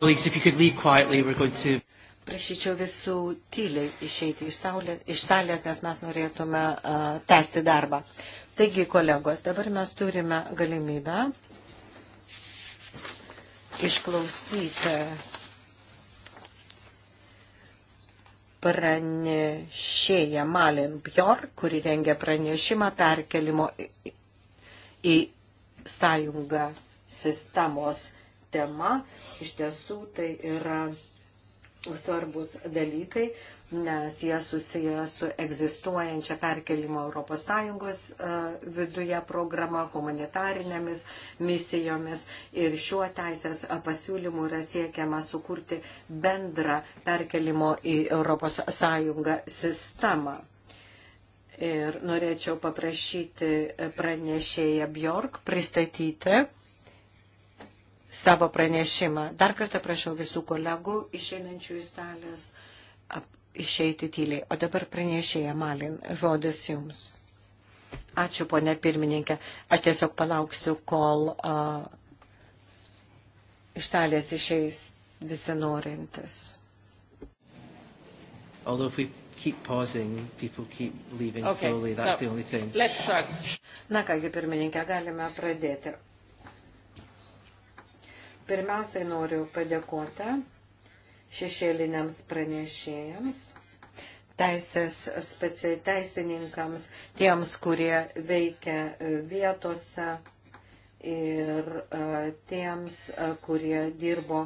Prašyčiau visų tyliai išeiti iš, saulė, iš salės, nes mes norėtume uh, tęsti darbą. Taigi, kolegos, dabar mes turime galimybę išklausyti pranešėją Malin Bjor, kuri rengia pranešimą perkelimo į sąjungą sistemos tema. Iš tiesų tai yra svarbus dalykai, nes jie susiję su egzistuojančia perkelimo ES e, viduje programa, humanitarinėmis misijomis ir šiuo teisės pasiūlymu yra siekiama sukurti bendrą perkelimo į ES sistemą. Ir norėčiau paprašyti pranešėją Bjork pristatyti savo pranešimą. Dar kartą prašau visų kolegų išeinančių iš salės ap, išeiti tyliai. O dabar pranešėja Malin, žodis jums. Ačiū, ponė pirmininkė. Aš tiesiog palauksiu, kol uh, iš salės išeis visi norintis. Although if we keep pausing, people keep leaving okay, slowly. That's so, the only thing. Let's start. Na kągi, pirmininkė, galime pradėti. Pirmiausiai noriu padėkoti šešėliniams pranešėjams, teisės speci... teisininkams, tiems, kurie veikia vietose ir tiems, kurie dirbo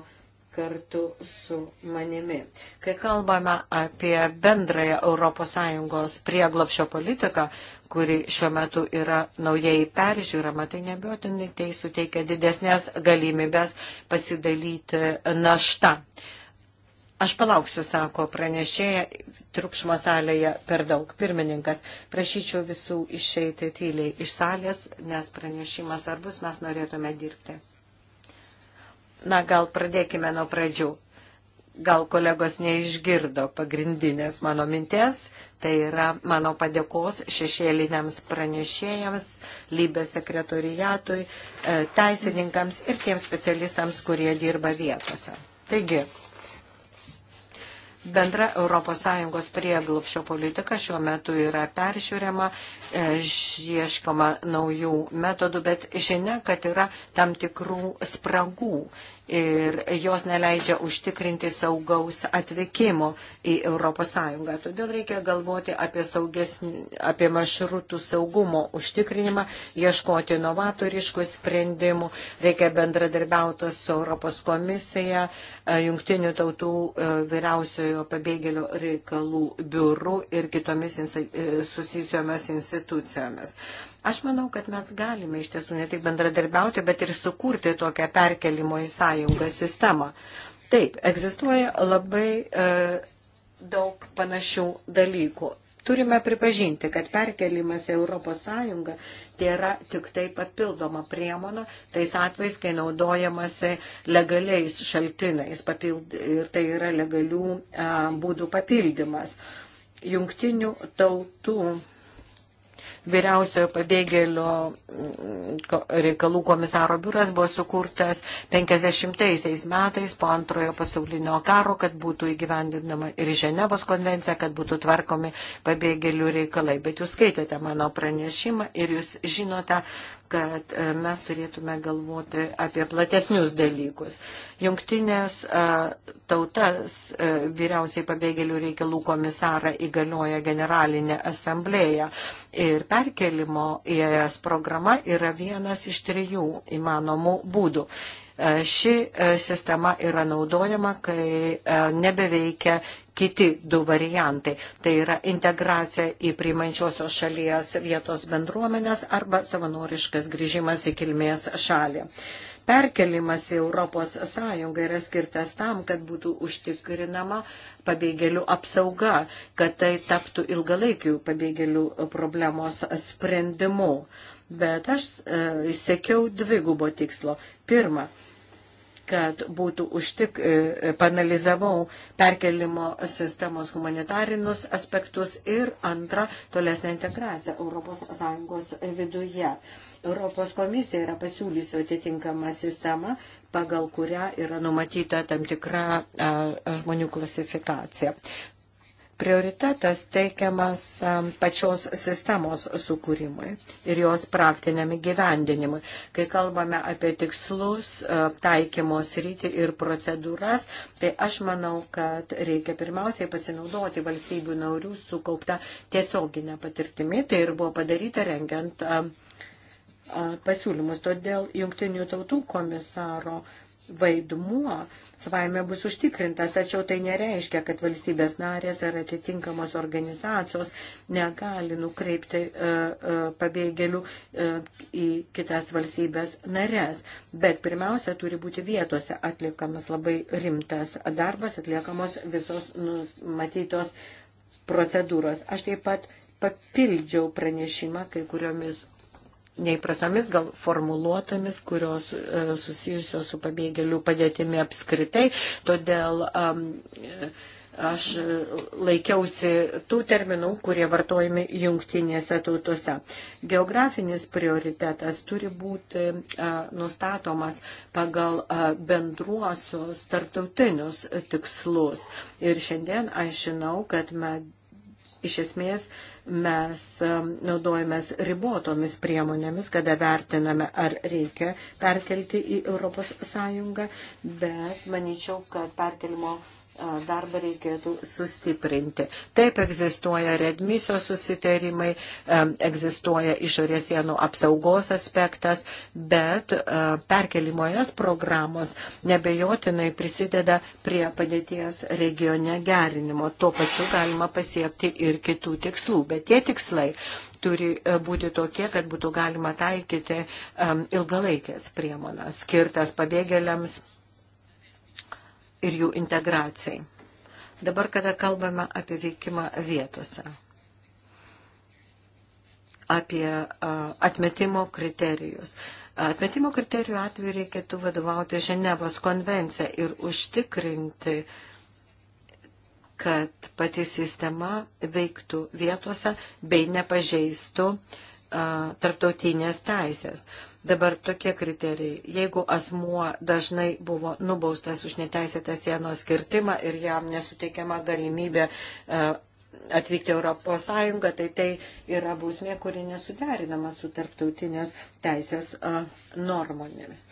kartu su manimi. Kai kalbame apie bendrąją ES prieglopšio politiką, kuri šiuo metu yra naujai peržiūrama, tai nebijotinai tai suteikia didesnės galimybės pasidalyti naštą. Aš palauksiu, sako pranešėja, triukšmo salėje per daug. Pirmininkas, prašyčiau visų išeiti tyliai iš salės, nes pranešimas svarbus, mes norėtume dirbti. Na, gal pradėkime nuo pradžių gal kolegos neišgirdo pagrindinės mano minties, tai yra mano padėkos šešėliniams pranešėjams, lybės sekretoriatui, e, teisininkams ir tiems specialistams, kurie dirba vietose. Taigi, bendra ES prieglupščio politika šiuo metu yra peržiūrima, e, ieškoma naujų metodų, bet žinia, kad yra tam tikrų spragų ir jos neleidžia užtikrinti saugaus atvykimo į ES. Todėl reikia galvoti apie, saugesnį, apie maršrutų saugumo užtikrinimą, ieškoti novatoriškų sprendimų, reikia bendradarbiauti su Europos komisija, e, jungtinių tautų e, vyriausiojo pabėgėlių reikalų biuru ir kitomis e, susijusiomis institucijomis. Aš manau, kad mes galime iš tiesų ne tik bendradarbiauti, bet ir sukurti tokią perkelimo į sąjungą sistemą. Taip, egzistuoja labai e, daug panašių dalykų. Turime pripažinti, kad perkelimas į Europos Sąjungą tai yra tik tai papildoma priemona, tais atvejais, kai naudojamasi legaliais šaltinais papild, ir tai yra legalių a, e, būdų papildymas. Jungtinių tautų vyriausiojo pabėgėlio reikalų komisaro biuras buvo sukurtas 50 metais po antrojo pasaulinio karo, kad būtų įgyvendinama ir Ženevos konvencija, kad būtų tvarkomi pabėgėlių reikalai. Bet jūs skaitėte mano pranešimą ir jūs žinote, kad e, mes turėtume galvoti apie platesnius dalykus. Jungtinės e, tautas e, vyriausiai pabėgėlių reikalų komisarą įgalioja generalinė asamblėja ir perkelimo į ES programa yra vienas iš trijų įmanomų būdų. E, ši e, sistema yra naudojama, kai e, nebeveikia kiti du variantai. Tai yra integracija į priimančiosios šalies vietos bendruomenės arba savanoriškas grįžimas į kilmės šalį. Perkelimas į Europos Sąjungą yra skirtas tam, kad būtų užtikrinama pabėgėlių apsauga, kad tai taptų ilgalaikių pabėgėlių problemos sprendimu bet aš e, sekiau dvi gubo tikslo. Pirma, kad būtų užtik, e, e panalizavau perkelimo sistemos humanitarinus aspektus ir antra, tolesnė integracija ES viduje. Europos komisija yra pasiūlysi atitinkamą sistemą, pagal kurią yra numatyta tam tikra a, e, e, žmonių klasifikacija. Prioritetas teikiamas pačios sistemos sukūrimui ir jos praktiniam gyvendinimui. Kai kalbame apie tikslus, e, taikymos rytį ir procedūras, tai aš manau, kad reikia pirmiausiai pasinaudoti valstybių naurių sukauptą tiesioginę patirtimį. Tai ir buvo padaryta rengiant pasiūlymus. Todėl jungtinių tautų komisaro uh, vaidmuo savaime bus užtikrintas, tačiau tai nereiškia, kad valstybės narės ar atitinkamos organizacijos negali nukreipti e, e, pabėgėlių e, į kitas valstybės narės. Bet pirmiausia, turi būti vietose atliekamas labai rimtas darbas, atliekamos visos numatytos procedūros. Aš taip pat papildžiau pranešimą kai kuriomis neįprastomis gal formuluotomis, kurios e, susijusios su pabėgėlių padėtimi apskritai. Todėl um, aš laikiausi tų terminų, kurie vartojami jungtinėse tautose. Geografinis prioritetas turi būti a, nustatomas pagal a, bendruosius tarptautinius tikslus. Ir šiandien aš žinau, kad me, iš esmės a, mes um, naudojamės ribotomis priemonėmis, kada vertiname, ar reikia perkelti į ES, bet manyčiau, kad perkelimo darbą reikėtų sustiprinti. Taip egzistuoja redmisijos susitarimai, egzistuoja išorės sienų apsaugos aspektas, bet perkelimojas programos nebejotinai prisideda prie padėties regione gerinimo. Tuo pačiu galima pasiekti ir kitų tikslų, bet tie tikslai turi būti tokie, kad būtų galima taikyti ilgalaikės priemonas skirtas pabėgėliams ir jų integracijai. Dabar, kada kalbame apie veikimą vietose, apie atmetimo kriterijus. Atmetimo kriterijų atveju reikėtų vadovauti Ženevos konvenciją ir užtikrinti, kad pati sistema veiktų vietose bei nepažeistų tarptautinės teisės. Dabar tokie kriterijai. Jeigu asmuo dažnai buvo nubaustas už neteisėtą sienos skirtimą ir jam nesuteikiama galimybė e, atvykti Europos Sąjungą, tai tai yra bausmė, kuri nesuderinama su tarptautinės teisės e, normomis.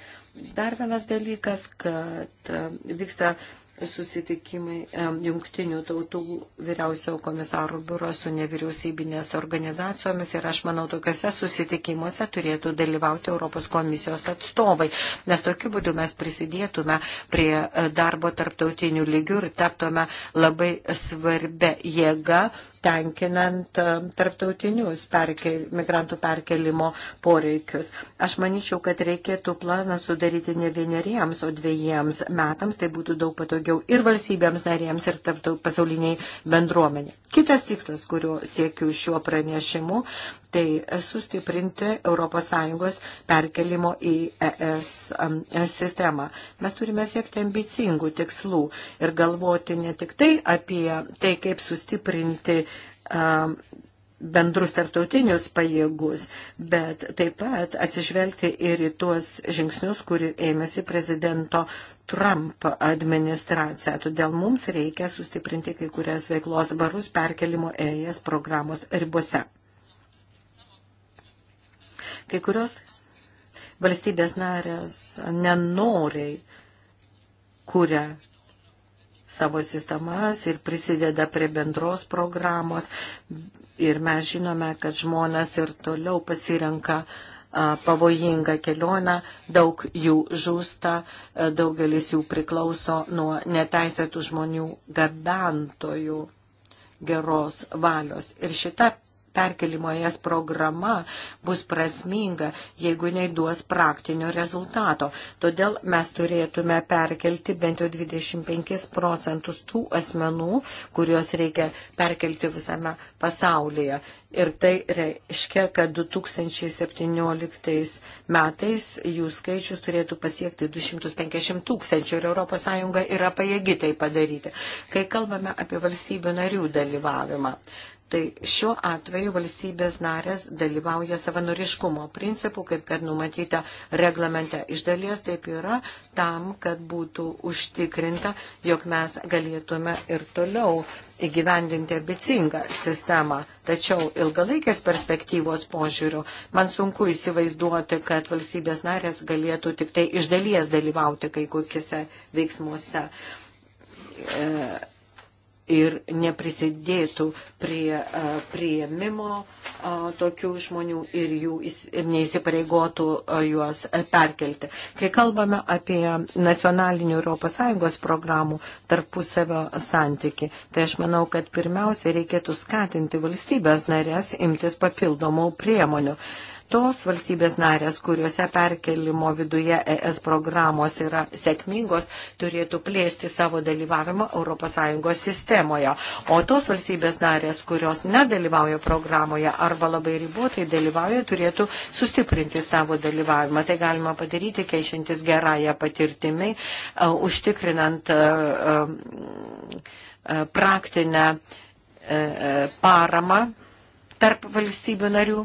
Dar vienas dalykas, kad e, vyksta susitikimai e, jungtinių tautų vyriausio komisarų biuro su nevyriausybinės organizacijomis ir aš manau, tokiuose susitikimuose turėtų dalyvauti Europos komisijos atstovai, nes tokiu būdu mes prisidėtume prie e, darbo tarptautinių lygių ir taptume labai svarbia jėga tenkinant e, tarptautinius perkel, migrantų perkelimo poreikius. Aš manyčiau, kad reikėtų planą sudaryti ne vieneriems, o dviejiems metams, tai būtų daug patogiau daugiau ir valstybėms narėms, ir pasauliniai bendruomenė. Kitas tikslas, kurio siekiu šiuo pranešimu, tai sustiprinti ES perkelimo į ES um, sistemą. Mes turime siekti ambicingų tikslų ir galvoti ne tik tai apie tai, kaip sustiprinti um, bendrus tarptautinius pajėgus, bet taip pat atsižvelgti ir į tuos žingsnius, kurių ėmėsi prezidento Trump administraciją. Todėl mums reikia sustiprinti kai kurias veiklos barus perkelimo ES programos ribose. Kai kurios valstybės narės nenoriai kuria savo sistemas ir prisideda prie bendros programos. Ir mes žinome, kad žmonės ir toliau pasirenka uh, pavojingą kelioną, daug jų žūsta, daugelis jų priklauso nuo neteisėtų žmonių gabentojų geros valios. Ir šita perkelimo jas programa bus prasminga, jeigu jinai duos praktinio rezultato. Todėl mes turėtume perkelti bent jau 25 procentus tų asmenų, kuriuos reikia perkelti visame pasaulyje. Ir tai reiškia, kad 2017 metais jų skaičius turėtų pasiekti 250 tūkstančių ir ES yra pajėgi tai padaryti. Kai kalbame apie valstybių narių dalyvavimą, Tai šiuo atveju valstybės narės dalyvauja savanoriškumo principų, kaip kad numatyta reglamente. Iš dalies taip yra tam, kad būtų užtikrinta, jog mes galėtume ir toliau įgyvendinti ambicingą sistemą. Tačiau ilgalaikės perspektyvos požiūrių man sunku įsivaizduoti, kad valstybės narės galėtų tik tai iš dalies dalyvauti kai kokiuose veiksmuose. E, ir neprisidėtų prie prieimimo tokių žmonių ir jų ir neįsipareigotų juos perkelti. Kai kalbame apie nacionalinių ES programų tarpusavio santyki, tai aš manau, kad pirmiausia reikėtų skatinti valstybės narės imtis papildomų priemonių tos valstybės narės, kuriuose perkelimo viduje ES programos yra sėkmingos, turėtų plėsti savo dalyvavimą ES sistemoje. O tos valstybės narės, kurios nedalyvauja programoje arba labai ribotai dalyvauja, turėtų sustiprinti savo dalyvavimą. Tai galima padaryti, keičiantis gerąją patirtimį, e, užtikrinant e, e, praktinę paramą tarp valstybių narių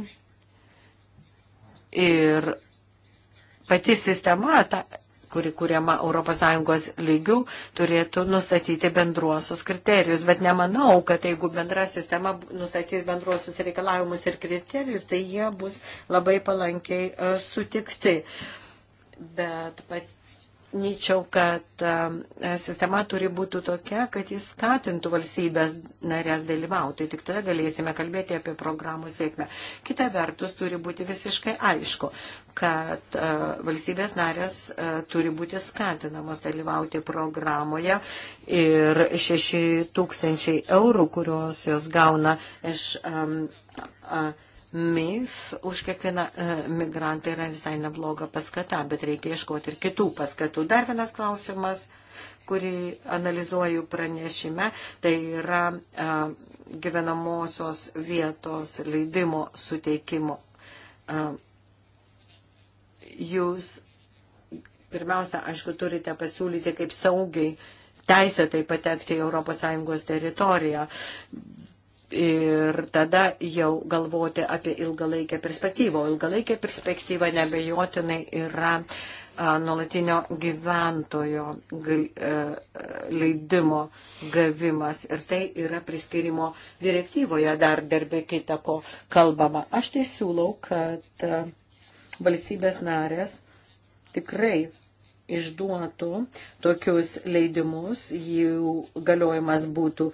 Ir pati sistema, ta, kuri kuriama ES lygių, turėtų nustatyti bendruosius kriterijus. Bet nemanau, kad jeigu bendra sistema nustatys bendruosius reikalavimus ir kriterijus, tai jie bus labai palankiai e, sutikti. Bet pat manyčiau, kad e, sistema turi būti tokia, kad jis skatintų valstybės narės dalyvauti. Tik tada galėsime kalbėti apie programų sėkmę. Kita vertus, turi būti visiškai aišku, kad e, valstybės narės e, turi būti skatinamos dalyvauti programoje ir 6 tūkstančiai eurų, kuriuos jos gauna iš. Um, uh, mis už kiekvieną e, migrantą yra visai nebloga paskata, bet reikia ieškoti ir kitų paskatų. Dar vienas klausimas, kurį analizuoju pranešime, tai yra e, gyvenamosios vietos leidimo suteikimo. E, jūs pirmiausia, aišku, turite pasiūlyti, kaip saugiai teisėtai patekti į ES teritoriją, ir tada jau galvoti apie ilgalaikę perspektyvą. O ilgalaikė perspektyva nebejotinai yra nuolatinio gyventojo e, leidimo gavimas. Ir tai yra priskirimo direktyvoje dar darbė kitako kalbama. Aš tai siūlau, kad e, valstybės narės tikrai išduotų tokius leidimus, jų galiojimas būtų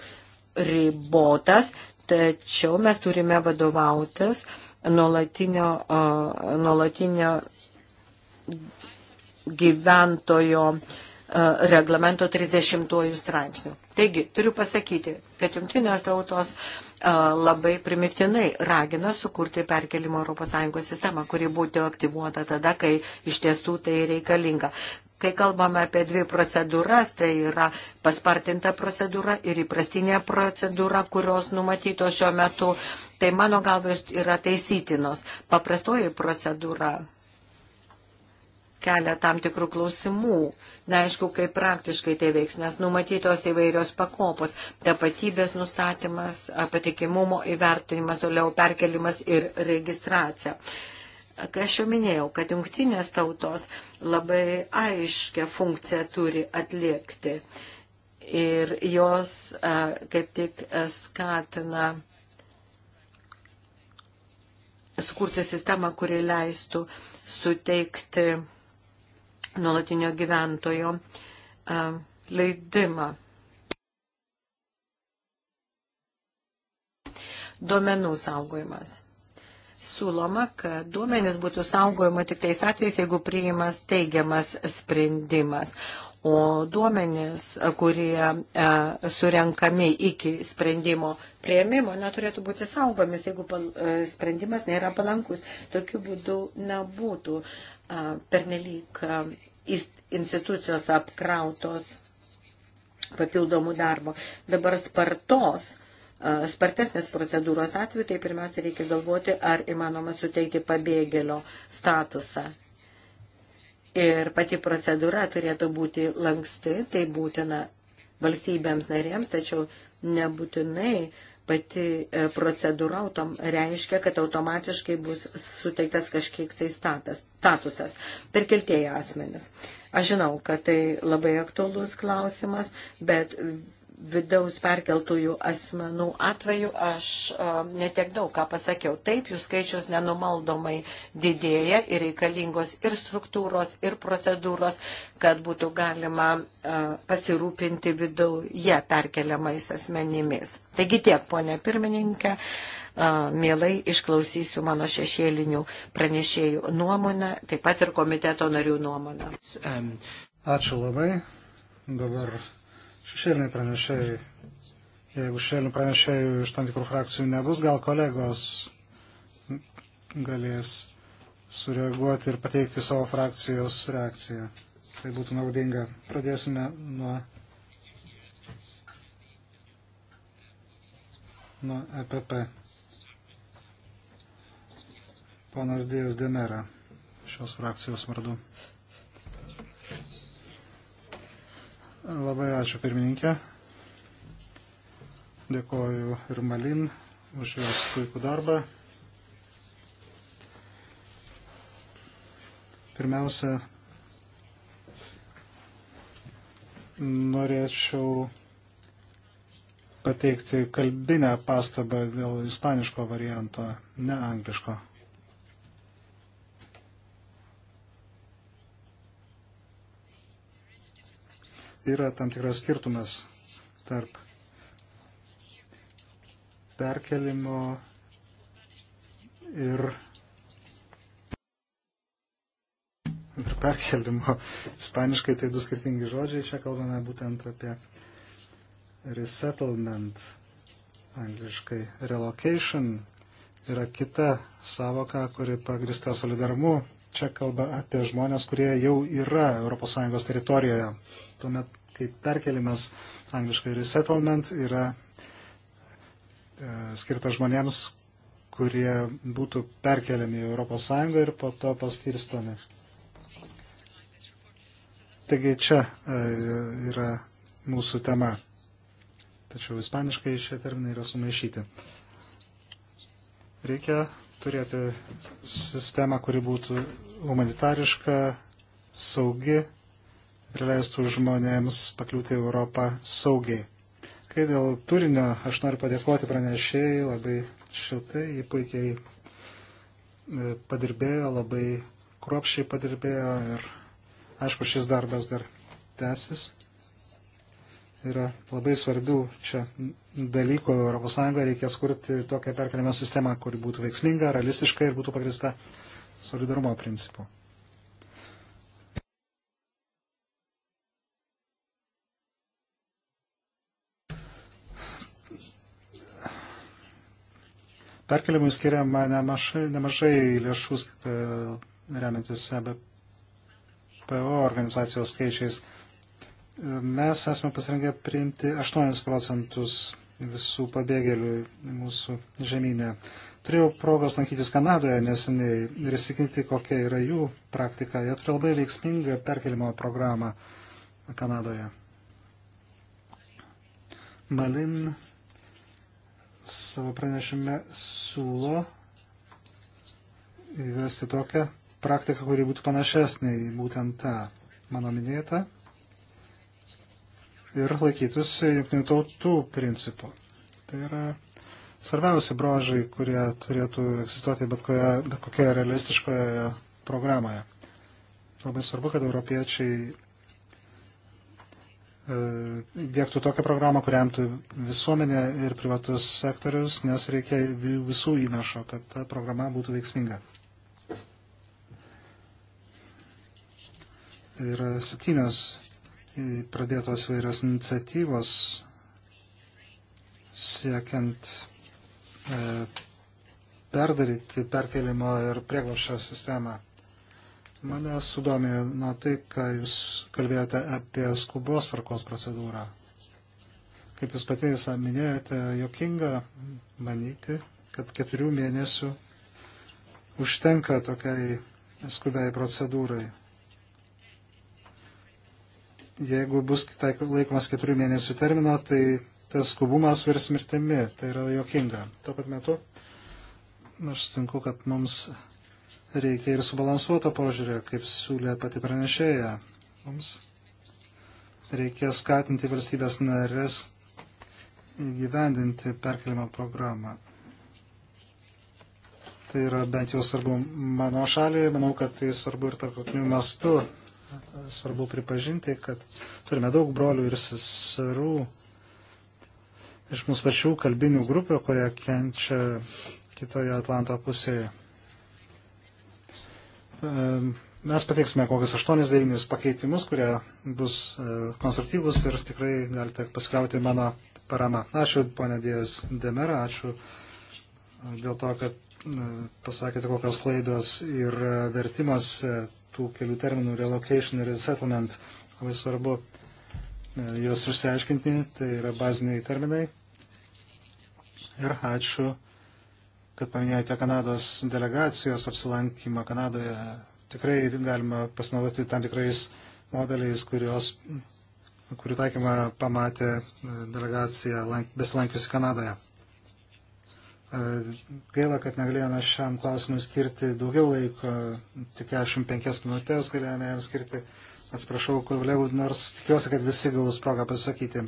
ribotas, tačiau mes turime vadovautis nuolatinio, nuolatinio gyventojo reglamento 30 straipsnių. Taigi, turiu pasakyti, kad jungtinės tautos labai primiktinai ragina sukurti perkelimo ES sistemą, kuri būtų aktyvuota tada, kai iš tiesų tai reikalinga. Kai kalbame apie dvi procedūras, tai yra paspartinta procedūra ir įprastinė procedūra, kurios numatytos šiuo metu, tai mano galva yra taisytinos. Paprastoji procedūra kelia tam tikrų klausimų. Neaišku, kaip praktiškai tai veiks, nes numatytos įvairios pakopos - tapatybės nustatymas, patikimumo įvertinimas, toliau perkelimas ir registracija. Aš jau minėjau, kad jungtinės tautos labai aiškę funkciją turi atlikti ir jos kaip tik skatina sukurti sistemą, kuri leistų suteikti nuolatinio gyventojo leidimą. Duomenų saugojimas siūloma, kad duomenys būtų saugojama tik tais atvejais, jeigu priimas teigiamas sprendimas. O duomenys, kurie e, surenkami iki sprendimo prieimimo, neturėtų būti saugomis, jeigu pal, e, sprendimas nėra palankus. Tokiu būdu nebūtų e, pernelyg e, institucijos apkrautos papildomų darbo. Dabar spartos spartesnės procedūros atveju, tai pirmiausia reikia galvoti, ar įmanoma suteikti pabėgėlio statusą. Ir pati procedūra turėtų būti lanksti, tai būtina valstybėms narėms, tačiau nebūtinai pati e, procedūra autom, reiškia, kad automatiškai bus suteiktas kažkiek tai statas, statusas per keltėjai asmenis. Aš žinau, kad tai labai aktuolus klausimas, bet vidaus perkeltųjų asmenų atveju aš netiek daug ką pasakiau. Taip, jų skaičius nenumaldomai didėja ir reikalingos ir struktūros, ir procedūros, kad būtų galima pasirūpinti viduje perkeliamais asmenimis. Taigi tiek, ponė pirmininkė. Mielai išklausysiu mano šešėlinių pranešėjų nuomonę, taip pat ir komiteto narių nuomonę. Ačiū labai. Dabar šešėliniai pranešėjai. Jeigu šešėlinių pranešėjų iš tam tikrų frakcijų nebus, gal kolegos galės sureaguoti ir pateikti savo frakcijos reakciją. Tai būtų naudinga. Pradėsime nuo, nuo EPP. Ponas Dėjas Demera šios frakcijos vardu. Labai ačiū pirmininkė. Dėkoju ir Malin už jos puikų darbą. Pirmiausia, norėčiau pateikti kalbinę pastabą dėl ispaniško varianto, ne angliško. yra tam tikras skirtumas tarp perkelimo ir, ir perkelimo. Ispaniškai tai du skirtingi žodžiai, čia kalbame būtent apie resettlement, angliškai relocation yra kita savoka, kuri pagrista solidarumu čia kalba apie žmonės, kurie jau yra ES teritorijoje. Tuomet, kaip perkelimas angliškai resettlement yra e, skirtas žmonėms, kurie būtų perkeliami į ES ir po to paskirstomi. Taigi čia e, yra mūsų tema. Tačiau ispaniškai šie terminai yra sumaišyti. Reikia turėti sistemą, kuri būtų humanitariška, saugi ir leistų žmonėms pakliūti į Europą saugiai. Kai dėl turinio aš noriu padėkoti pranešėjai labai šiltai, jį puikiai e, padirbėjo, labai kruopšiai padirbėjo ir aišku šis darbas dar tęsis yra labai svarbių čia dalykų. ES reikės kurti tokią perkelimo sistemą, kuri būtų veiksminga, realistiška ir būtų pagrista solidarumo principu. Perkelimui skiriama nemažai, nemažai lėšų e, remiantis EBPO organizacijos skaičiais mes esame pasirengę priimti 8 procentus visų pabėgėlių mūsų žemynė. Turėjau progos lankytis Kanadoje neseniai ir įsikinti, kokia yra jų praktika. Jie turi labai veiksmingą perkelimo programą Kanadoje. Malin savo pranešime siūlo įvesti tokią praktiką, kuri būtų panašesnė į būtent tą mano minėtą ir laikytis jungtinių tautų principų. Tai yra svarbiausi brožai, kurie turėtų egzistuoti bet, koja, bet kokioje realistiškoje programoje. Labai svarbu, kad europiečiai e, dėktų tokią programą, kuriam tu visuomenė ir privatus sektorius, nes reikia visų įnašo, kad ta programa būtų veiksminga. Yra septynios pradėtos vairios iniciatyvos siekiant e, perdaryti perkelimo ir prieglapščio sistemą. Mane sudomėjo nuo tai, ką Jūs kalbėjote apie skubos tvarkos procedūrą. Kaip Jūs patys minėjote, jokinga manyti, kad keturių mėnesių užtenka tokiai skubiai procedūrai jeigu bus taik, laikomas keturių mėnesių termino, tai tas skubumas virs mirtimi. Tai yra jokinga. Tuo pat metu aš sutinku, kad mums reikia ir subalansuoto požiūrio, kaip siūlė pati pranešėja. Mums reikia skatinti valstybės narės įgyvendinti perkelimo programą. Tai yra bent jau svarbu mano šaliai, manau, kad tai svarbu ir tarptautiniu mastu, svarbu pripažinti, kad turime daug brolių ir seserų iš mūsų pačių kalbinių grupių, kurie kenčia kitoje Atlanto pusėje. E, mes pateiksime kokius 8-9 pakeitimus, kurie bus e, konstruktyvus ir tikrai galite paskliauti mano parama. Ačiū, ponė Dievas Demera, ačiū dėl to, kad e, pasakėte, kokios klaidos ir vertimas tų kelių terminų relocation ir resettlement labai svarbu e, juos išsiaiškinti, tai yra baziniai terminai. Ir ačiū, kad paminėjote Kanados delegacijos apsilankymą Kanadoje. Tikrai galima pasinaudoti tam tikrais modeliais, kurios, kurių taikymą pamatė e, delegacija besilankiusi Kanadoje. E, gaila, kad negalėjome šiam klausimui skirti daugiau laiko, tik 45 minutės galėjome jam skirti. Atsiprašau, kolegų, nors tikiuosi, kad visi gaus progą pasakyti. E,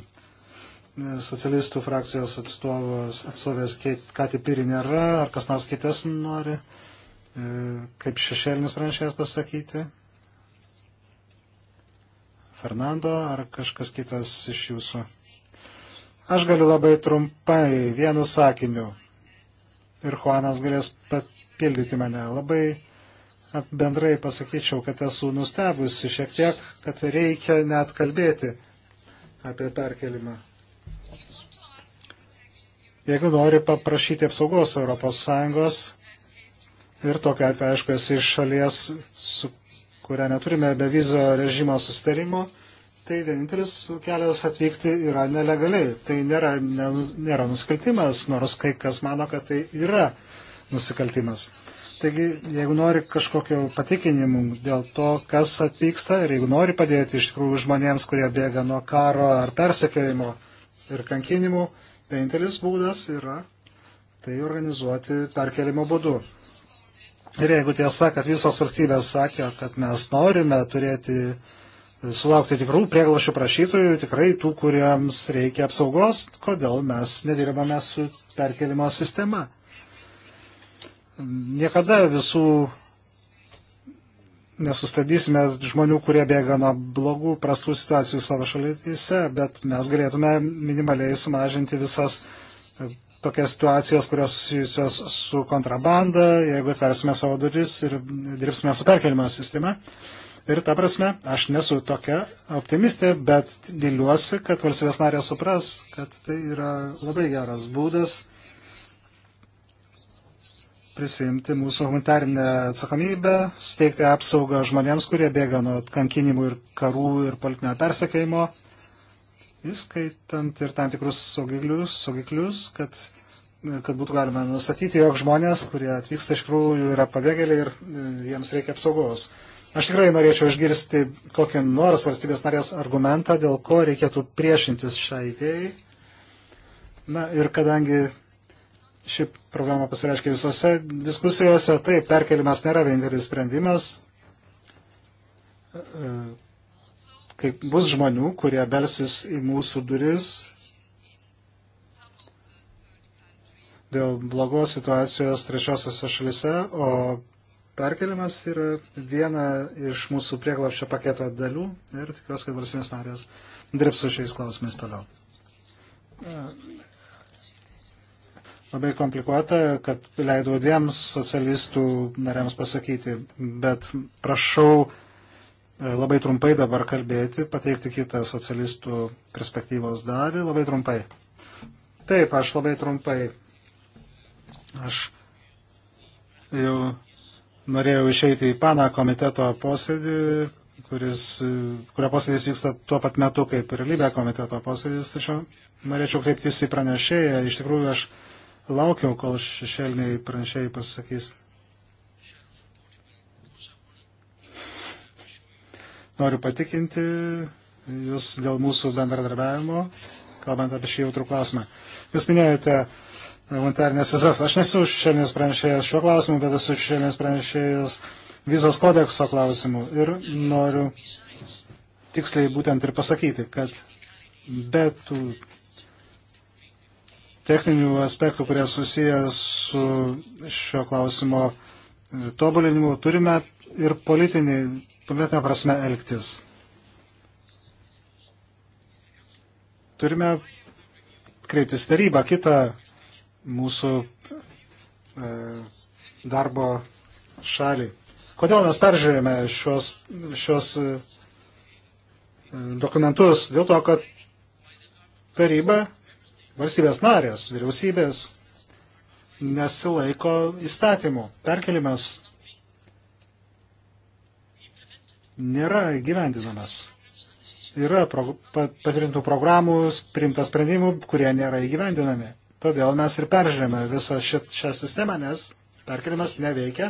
socialistų frakcijos atstovos, atstovės Kati Piri nėra, ar kas nors kitas nori, e, kaip šešėlinis pranešėjas pasakyti. Fernando ar kažkas kitas iš jūsų. Aš galiu labai trumpai, vienu sakiniu ir Juanas galės papildyti mane. Labai bendrai pasakyčiau, kad esu nustebusi šiek tiek, kad reikia net kalbėti apie perkelimą. Jeigu nori paprašyti apsaugos ES ir tokia atveju, aišku, esi iš šalies, su kuria neturime bevizio režimo sustarimo, tai vienintelis kelias atvykti yra nelegaliai. Tai nėra, ne, nėra nusikaltimas, nors kai kas mano, kad tai yra nusikaltimas. Taigi, jeigu nori kažkokio patikinimų dėl to, kas atvyksta ir jeigu nori padėti iš tikrųjų žmonėms, kurie bėga nuo karo ar persekiojimo ir kankinimų, vienintelis būdas yra tai organizuoti perkelimo būdu. Ir jeigu tiesa, kad visos valstybės sakė, kad mes norime turėti uh, sulaukti tikrų prieglašių prašytojų, tikrai tų, kuriems reikia apsaugos, kodėl mes nedirbame su perkelimo sistema. Niekada visų nesustabdysime žmonių, kurie bėga nuo blogų, prastų situacijų savo šalyse, bet mes galėtume minimaliai sumažinti visas e, tokias situacijas, kurios susijusios su kontrabanda, jeigu atversime savo duris ir dirbsime su perkelimo sistema. Ir ta prasme, aš nesu tokia optimistė, bet viliuosi, kad valstybės narė supras, kad tai yra labai geras būdas prisimti mūsų humanitarinę atsakomybę, suteikti apsaugą žmonėms, kurie bėga nuo kankinimų ir karų ir politinio persekėjimo, įskaitant ir tam tikrus saugiklius, saugiklius kad kad būtų galima nustatyti, jog žmonės, kurie atvyksta iš tikrųjų yra pabėgėliai ir e, jiems reikia apsaugos. Aš tikrai norėčiau išgirsti kokį nors valstybės narės argumentą, dėl ko reikėtų priešintis šiai idėjai. Na ir kadangi ši problema pasireiškia visose diskusijose, tai perkelimas nėra vienintelis sprendimas. E, Kaip bus žmonių, kurie belsis į mūsų duris dėl blogos situacijos trečiosiose šalise, o perkelimas yra viena iš mūsų prieglapščio paketo dalių ir tikiuosi, kad valstybės narės dirbs su šiais klausimais toliau. Labai komplikuota, kad leidau dviems socialistų nariams pasakyti, bet prašau e, labai trumpai dabar kalbėti, pateikti kitą socialistų perspektyvos dalį, labai trumpai. Taip, aš labai trumpai. Aš jau norėjau išeiti į PANA komiteto posėdį, kuris, kurio posėdis vyksta tuo pat metu kaip ir Libė komiteto posėdis, tačiau norėčiau kreiptis į pranešėją. Iš tikrųjų, aš laukiau, kol šešėliniai pranešėjai pasakys. Noriu patikinti jūs dėl mūsų bendradarbiavimo, kalbant apie šį jautrų klausimą. Jūs minėjote humanitarnės vizas. Aš nesu šešėlinis pranešėjas šiuo klausimu, bet esu šešėlinis pranešėjas vizos kodekso klausimu. Ir noriu tiksliai būtent ir pasakyti, kad be tų techninių aspektų, kurie susiję su šio klausimo e, tobulinimu, turime ir politinį, politinę prasme elgtis. Turime kreiptis tarybą, kitą mūsų e, darbo šalį. Kodėl mes peržiūrėjome šios, šios e, dokumentus? Dėl to, kad taryba, valstybės narės, vyriausybės nesilaiko įstatymų. Perkelimas nėra įgyvendinamas. Yra pro, patvirtintų programų, priimtas sprendimų, kurie nėra įgyvendinami. Todėl mes ir peržiūrėjome visą ši, šią sistemą, nes perkelimas neveikia.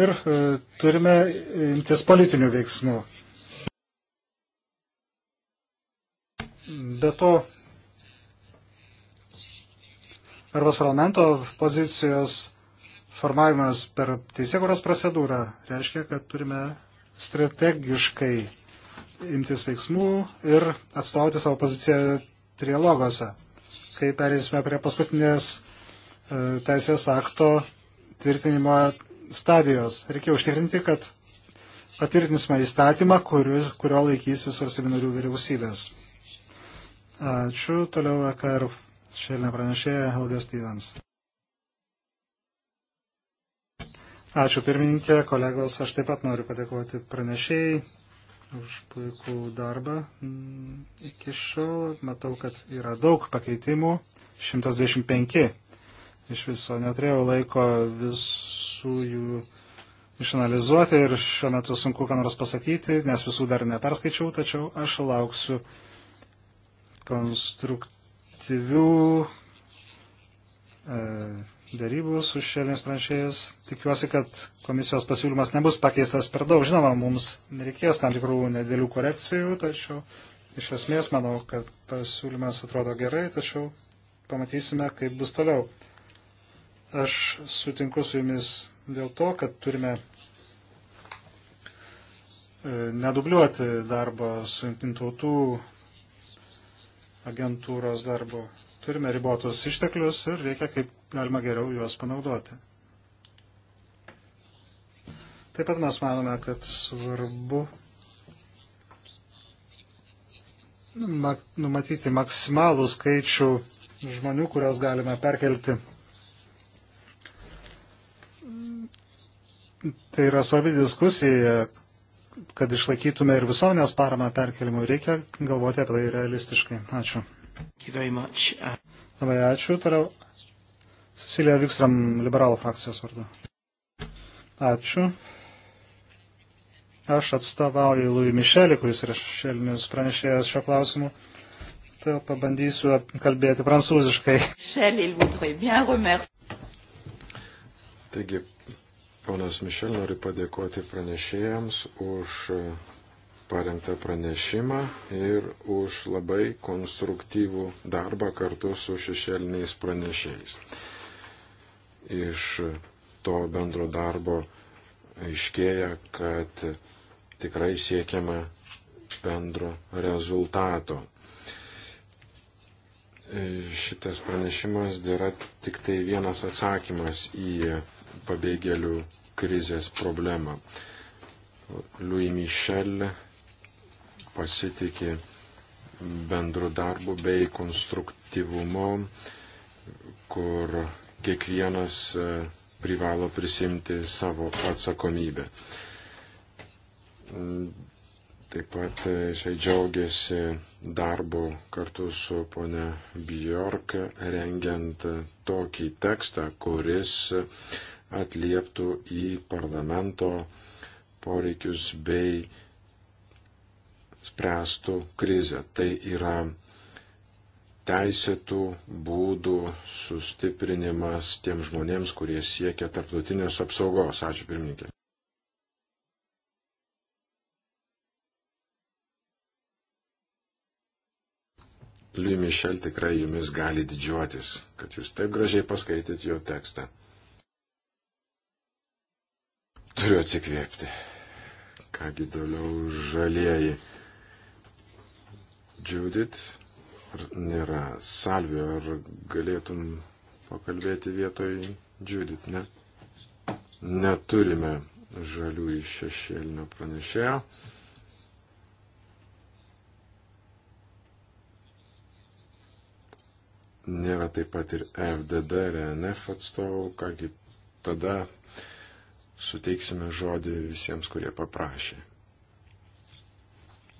Ir e, turime imtis politinių veiksmų. Be to, Europos parlamento pozicijos formavimas per teisėkuros procedūrą reiškia, kad turime strategiškai imtis veiksmų ir atstovauti savo poziciją trialoguose, kai perėsime prie paskutinės e, teisės akto tvirtinimo stadijos. Reikia užtikrinti, kad patvirtinsime įstatymą, kurio, kurio laikysis valstybių narių vyriausybės. Ačiū. Toliau vakar e šėlinė pranešėja Helga Stevens. Ačiū pirmininkė, kolegos, aš taip pat noriu padėkoti pranešėjai už puikų darbą mm, iki šiol. Matau, kad yra daug pakeitimų. 125 iš viso. Neturėjau laiko visų jų išanalizuoti ir šiuo metu sunku ką nors pasakyti, nes visų dar neperskaičiau, tačiau aš lauksiu konstruktyvių e, darybų su šelniais pranešėjais. Tikiuosi, kad komisijos pasiūlymas nebus pakeistas per daug. Žinoma, mums reikės tam tikrų nedėlių korekcijų, tačiau iš esmės manau, kad pasiūlymas atrodo gerai, tačiau pamatysime, kaip bus toliau. Aš sutinku su jumis dėl to, kad turime e, nedubliuoti darbo su jungtinių tautų agentūros darbo turime ribotus išteklius ir reikia kaip galima geriau juos panaudoti. Taip pat mes manome, kad svarbu numatyti maksimalų skaičių žmonių, kurios galime perkelti. Tai yra svarbi diskusija, kad išlaikytume ir visuomenės paramą perkelimui. Reikia galvoti apie tai realistiškai. Ačiū. Uh, Labai ačiū. Toliau Cecilija Vikstram, liberalų frakcijos vardu. Ačiū. Aš atstovauju Lui Mišelį, kuris yra šešėlinis pranešėjas šio klausimu. Tai pabandysiu kalbėti prancūziškai. Taigi, ponas Mišel nori padėkoti pranešėjams už parengtą pranešimą ir už labai konstruktyvų darbą kartu su šešėliniais pranešėjais. Iš to bendro darbo aiškėja, kad tikrai siekiama bendro rezultato. Šitas pranešimas yra tik tai vienas atsakymas į pabėgėlių krizės problemą. Louis Michel pasitikė bendru darbu bei konstruktyvumu, kur kiekvienas e, privalo prisimti savo atsakomybę. Mm, taip pat e, jisai džiaugiasi darbu kartu su pone Bjork, rengiant tokį tekstą, kuris atlieptų į parlamento poreikius bei spręstų krizę. Tai yra teisėtų būdų sustiprinimas tiem žmonėms, kurie siekia tarptautinės apsaugos. Ačiū pirmininkė. Liui Mišel tikrai jumis gali didžiuotis, kad jūs taip gražiai paskaitėt jo tekstą. Turiu atsikvėpti. Kągi toliau žalieji. Judith, ar nėra Salvio, ar galėtum pakalbėti vietoj Judith, ne? Neturime žalių iš šešėlinio pranešėjo. Nėra taip pat ir FDD ir e NF atstovų, kągi tada suteiksime žodį visiems, kurie paprašė.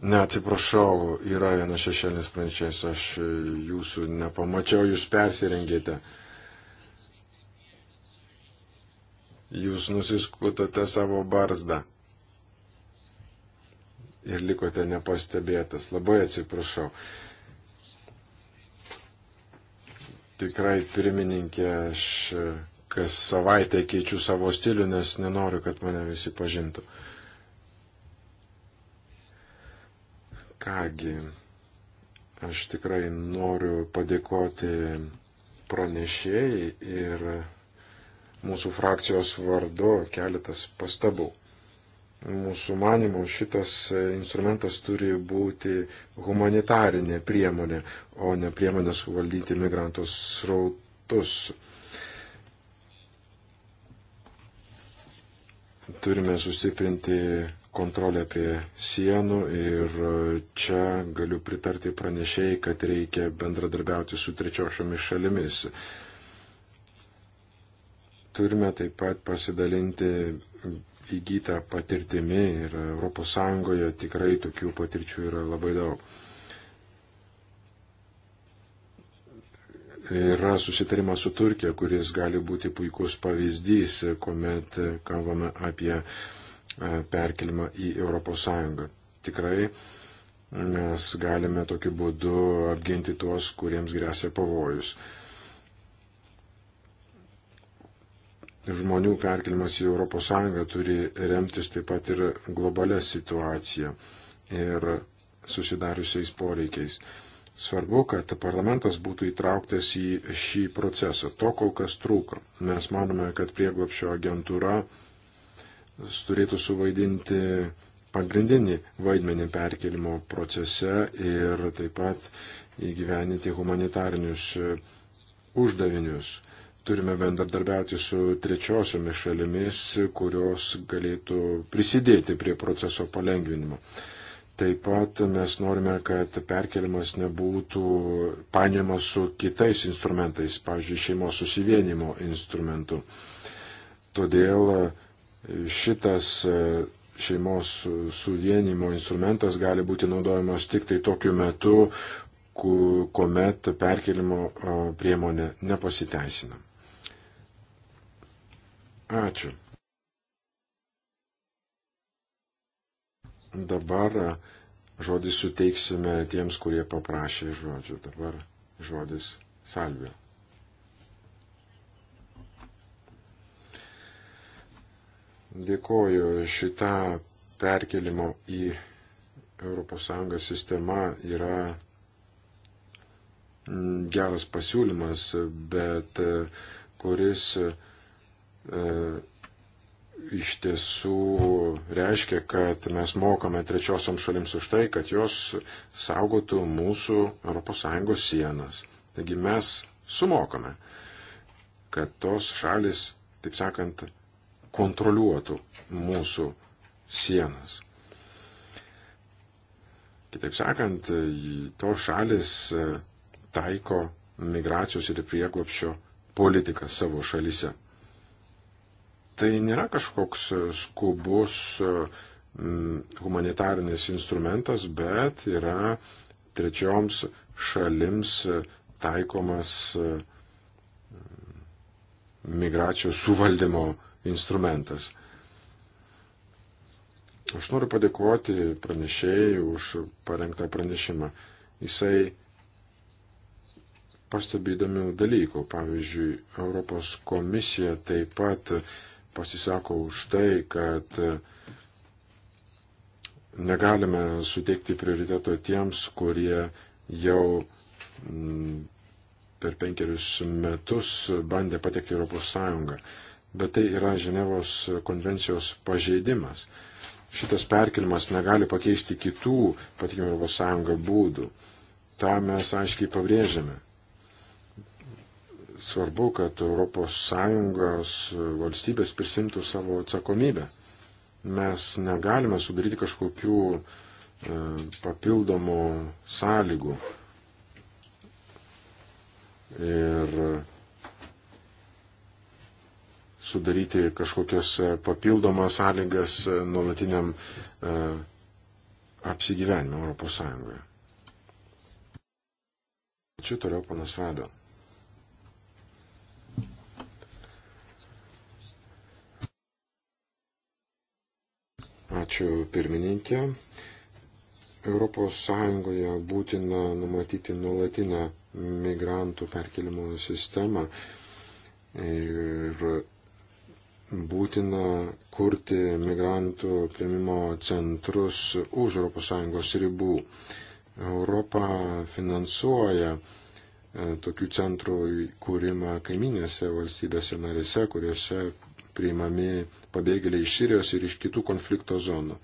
Ne, atsiprašau, yra vienas šešėlis pranešėjas, aš jūsų nepamačiau, jūs persirengėte. Jūs nusiskutote savo barzdą ir likote nepastebėtas. Labai atsiprašau. Tikrai pirmininkė, aš kas savaitę keičiu savo stilių, nes nenoriu, kad mane visi pažintų. Kągi, aš tikrai noriu padėkoti pranešėjai ir mūsų frakcijos vardu keletas pastabų. Mūsų manimų šitas instrumentas turi būti humanitarinė priemonė, o ne priemonė suvaldyti migrantus srautus. Turime sustiprinti kontrolę prie sienų ir e, čia galiu pritarti pranešėjai, kad reikia bendradarbiauti su trečiošomis šalimis. Turime taip pat pasidalinti įgytą patirtimi ir ES tikrai tokių patirčių yra labai daug. Yra susitarimas su Turkija, kuris gali būti puikus pavyzdys, kuomet kalbame apie uh, E, perkelimą į ES. Tikrai mes galime tokiu būdu apginti tuos, kuriems grėsia pavojus. Žmonių perkelimas į ES turi remtis taip pat ir globalia situacija ir susidariusiais poreikiais. Svarbu, kad parlamentas būtų įtrauktas į šį procesą. To kol kas trūko. Mes manome, kad prieglapšio agentūra turėtų suvaidinti pagrindinį vaidmenį perkelimo procese ir taip pat įgyveninti humanitarinius e, uždavinius. Turime bendradarbiauti su trečiosiomis šalimis, kurios galėtų prisidėti prie proceso palengvinimo. Taip pat mes norime, kad perkelimas nebūtų painiamas su kitais instrumentais, pavyzdžiui, šeimos susivienimo instrumentu. Todėl šitas e, šeimos suvienimo instrumentas gali būti naudojamas tik tai tokiu metu, kuomet perkelimo e, priemonė nepasiteisina. Ačiū. Dabar e, žodį suteiksime tiems, kurie paprašė žodžių. Dabar žodis salvė. Dėkoju. Šita perkelimo į ES sistema yra geras pasiūlymas, bet e, kuris e, iš tiesų reiškia, kad mes mokame trečiosiam šalims už tai, kad jos saugotų mūsų ES sienas. Taigi mes sumokame, kad tos šalis, taip sakant, kontroliuotų mūsų sienas. Kitaip sakant, to šalis e, taiko migracijos ir prieglopščio politiką savo šalise. Tai nėra kažkoks e, skubus e, humanitarinis instrumentas, bet yra trečioms šalims taikomas migracijos suvaldymo instrumentas. Aš noriu padėkoti pranešėjai už parengtą pranešimą. Jisai pastebi įdomių dalykų. Pavyzdžiui, Europos komisija taip pat pasisako už tai, kad negalime suteikti prioriteto tiems, kurie jau mm, per penkerius metus bandė patekti Europos Sąjungą bet tai yra Ženevos konvencijos pažeidimas. Šitas perkelimas negali pakeisti kitų, patikime, ES būdų. Ta mes aiškiai pabrėžiame. Svarbu, kad ES valstybės prisimtų savo atsakomybę. Mes negalime sudaryti kažkokių e, papildomų sąlygų. Ir sudaryti kažkokias e, papildomas sąlygas e, nuolatiniam e, apsigyvenimui Europos Sąjungoje. Ačiū toliau, panas Vado. Ačiū pirmininkė. Europos Sąjungoje būtina numatyti nuolatinę migrantų perkelimo sistemą ir būtina kurti migrantų prieimimo centrus už ES ribų. Europa finansuoja e, tokių centrų kūrimą kaiminėse valstybėse narėse, kuriuose priimami pabėgėliai iš Sirijos ir iš kitų konflikto zonų.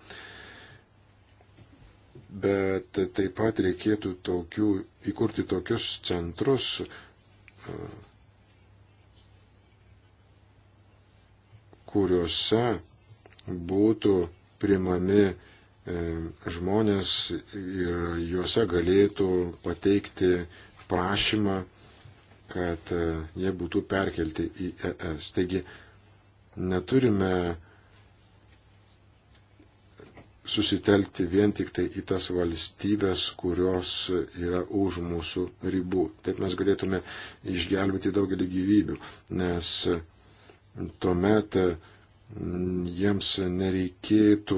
Bet taip pat reikėtų tokių, įkurti tokius centrus, e, kuriuose būtų primami e, žmonės ir juose galėtų pateikti prašymą, kad e, jie būtų perkelti į ES. Taigi neturime susitelkti vien tik tai į tas valstybės, kurios yra už mūsų ribų. Taip mes galėtume išgelbėti daugelį gyvybių, nes tuomet mm, jiems nereikėtų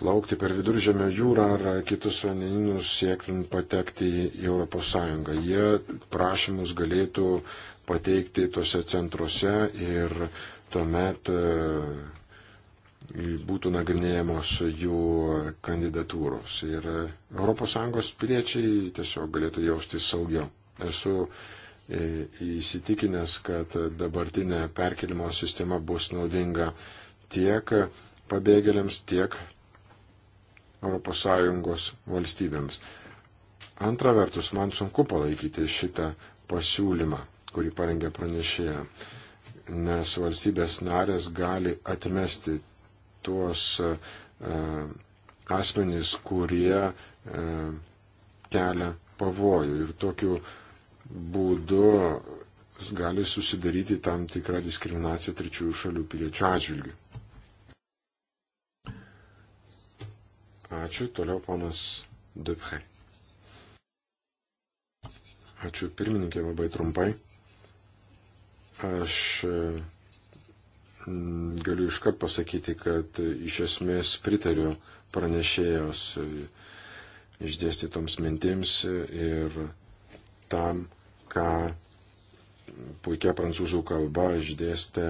plaukti per viduržėmio jūrą ar kitus vandeninus siekiant patekti į ES. Jie prašymus galėtų pateikti tuose centruose ir tuomet e, būtų nagrinėjamos jų kandidatūros. Ir ES piliečiai tiesiog galėtų jaustis saugiau. Esu įsitikinęs, kad dabartinė perkelimo sistema bus naudinga tiek pabėgėliams, tiek ES valstybėms. Antra vertus, man sunku palaikyti šitą pasiūlymą, kurį parengė pranešėja, nes valstybės narės gali atmesti tuos e, asmenys, kurie e, kelia pavojų ir tokiu būdu gali susidaryti tam tikrą diskriminaciją trečiųjų šalių piliečių atžvilgių. Ačiū, toliau ponas Dupre. Ačiū pirmininkė labai trumpai. Aš mm, galiu iškart pasakyti, kad iš esmės pritariu pranešėjos išdėstytoms mintims ir tam, ką puikia prancūzų kalba išdėstė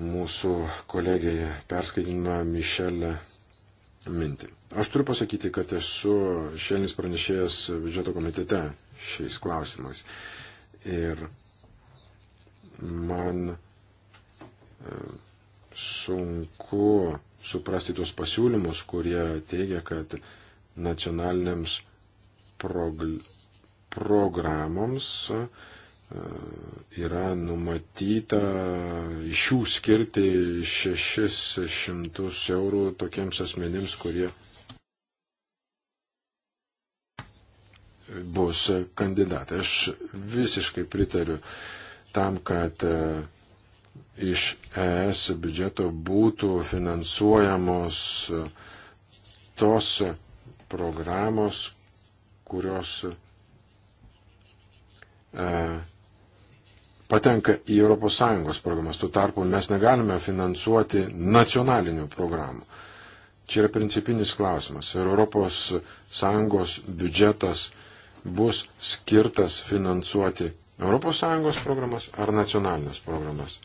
mūsų kolegiai perskaitinimą Mišelę mintį. Aš turiu pasakyti, kad esu šiandienis pranešėjas biudžeto komitete šiais klausimais. Ir man e, sunku suprasti tuos pasiūlymus, kurie teigia, kad nacionaliniams progl programoms e, yra numatyta iš jų skirti 600 eurų tokiems asmenims, kurie bus kandidatai. Aš visiškai pritariu tam, kad e, iš ES biudžeto būtų finansuojamos e, tos programos, kurios E, patenka į ES programas. Tuo tarpu mes negalime finansuoti nacionalinių programų. Čia yra principinis klausimas. Ir ES biudžetas bus skirtas finansuoti ES programas ar nacionalinės programas.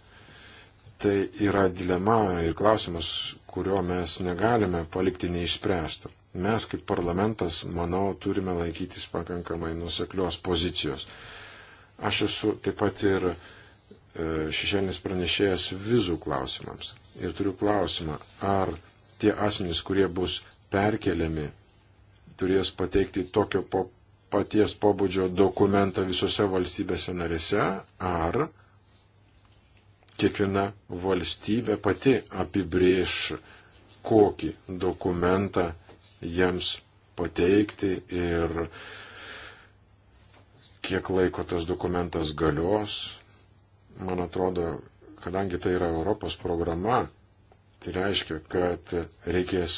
Tai yra dilema ir klausimas, kurio mes negalime palikti neišspręstų. Mes kaip parlamentas, manau, turime laikytis pakankamai nuseklios pozicijos. Aš esu taip pat ir e, šešėlinis pranešėjas vizų klausimams. Ir turiu klausimą, ar tie asmenys, kurie bus perkeliami, turės pateikti tokio po paties pobūdžio dokumentą visose valstybėse narėse, ar kiekviena valstybė pati apibrieš, kokį dokumentą jiems pateikti ir uh, kiek laiko tas dokumentas galios. Man atrodo, kadangi tai yra Europos programa, tai reiškia, kad reikės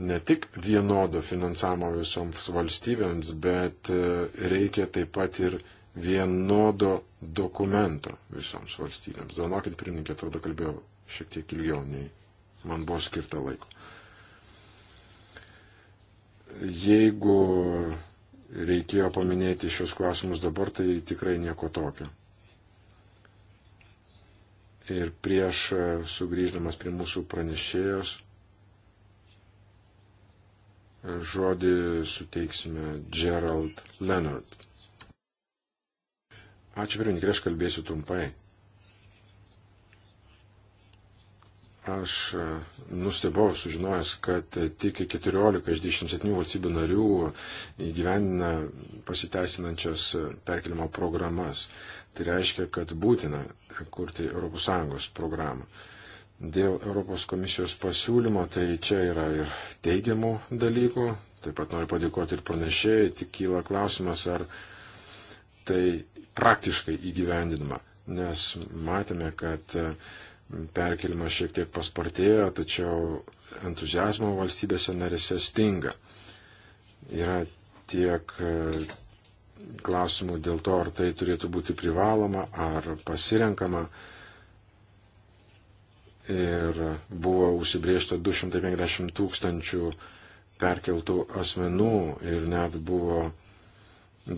ne tik vienodo finansavimo visoms valstybėms, bet e, reikia taip pat ir vienodo dokumento visoms valstybėms. Donokit, pirmininkė, atrodo, kalbėjau šiek tiek ilgiau nei man buvo skirta laiko. Jeigu reikėjo paminėti šios klausimus dabar, tai tikrai nieko tokio. Ir prieš e, sugrįždamas prie mūsų pranešėjos, e, žodį suteiksime Gerald Leonard. Ačiū pirmininkai, aš kalbėsiu trumpai. Aš e, nustebau sužinojęs, kad e, tik 14 iš 27 valstybių narių įgyvendina pasiteisinančias e, perkelimo programas. Tai reiškia, kad būtina kurti ES programą. Dėl Europos komisijos pasiūlymo, tai čia yra ir teigiamų dalykų. Taip pat noriu padėkoti ir pranešėjai, tik kyla klausimas, ar tai praktiškai įgyvendinama. Nes matėme, kad perkelimas šiek tiek paspartėjo, tačiau entuzijazmo valstybėse narėse stinga. Yra tiek e, klausimų dėl to, ar tai turėtų būti privaloma, ar pasirenkama. Ir buvo užsibriežta 250 tūkstančių perkeltų asmenų ir net buvo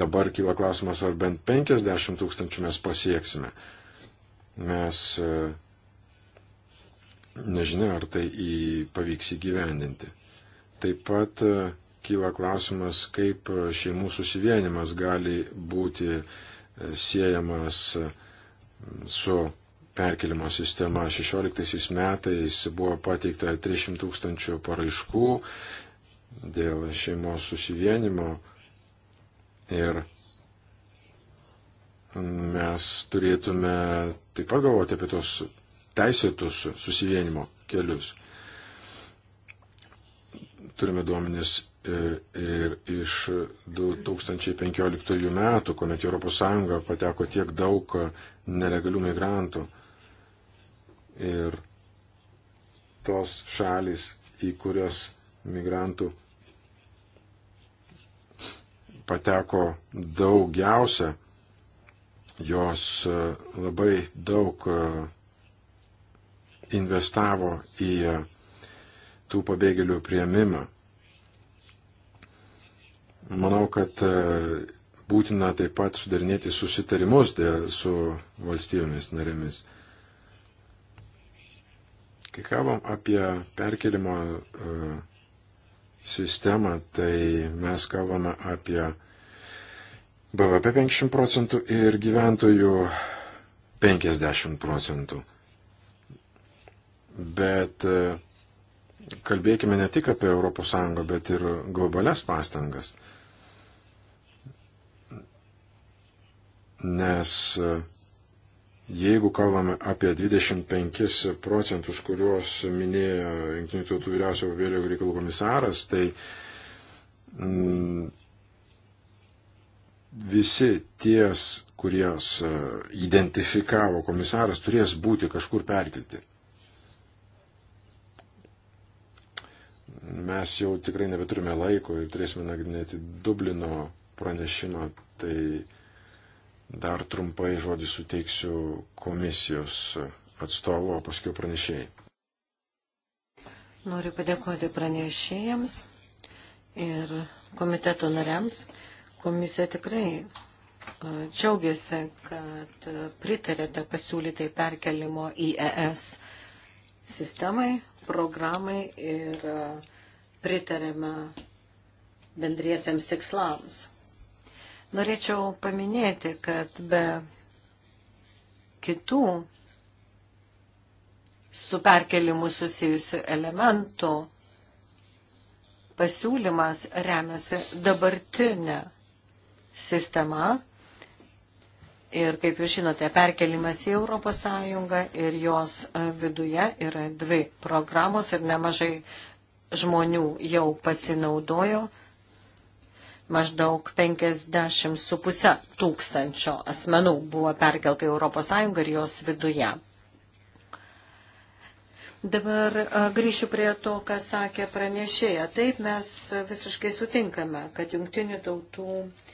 dabar kyla klausimas, ar bent 50 tūkstančių mes pasieksime. Mes e, Nežinia, ar tai į, pavyks įgyvendinti. Taip pat e, kyla klausimas, kaip e, šeimų susivienimas gali būti e, siejamas su perkelimo sistema. 16 metais buvo pateikta 300 tūkstančių paraiškų dėl šeimos susivienimo ir mes turėtume taip pat galvoti apie tos teisėtus susivienimo kelius. Turime duomenis e, ir iš 2015 metų, kuomet ES pateko tiek daug nelegalių migrantų. Ir tos šalis, į kurias migrantų pateko daugiausia, jos e, labai daug e, investavo į tų pabėgėlių prieimimą. Manau, kad e, būtina taip pat sudarinėti susitarimus dėl, su valstybėmis narėmis. Kai kalbam apie perkelimo uh, sistemą, tai mes kalbame apie BVP 50 procentų ir gyventojų 50 procentų bet e, kalbėkime ne tik apie ES, bet ir globales pastangas. Nes e, jeigu kalbame apie 25 procentus, kuriuos minėjo Junktinių tautų vyriausio vėliau reikalų komisaras, tai mm, visi ties, kurios e, identifikavo komisaras, turės būti kažkur perkelti. mes jau tikrai nebeturime laiko ir turėsime nagrinėti Dublino pranešimą, tai dar trumpai žodį suteiksiu komisijos atstovo, o paskui pranešėjai. Noriu padėkoti pranešėjams ir komiteto nariams. Komisija tikrai e, džiaugiasi, kad pritarėte pasiūlytai perkelimo į ES sistemai, programai ir e, pritarėme bendriesiems tikslams. Norėčiau paminėti, kad be kitų su perkelimu susijusių elementų pasiūlymas remiasi dabartinė sistema Ir kaip jūs žinote, perkelimas į Europos Sąjungą ir jos e, viduje yra dvi programos ir nemažai žmonių jau pasinaudojo maždaug 50,5 tūkstančio asmenų buvo perkelta į ES ir jos viduje. Dabar e, grįšiu prie to, ką sakė pranešėja. Taip, mes visiškai sutinkame, kad jungtinių tautų uh,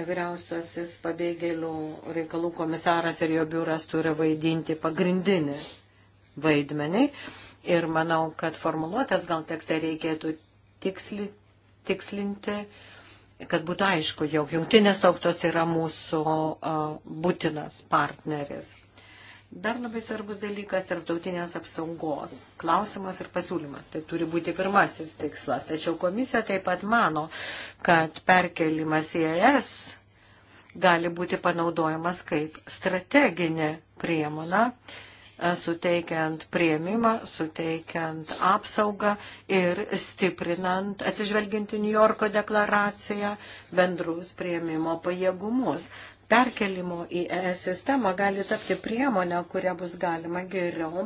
vyriausiasis pabėgėlių reikalų komisaras ir jo biuras turi vaidinti pagrindinį vaidmenį. Ir manau, kad formuluotės gal tekste reikėtų tiksli, tikslinti, kad būtų aišku, jog jungtinės tautos yra mūsų uh, būtinas partneris. Dar labai svarbus dalykas - tarptautinės apsaugos klausimas ir pasiūlymas. Tai turi būti pirmasis tikslas. Tačiau komisija taip pat mano, kad perkelimas į ES gali būti panaudojamas kaip strateginė priemona e, suteikiant prieimimą, suteikiant apsaugą ir stiprinant, atsižvelginti New Yorko deklaraciją, bendrus prieimimo pajėgumus perkelimo į ES sistemą gali tapti priemonę, kurią bus galima geriau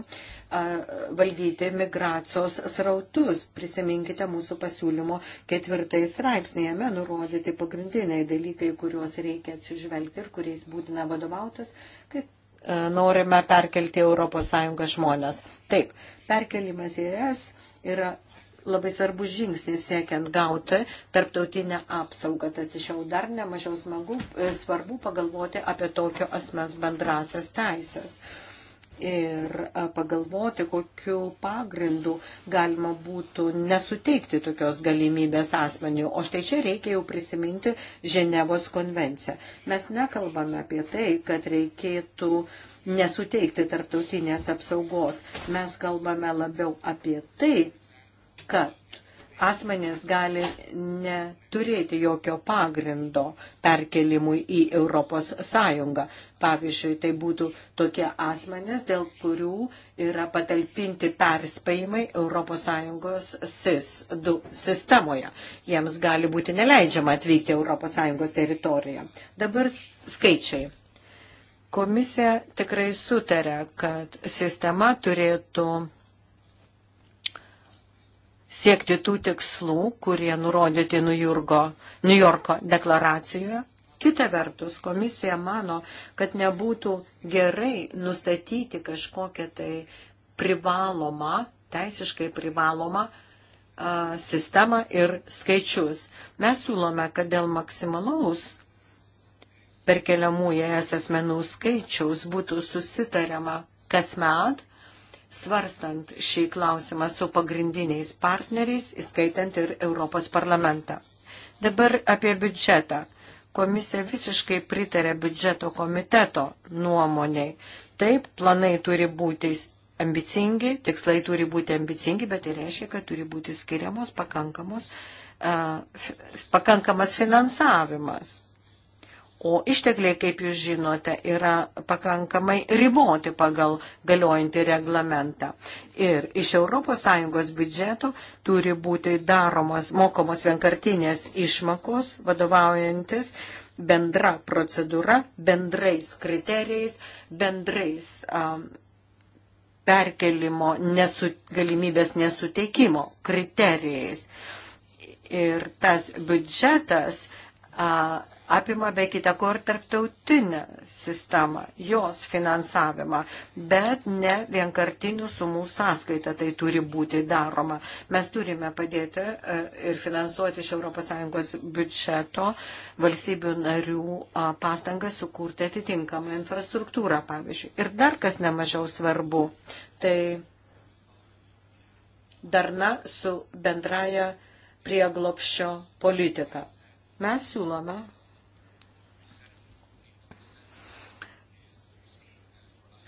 valdyti migracijos srautus. Prisiminkite mūsų pasiūlymo ketvirtai straipsnėjame nurodyti pagrindiniai dalykai, kuriuos reikia atsižvelgti ir kuriais būtina vadovautis, kai norime perkelti ES žmonės. Taip, perkelimas į ES yra labai svarbus žingsnis siekiant gauti tarptautinę apsaugą. Tad iš jau dar nemažiau smagu, e, svarbu pagalvoti apie tokio asmens bendrasias teisės. Ir e, pagalvoti, kokiu pagrindu galima būtų nesuteikti tokios galimybės asmenių. O štai čia reikia jau prisiminti Ženevos konvenciją. Mes nekalbame apie tai, kad reikėtų uh, nesuteikti tarptautinės apsaugos. Mes kalbame labiau apie tai, kad asmenys gali neturėti jokio pagrindo perkelimui į Europos Sąjungą. Pavyzdžiui, tai būtų tokie asmenys, dėl kurių yra patalpinti perspėjimai Europos Sąjungos SIS, du, sistemoje. Jiems gali būti neleidžiama atvykti Europos Sąjungos teritoriją. Dabar skaičiai. Komisija tikrai sutarė, kad sistema turėtų siekti tų tikslų, kurie nurodyti Niujorko, Niujorko deklaracijoje. Kita vertus, komisija mano, kad nebūtų gerai nustatyti kažkokią tai privalomą, teisiškai privalomą a, sistemą ir skaičius. Mes siūlome, kad dėl maksimalaus perkeliamų į es asmenų skaičiaus būtų susitariama kasmet svarstant šį klausimą su pagrindiniais partneriais, įskaitant ir Europos parlamentą. Dabar apie biudžetą. Komisija visiškai pritarė biudžeto komiteto nuomoniai. Taip, planai turi būti ambicingi, tikslai turi būti ambicingi, bet tai reiškia, kad turi būti skiriamos pakankamos, uh, pakankamas finansavimas. O ištekliai, kaip jūs žinote, yra pakankamai riboti pagal galiojantį reglamentą. Ir iš ES biudžeto turi būti daromos, mokomos vienkartinės išmokos, vadovaujantis bendra procedūra, bendrais kriterijais, bendrais um, perkelimo nesu, galimybės nesuteikimo kriterijais. Ir tas biudžetas uh, apima be kita ko ir tarptautinę sistemą, jos finansavimą, bet ne vienkartinių sumų sąskaita tai turi būti daroma. Mes turime padėti e, ir finansuoti iš ES biudžeto valstybių narių pastangą sukurti atitinkamą infrastruktūrą, pavyzdžiui. Ir dar kas nemažiau svarbu, tai darna su bendraja prieglopščio politika. Mes siūlome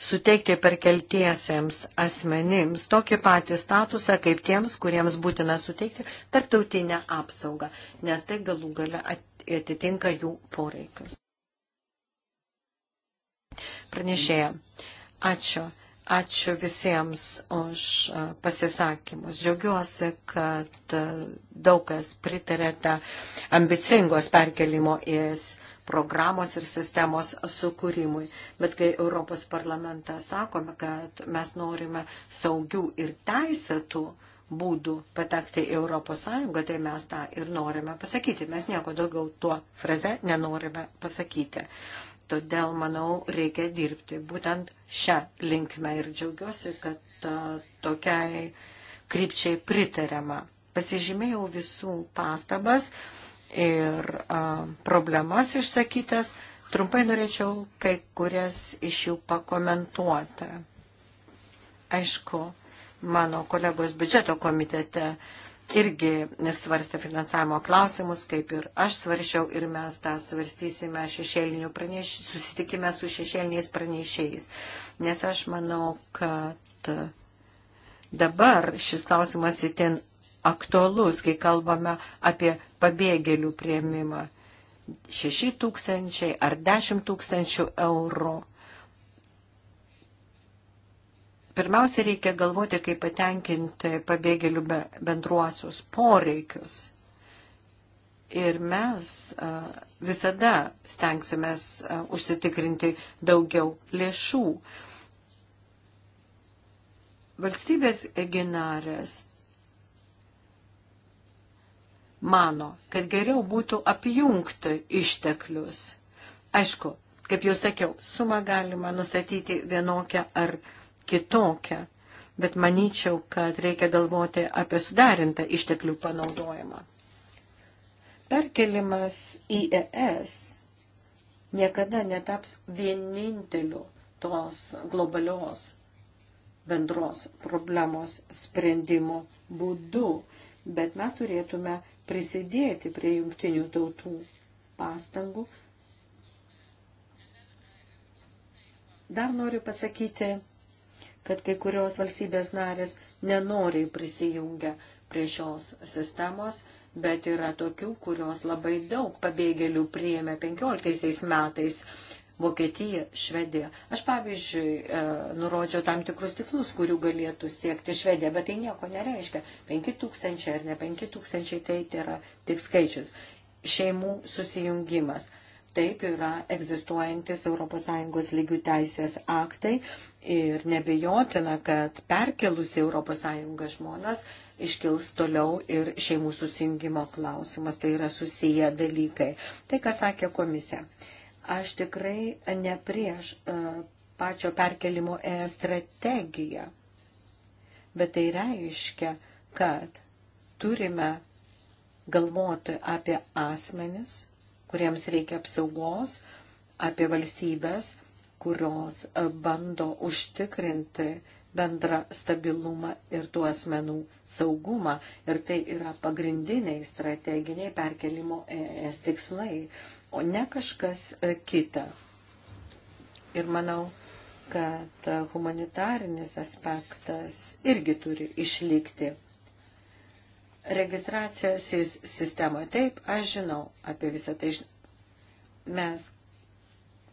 suteikti perkeltiesiems asmenims tokį patį statusą, kaip tiems, kuriems būtina suteikti tarptautinę apsaugą, nes tai galų gale atitinka jų poreikius. Pranešėja, ačiū. Ačiū visiems už pasisakymus. Džiaugiuosi, kad daug kas pritarėte ambicingos perkelimo į programos ir sistemos sukūrimui. Bet kai Europos parlamentą sakome, kad mes norime saugių ir teisėtų būdų patekti į Europos Sąjungą, tai mes tą ir norime pasakyti. Mes nieko daugiau tuo fraze nenorime pasakyti. Todėl, manau, reikia dirbti būtent šią linkmę ir džiaugiuosi, kad tokiai krypčiai pritariama. Pasižymėjau visų pastabas ir a, problemas išsakytas. Trumpai norėčiau kai kurias iš jų pakomentuoti. Aišku, mano kolegos biudžeto komitete irgi svarstė finansavimo klausimus, kaip ir aš svaršiau ir mes tą svarstysime šešėlinių pranešėjų, susitikime su šešėliniais pranešėjais. Nes aš manau, kad dabar šis klausimas įtin aktualus, kai kalbame apie pabėgėlių prieimimą. 6 tūkstančiai ar 10 tūkstančių eurų. Pirmiausia, reikia galvoti, kaip patenkinti pabėgėlių bendruosius poreikius. Ir mes visada stengsimės užsitikrinti daugiau lėšų. Valstybės ginarės mano, kad geriau būtų apjungti išteklius. Aišku, kaip jau sakiau, sumą galima nustatyti vienokią ar kitokią, bet manyčiau, kad reikia galvoti apie sudarintą išteklių panaudojimą. Perkelimas į ES niekada netaps vieninteliu tos globalios bendros problemos sprendimo būdu, bet mes turėtume prisidėti prie jungtinių tautų pastangų. Dar noriu pasakyti, kad kai kurios valstybės narės nenoriai prisijungia prie šios sistemos, bet yra tokių, kurios labai daug pabėgėlių priėmė 15 metais Vokietija, Švedija. Aš pavyzdžiui e, nurodžiau tam tikrus tiklus, kurių galėtų siekti Švedija, bet tai nieko nereiškia. 5000 ar ne 5000 tai yra tik skaičius. Šeimų susijungimas. Taip yra egzistuojantis ES lygių teisės aktai ir nebejotina, kad perkelusi ES žmonas iškils toliau ir šeimų susijungimo klausimas. Tai yra susiję dalykai. Tai, ką sakė komisija. Aš tikrai ne prieš e, pačio perkelimo ES strategiją, bet tai reiškia, kad turime galvoti apie asmenis, kuriems reikia apsaugos, apie valstybės, kurios e, bando užtikrinti bendrą stabilumą ir tų asmenų saugumą. Ir tai yra pagrindiniai strateginiai perkelimo ES tikslai o ne kažkas e, kita. Ir manau, kad e, humanitarinis aspektas irgi turi išlikti. Registracijos sistemoje. Taip, aš žinau apie visą tai. Mes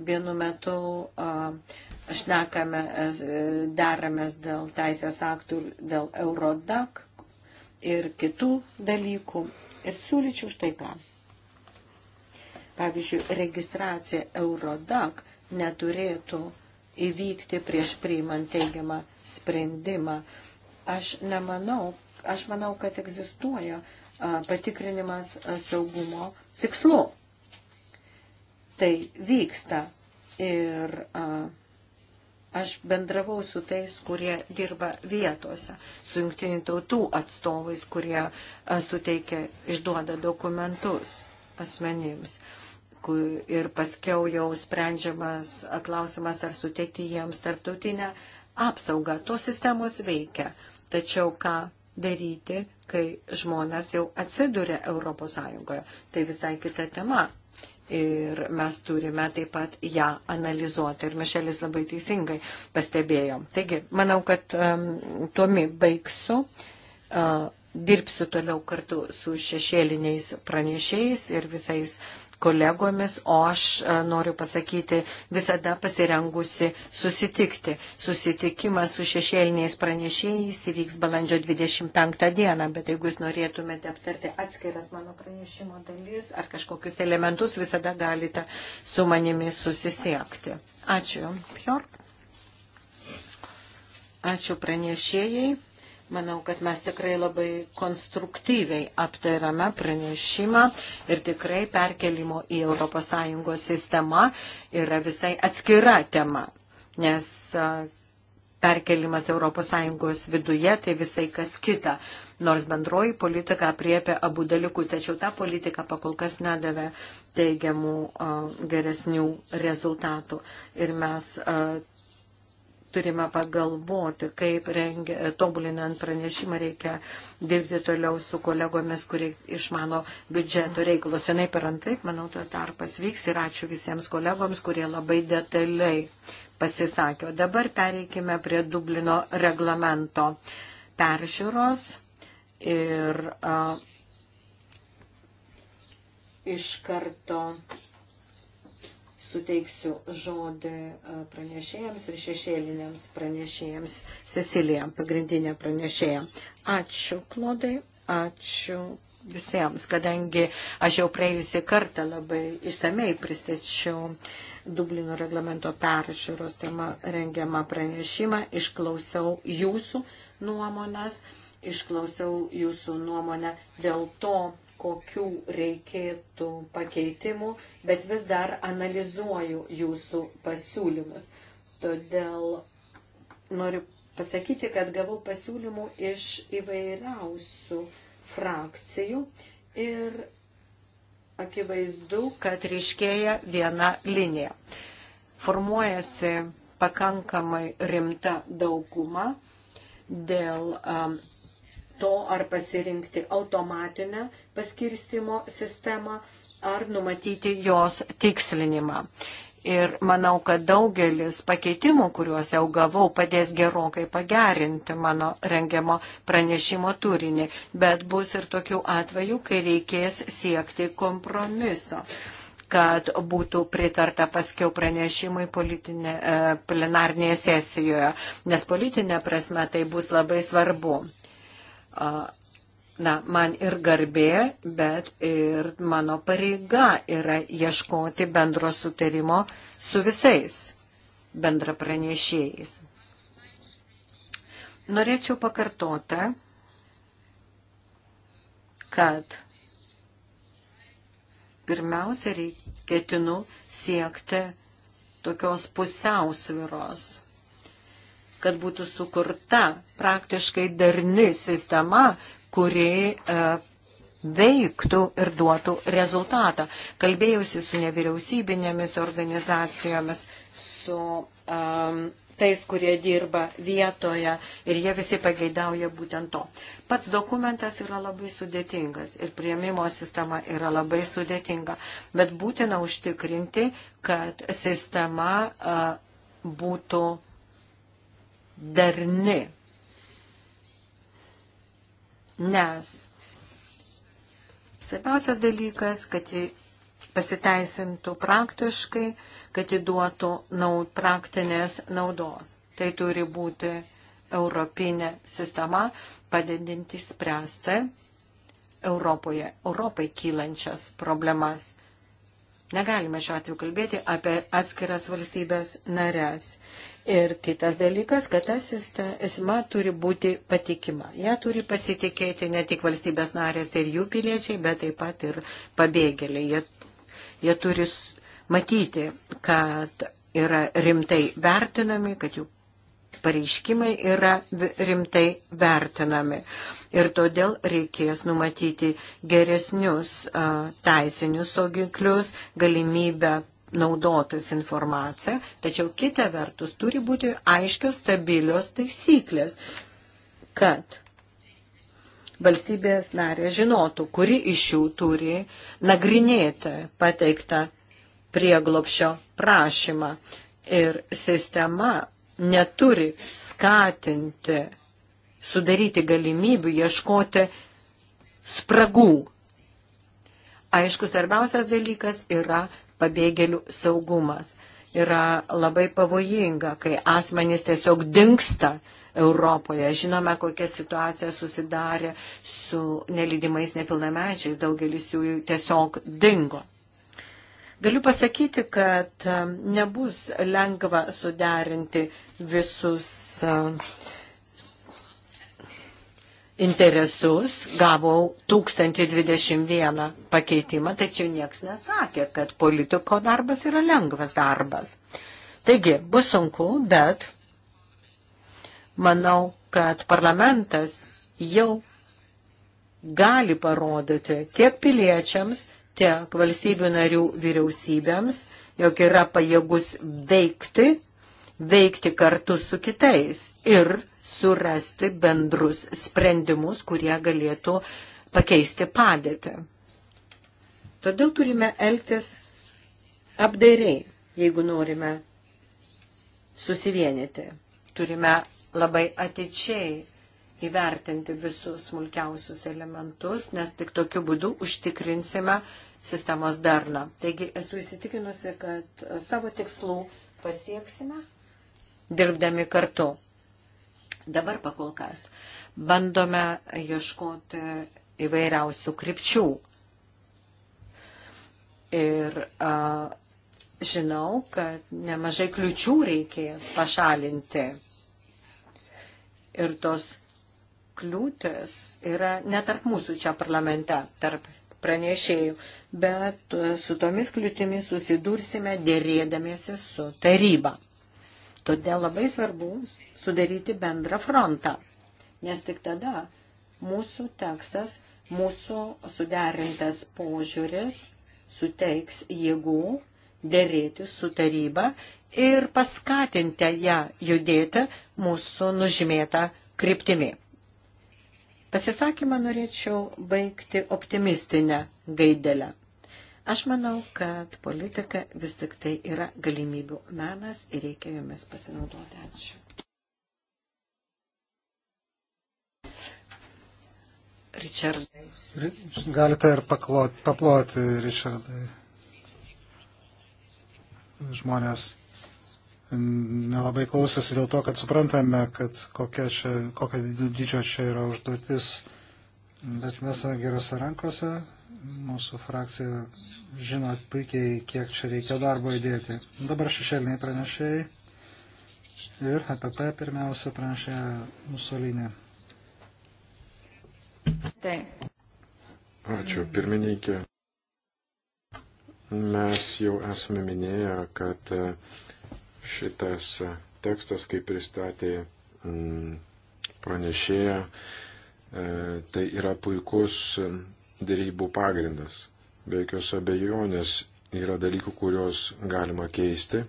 vienu metu šnekame, e, deramės dėl teisės aktų, dėl Eurodak ir kitų dalykų. Ir siūlyčiau štai ką. Pavyzdžiui, registracija Eurodac neturėtų įvykti prieš priimant teigiamą sprendimą. Aš nemanau, aš manau, kad egzistuoja patikrinimas saugumo tikslu. Tai vyksta ir a, aš bendravau su tais, kurie dirba vietose, su jungtinių tautų atstovais, kurie a, suteikia, išduoda dokumentus asmenims. A, ir paskiau jau sprendžiamas klausimas, ar suteikti jiems tarptautinę apsaugą. Tos sistemos veikia. Tačiau ką daryti, kai žmonės jau atsiduria Europos Sąjungoje? Tai visai kita tema. Ir mes turime taip pat ją analizuoti. Ir Mišelis labai teisingai pastebėjo. Taigi, manau, kad um, tuomi baigsiu. Uh, dirbsiu toliau kartu su šešėliniais pranešėjais ir visais kolegomis, o aš e, noriu pasakyti, visada pasirengusi susitikti. Susitikimas su šešėliniais pranešėjais įvyks balandžio 25 dieną, bet jeigu jūs norėtumėte aptarti atskiras mano pranešimo dalis ar kažkokius elementus, visada galite su manimi susisiekti. Ačiū. Fjork. Ačiū pranešėjai. Manau, kad mes tikrai labai konstruktyviai aptarėme pranešimą ir tikrai perkelimo į ES sistemą yra visai atskira tema, nes perkelimas ES viduje tai visai kas kita. Nors bendroji politika apriepia abu dalykus, tačiau ta politika pakol kas nedavė teigiamų geresnių rezultatų. Ir mes turime pagalvoti, kaip rengia, e, tobulinant pranešimą reikia dirbti toliau su kolegomis, kurie išmano biudžeto reikalus. Vienai per antraip, manau, tas darbas vyks ir ačiū visiems kolegoms, kurie labai detaliai pasisakė. O dabar pereikime prie Dublino reglamento peržiūros ir a, iš karto suteiksiu žodį e, pranešėjams ir šešėliniams pranešėjams. Cecilija, pagrindinė pranešėja. Ačiū, Klodai, ačiū visiems, kadangi aš jau praėjusį kartą labai išsamei pristačiau Dublino reglamento peržiūros tema rengiamą pranešimą, išklausiau jūsų nuomonas, išklausiau jūsų nuomonę dėl to, kokių reikėtų pakeitimų, bet vis dar analizuoju jūsų pasiūlymus. Todėl noriu pasakyti, kad gavau pasiūlymų iš įvairiausių frakcijų ir akivaizdu, kad ryškėja viena linija. Formuojasi pakankamai rimta dauguma dėl um, to, ar pasirinkti automatinę paskirstimo sistemą, ar numatyti jos tikslinimą. Ir manau, kad daugelis pakeitimų, kuriuos jau gavau, padės gerokai pagerinti mano rengiamo pranešimo turinį. Bet bus ir tokių atvejų, kai reikės siekti kompromiso kad būtų pritarta paskiau pranešimui politinė, e, plenarnėje sesijoje, nes politinė prasme tai bus labai svarbu na, man ir garbė, bet ir mano pareiga yra ieškoti bendro sutarimo su visais bendra pranešėjais. Norėčiau pakartoti, kad pirmiausia, ketinu siekti tokios pusiausviros kad būtų sukurta praktiškai darni sistema, kuri e, veiktų ir duotų rezultatą. Kalbėjausi su nevyriausybinėmis organizacijomis, su um, tais, kurie dirba vietoje ir jie visi pageidauja būtent to. Pats dokumentas yra labai sudėtingas ir prieimimo sistema yra labai sudėtinga, bet būtina užtikrinti, kad sistema uh, būtų uh, darni. Nes svarbiausias dalykas, kad ji pasiteisintų praktiškai, kad ji duotų naud, praktinės naudos. Tai turi būti europinė sistema, padedinti spręsti Europoje, Europai kylančias problemas. Negalime šiuo atveju kalbėti apie atskiras valstybės narės. Ir kitas dalykas, kad ta sistema turi būti patikima. Ja turi pasitikėti ne tik valstybės narės ir jų piliečiai, bet taip pat ir pabėgėliai. Jie, jie turi matyti, kad yra rimtai vertinami, kad jų pareiškimai yra rimtai vertinami. Ir todėl reikės numatyti geresnius teisinius saugiklius, galimybę naudotis informaciją, tačiau kita vertus turi būti aiškios stabilios taisyklės, kad valstybės narė žinotų, kuri iš jų turi nagrinėti pateiktą prieglopšio prašymą. Ir sistema neturi skatinti, sudaryti galimybių, ieškoti spragų. Aišku, svarbiausias dalykas yra pabėgėlių saugumas. Yra labai pavojinga, kai asmenys tiesiog dinksta Europoje. Žinome, kokia situacija susidarė su nelydimais nepilnamečiais, daugelis jų tiesiog dingo. Galiu pasakyti, kad um, nebus lengva suderinti visus um, interesus. Gavau 1021 pakeitimą, tačiau nieks nesakė, kad politiko darbas yra lengvas darbas. Taigi, bus sunku, bet manau, kad parlamentas jau gali parodyti tiek piliečiams, tiek valstybių narių vyriausybėms, jog yra pajėgus veikti, veikti kartu su kitais ir surasti bendrus sprendimus, kurie galėtų pakeisti padėtį. Todėl turime elgtis apdairiai, jeigu norime susivienyti. Turime labai atičiai įvertinti visus smulkiausius elementus, nes tik tokiu būdu užtikrinsime sistemos darną. Taigi esu įsitikinusi, kad savo tikslų pasieksime dirbdami kartu. Dabar pakol kas bandome ieškoti įvairiausių krypčių. Ir a, žinau, kad nemažai kliučių reikės pašalinti. Ir tos kliūtis yra ne tarp mūsų čia parlamente, tarp pranešėjų, bet su tomis kliūtimis susidursime dėrėdamėsi su taryba. Todėl labai svarbu sudaryti bendrą frontą, nes tik tada mūsų tekstas, mūsų suderintas požiūris suteiks jėgų dėrėti su taryba ir paskatinti ją judėti mūsų nužymėtą kryptimį. Pasisakymą norėčiau baigti optimistinę gaidelę. Aš manau, kad politika vis tik tai yra galimybių menas ir reikia jomis pasinaudoti. Ačiū. Richardai. Galite ir pakloti, paploti, Richardai. Žmonės nelabai klausėsi dėl to, kad suprantame, kad kokia čia, kokia didžio čia yra užduotis, bet mes esame gerose rankose, mūsų frakcija žino puikiai, kiek čia reikia darbo įdėti. Dabar šešėliniai pranešėjai ir APP pirmiausia pranešė Musolinė. Taip. Ačiū, pirmininkė. Mes jau esame minėję, kad šitas tekstas, kaip pristatė mm, pranešėja, e, tai yra puikus dėrybų pagrindas. Be jokios abejonės yra dalykų, kuriuos galima keisti.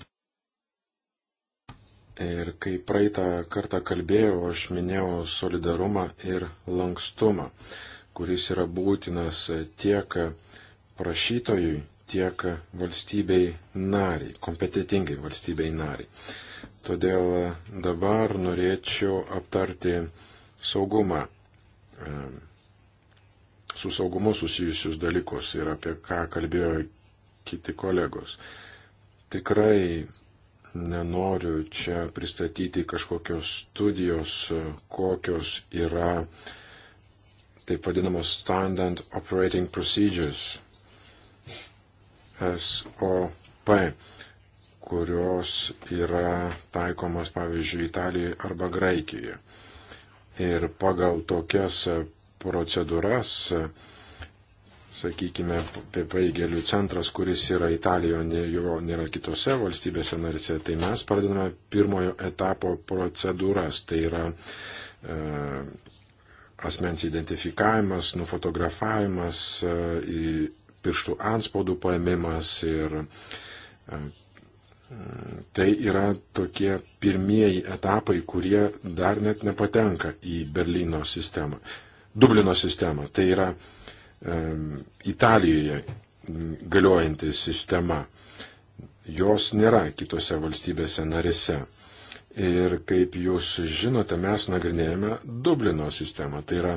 Ir kai praeitą kartą kalbėjau, aš minėjau solidarumą ir lankstumą, kuris yra būtinas tiek prašytojui, tiek valstybei nariai, kompetitingai valstybei nariai. Todėl dabar norėčiau aptarti saugumą, e, su saugumu susijusius dalykus ir apie ką kalbėjo kiti kolegos. Tikrai nenoriu čia pristatyti kažkokios studijos, kokios yra taip vadinamos standard operating procedures SOP, kurios yra taikomas, pavyzdžiui, Italijoje arba Graikijoje. Ir pagal tokias procedūras, sakykime, pėpaigėlių centras, kuris yra Italijoje, jo nėra kitose valstybėse narise, tai mes pradedame pirmojo etapo procedūras. Tai yra e, asmens identifikavimas, nufotografavimas, e, pirštų anspaudų paėmimas ir e, tai yra tokie pirmieji etapai, kurie dar net nepatenka į Berlyno sistemą, Dublino sistemą. Tai yra e, Italijoje galiojanti sistema. Jos nėra kitose valstybėse narėse. Ir kaip jūs žinote, mes nagrinėjame Dublino sistemą. Tai yra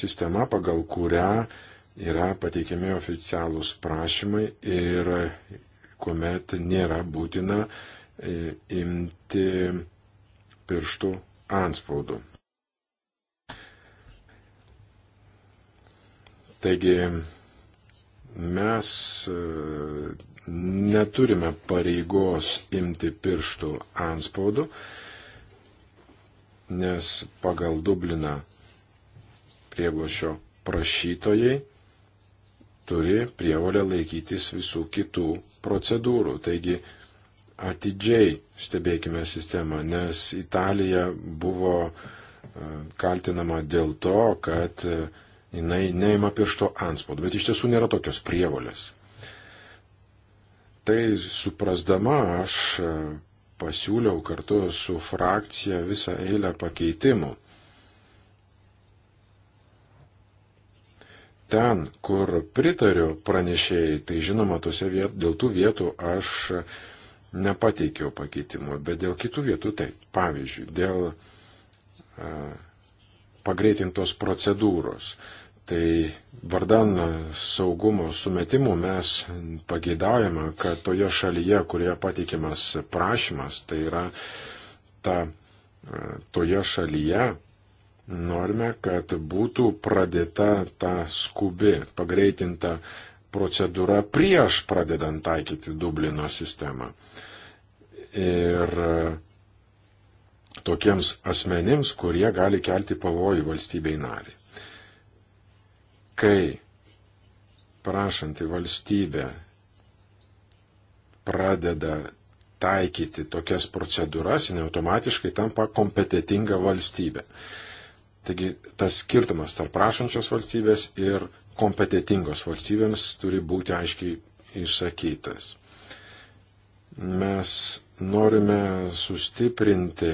sistema, pagal kurią yra pateikiami oficialūs prašymai ir kuomet nėra būtina e, imti pirštų anspaudų. Taigi mes e, neturime pareigos imti pirštų anspaudų, nes pagal Dubliną prieglošio prašytojai turi prievolę laikytis visų kitų procedūrų. Taigi atidžiai stebėkime sistemą, nes Italija buvo e, kaltinama dėl to, kad e, jinai neima piršto anspaudo, bet iš tiesų nėra tokios prievolės. Tai suprasdama aš e, pasiūliau kartu su frakcija visą eilę pakeitimų Ten, kur pritariu pranešėjai, tai žinoma, viet, dėl tų vietų aš nepateikiau pakeitimų, bet dėl kitų vietų taip. Pavyzdžiui, dėl a, pagreitintos procedūros. Tai vardan saugumo sumetimų mes pageidaujame, kad toje šalyje, kurioje pateikiamas prašymas, tai yra ta, toje šalyje Norime, kad būtų pradėta ta skubi, pagreitinta procedūra prieš pradedant taikyti Dublino sistemą. Ir tokiems asmenims, kurie gali kelti pavojų valstybei nariai. Kai prašanti valstybė pradeda taikyti tokias procedūras, jinai automatiškai tampa kompetitinga valstybė. Taigi tas skirtumas tarp prašančios valstybės ir kompetitingos valstybėms turi būti aiškiai išsakytas. Mes norime sustiprinti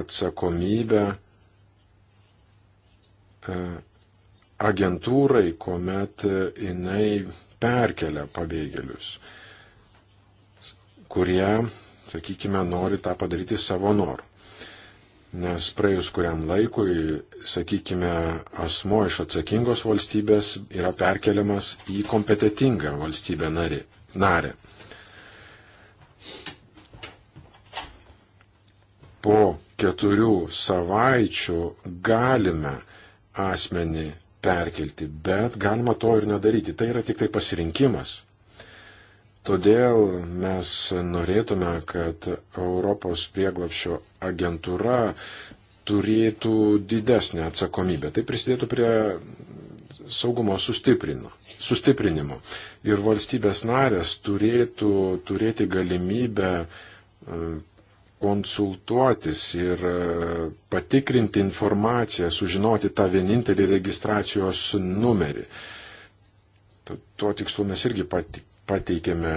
atsakomybę e, agentūrai, kuomet jinai perkelia pabėgėlius, kurie, sakykime, nori tą padaryti savo norų nes praėjus kuriam laikui, sakykime, asmo iš atsakingos valstybės yra perkeliamas į kompetitingą valstybę narį, narę. Po keturių savaičių galime asmenį perkelti, bet galima to ir nedaryti. Tai yra tik tai pasirinkimas. Todėl mes norėtume, kad Europos prieglapšio agentūra turėtų didesnę atsakomybę. Tai prisidėtų prie saugumo sustiprinimo. Ir valstybės narės turėtų turėti galimybę e, konsultuotis ir e, patikrinti informaciją, sužinoti tą vienintelį registracijos numerį. Tuo tikslu mes irgi patik pateikėme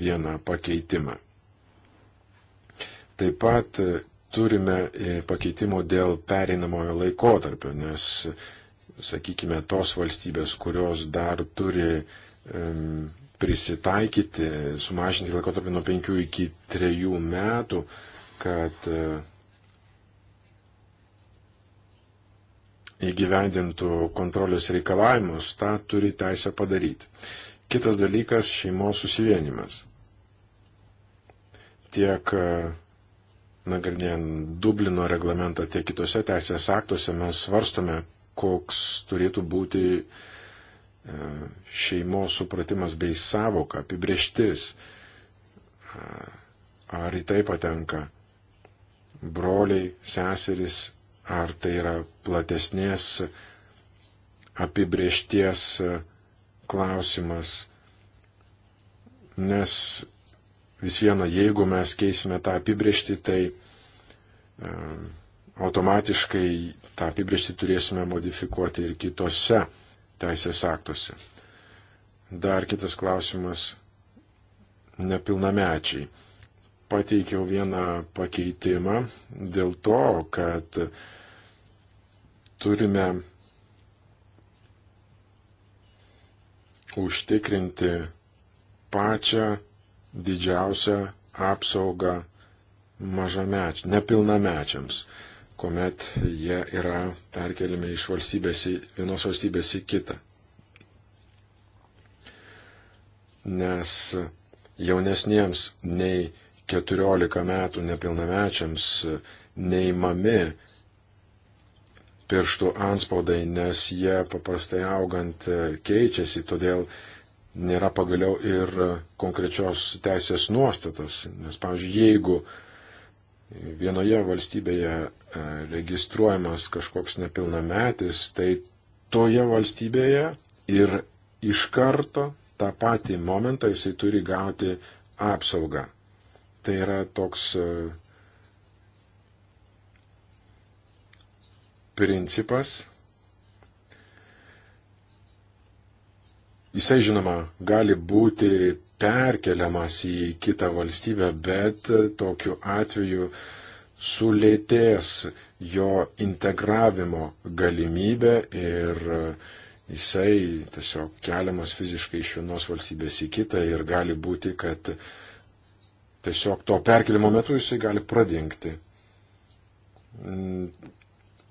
vieną pakeitimą. Taip pat turime e, pakeitimų dėl pereinamojo laikotarpio, nes, sakykime, tos valstybės, kurios dar turi um, prisitaikyti, sumažinti laikotarpį nuo 5 iki 3 metų, kad e, įgyvendintų kontrolės reikalavimus, tą turi teisę padaryti. Kitas dalykas - šeimos susivienimas. Tiek e, nagrinėjant Dublino reglamentą, tiek kitose teisės aktuose mes svarstome, koks turėtų būti e, šeimos supratimas bei savoka, apibrieštis, e, ar į tai patenka broliai, seserys, ar tai yra platesnės apibriešties klausimas, nes vis viena, jeigu mes keisime tą apibriežtį, tai e, automatiškai tą apibriežtį turėsime modifikuoti ir kitose teisės aktuose. Dar kitas klausimas - nepilnamečiai. Pateikiau vieną pakeitimą dėl to, kad turime užtikrinti pačią didžiausią apsaugą mažamečiams, nepilnamečiams, kuomet jie yra perkeliami iš valstybės į, vienos valstybės į kitą. Nes jaunesniems nei 14 metų nepilnamečiams neįmami pirštų anspaudai, nes jie paprastai augant e, keičiasi, todėl nėra pagaliau ir konkrečios teisės nuostatos. Nes, pavyzdžiui, jeigu vienoje valstybėje e, registruojamas kažkoks nepilnametis, tai toje valstybėje ir iš karto tą patį momentą jisai turi gauti apsaugą. Tai yra toks e, principas. Jisai, žinoma, gali būti perkeliamas į kitą valstybę, bet tokiu atveju sulėtės jo integravimo galimybė ir jisai tiesiog keliamas fiziškai iš vienos valstybės į kitą ir gali būti, kad tiesiog to perkelimo metu jisai gali pradingti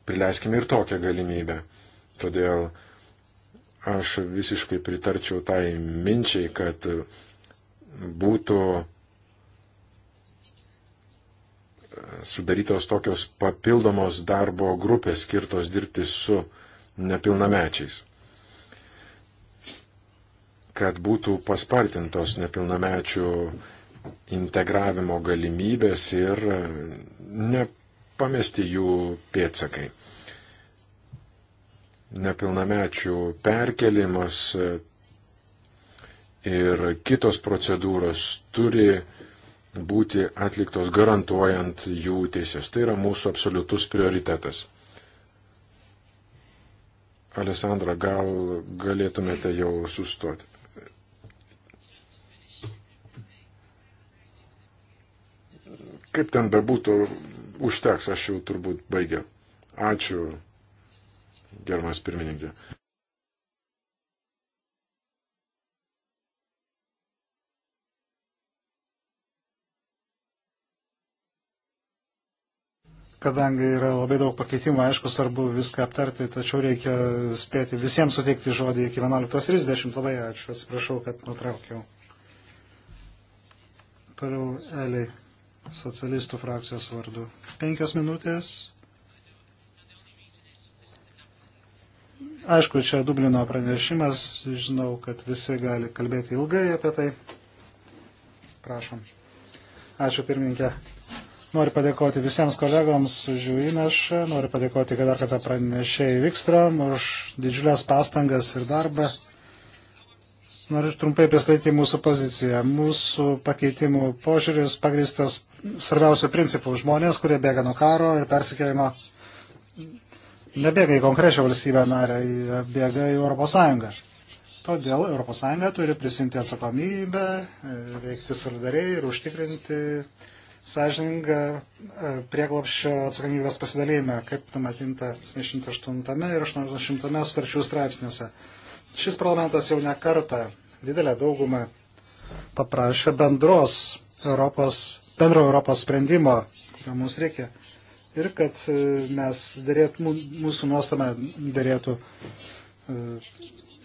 prileiskime ir tokią galimybę. Todėl aš visiškai pritarčiau tai minčiai, kad būtų sudarytos tokios papildomos darbo grupės skirtos dirbti su nepilnamečiais kad būtų paspartintos nepilnamečių integravimo galimybės ir nepamesti jų pėtsakai nepilnamečių perkelimas ir kitos procedūros turi būti atliktos garantuojant jų teisės. Tai yra mūsų absoliutus prioritetas. Alessandra, gal galėtumėte jau sustoti? Kaip ten bebūtų, užteks, aš jau turbūt baigiau. Ačiū gerbiamas pirmininkė. Kadangi yra labai daug pakeitimų, aišku, svarbu viską aptarti, tačiau reikia spėti visiems suteikti žodį iki 11.30. Labai ačiū, atsiprašau, kad nutraukiau. Toliau Eliai, socialistų frakcijos vardu. Penkias minutės. Aišku, čia Dublino pranešimas, žinau, kad visi gali kalbėti ilgai apie tai. Prašom. Ačiū pirmininkė. Noriu padėkoti visiems kolegoms už jų įnašą, noriu padėkoti, kad dar kartą pranešėjai Vikstrom už didžiulės pastangas ir darbą. Noriu trumpai pristatyti mūsų poziciją. Mūsų pakeitimų požiūris pagristas svarbiausių principų. Žmonės, kurie bėga nuo karo ir persikėjimo nebėga į konkrečią valstybę narę, bėga į Europos Sąjungą. Todėl Europos Sąjunga turi prisimti atsakomybę, e, veikti solidariai ir užtikrinti sąžiningą e, prieglopščio atsakomybės pasidalymą, kaip numatinta 78 ir 80 sutarčių straipsniuose. Šis parlamentas jau ne kartą didelę daugumą paprašė bendros Europos, bendro Europos sprendimo, kurio mums reikia ir kad e, mes dėrėt, mūsų nuostama dėrėtų e,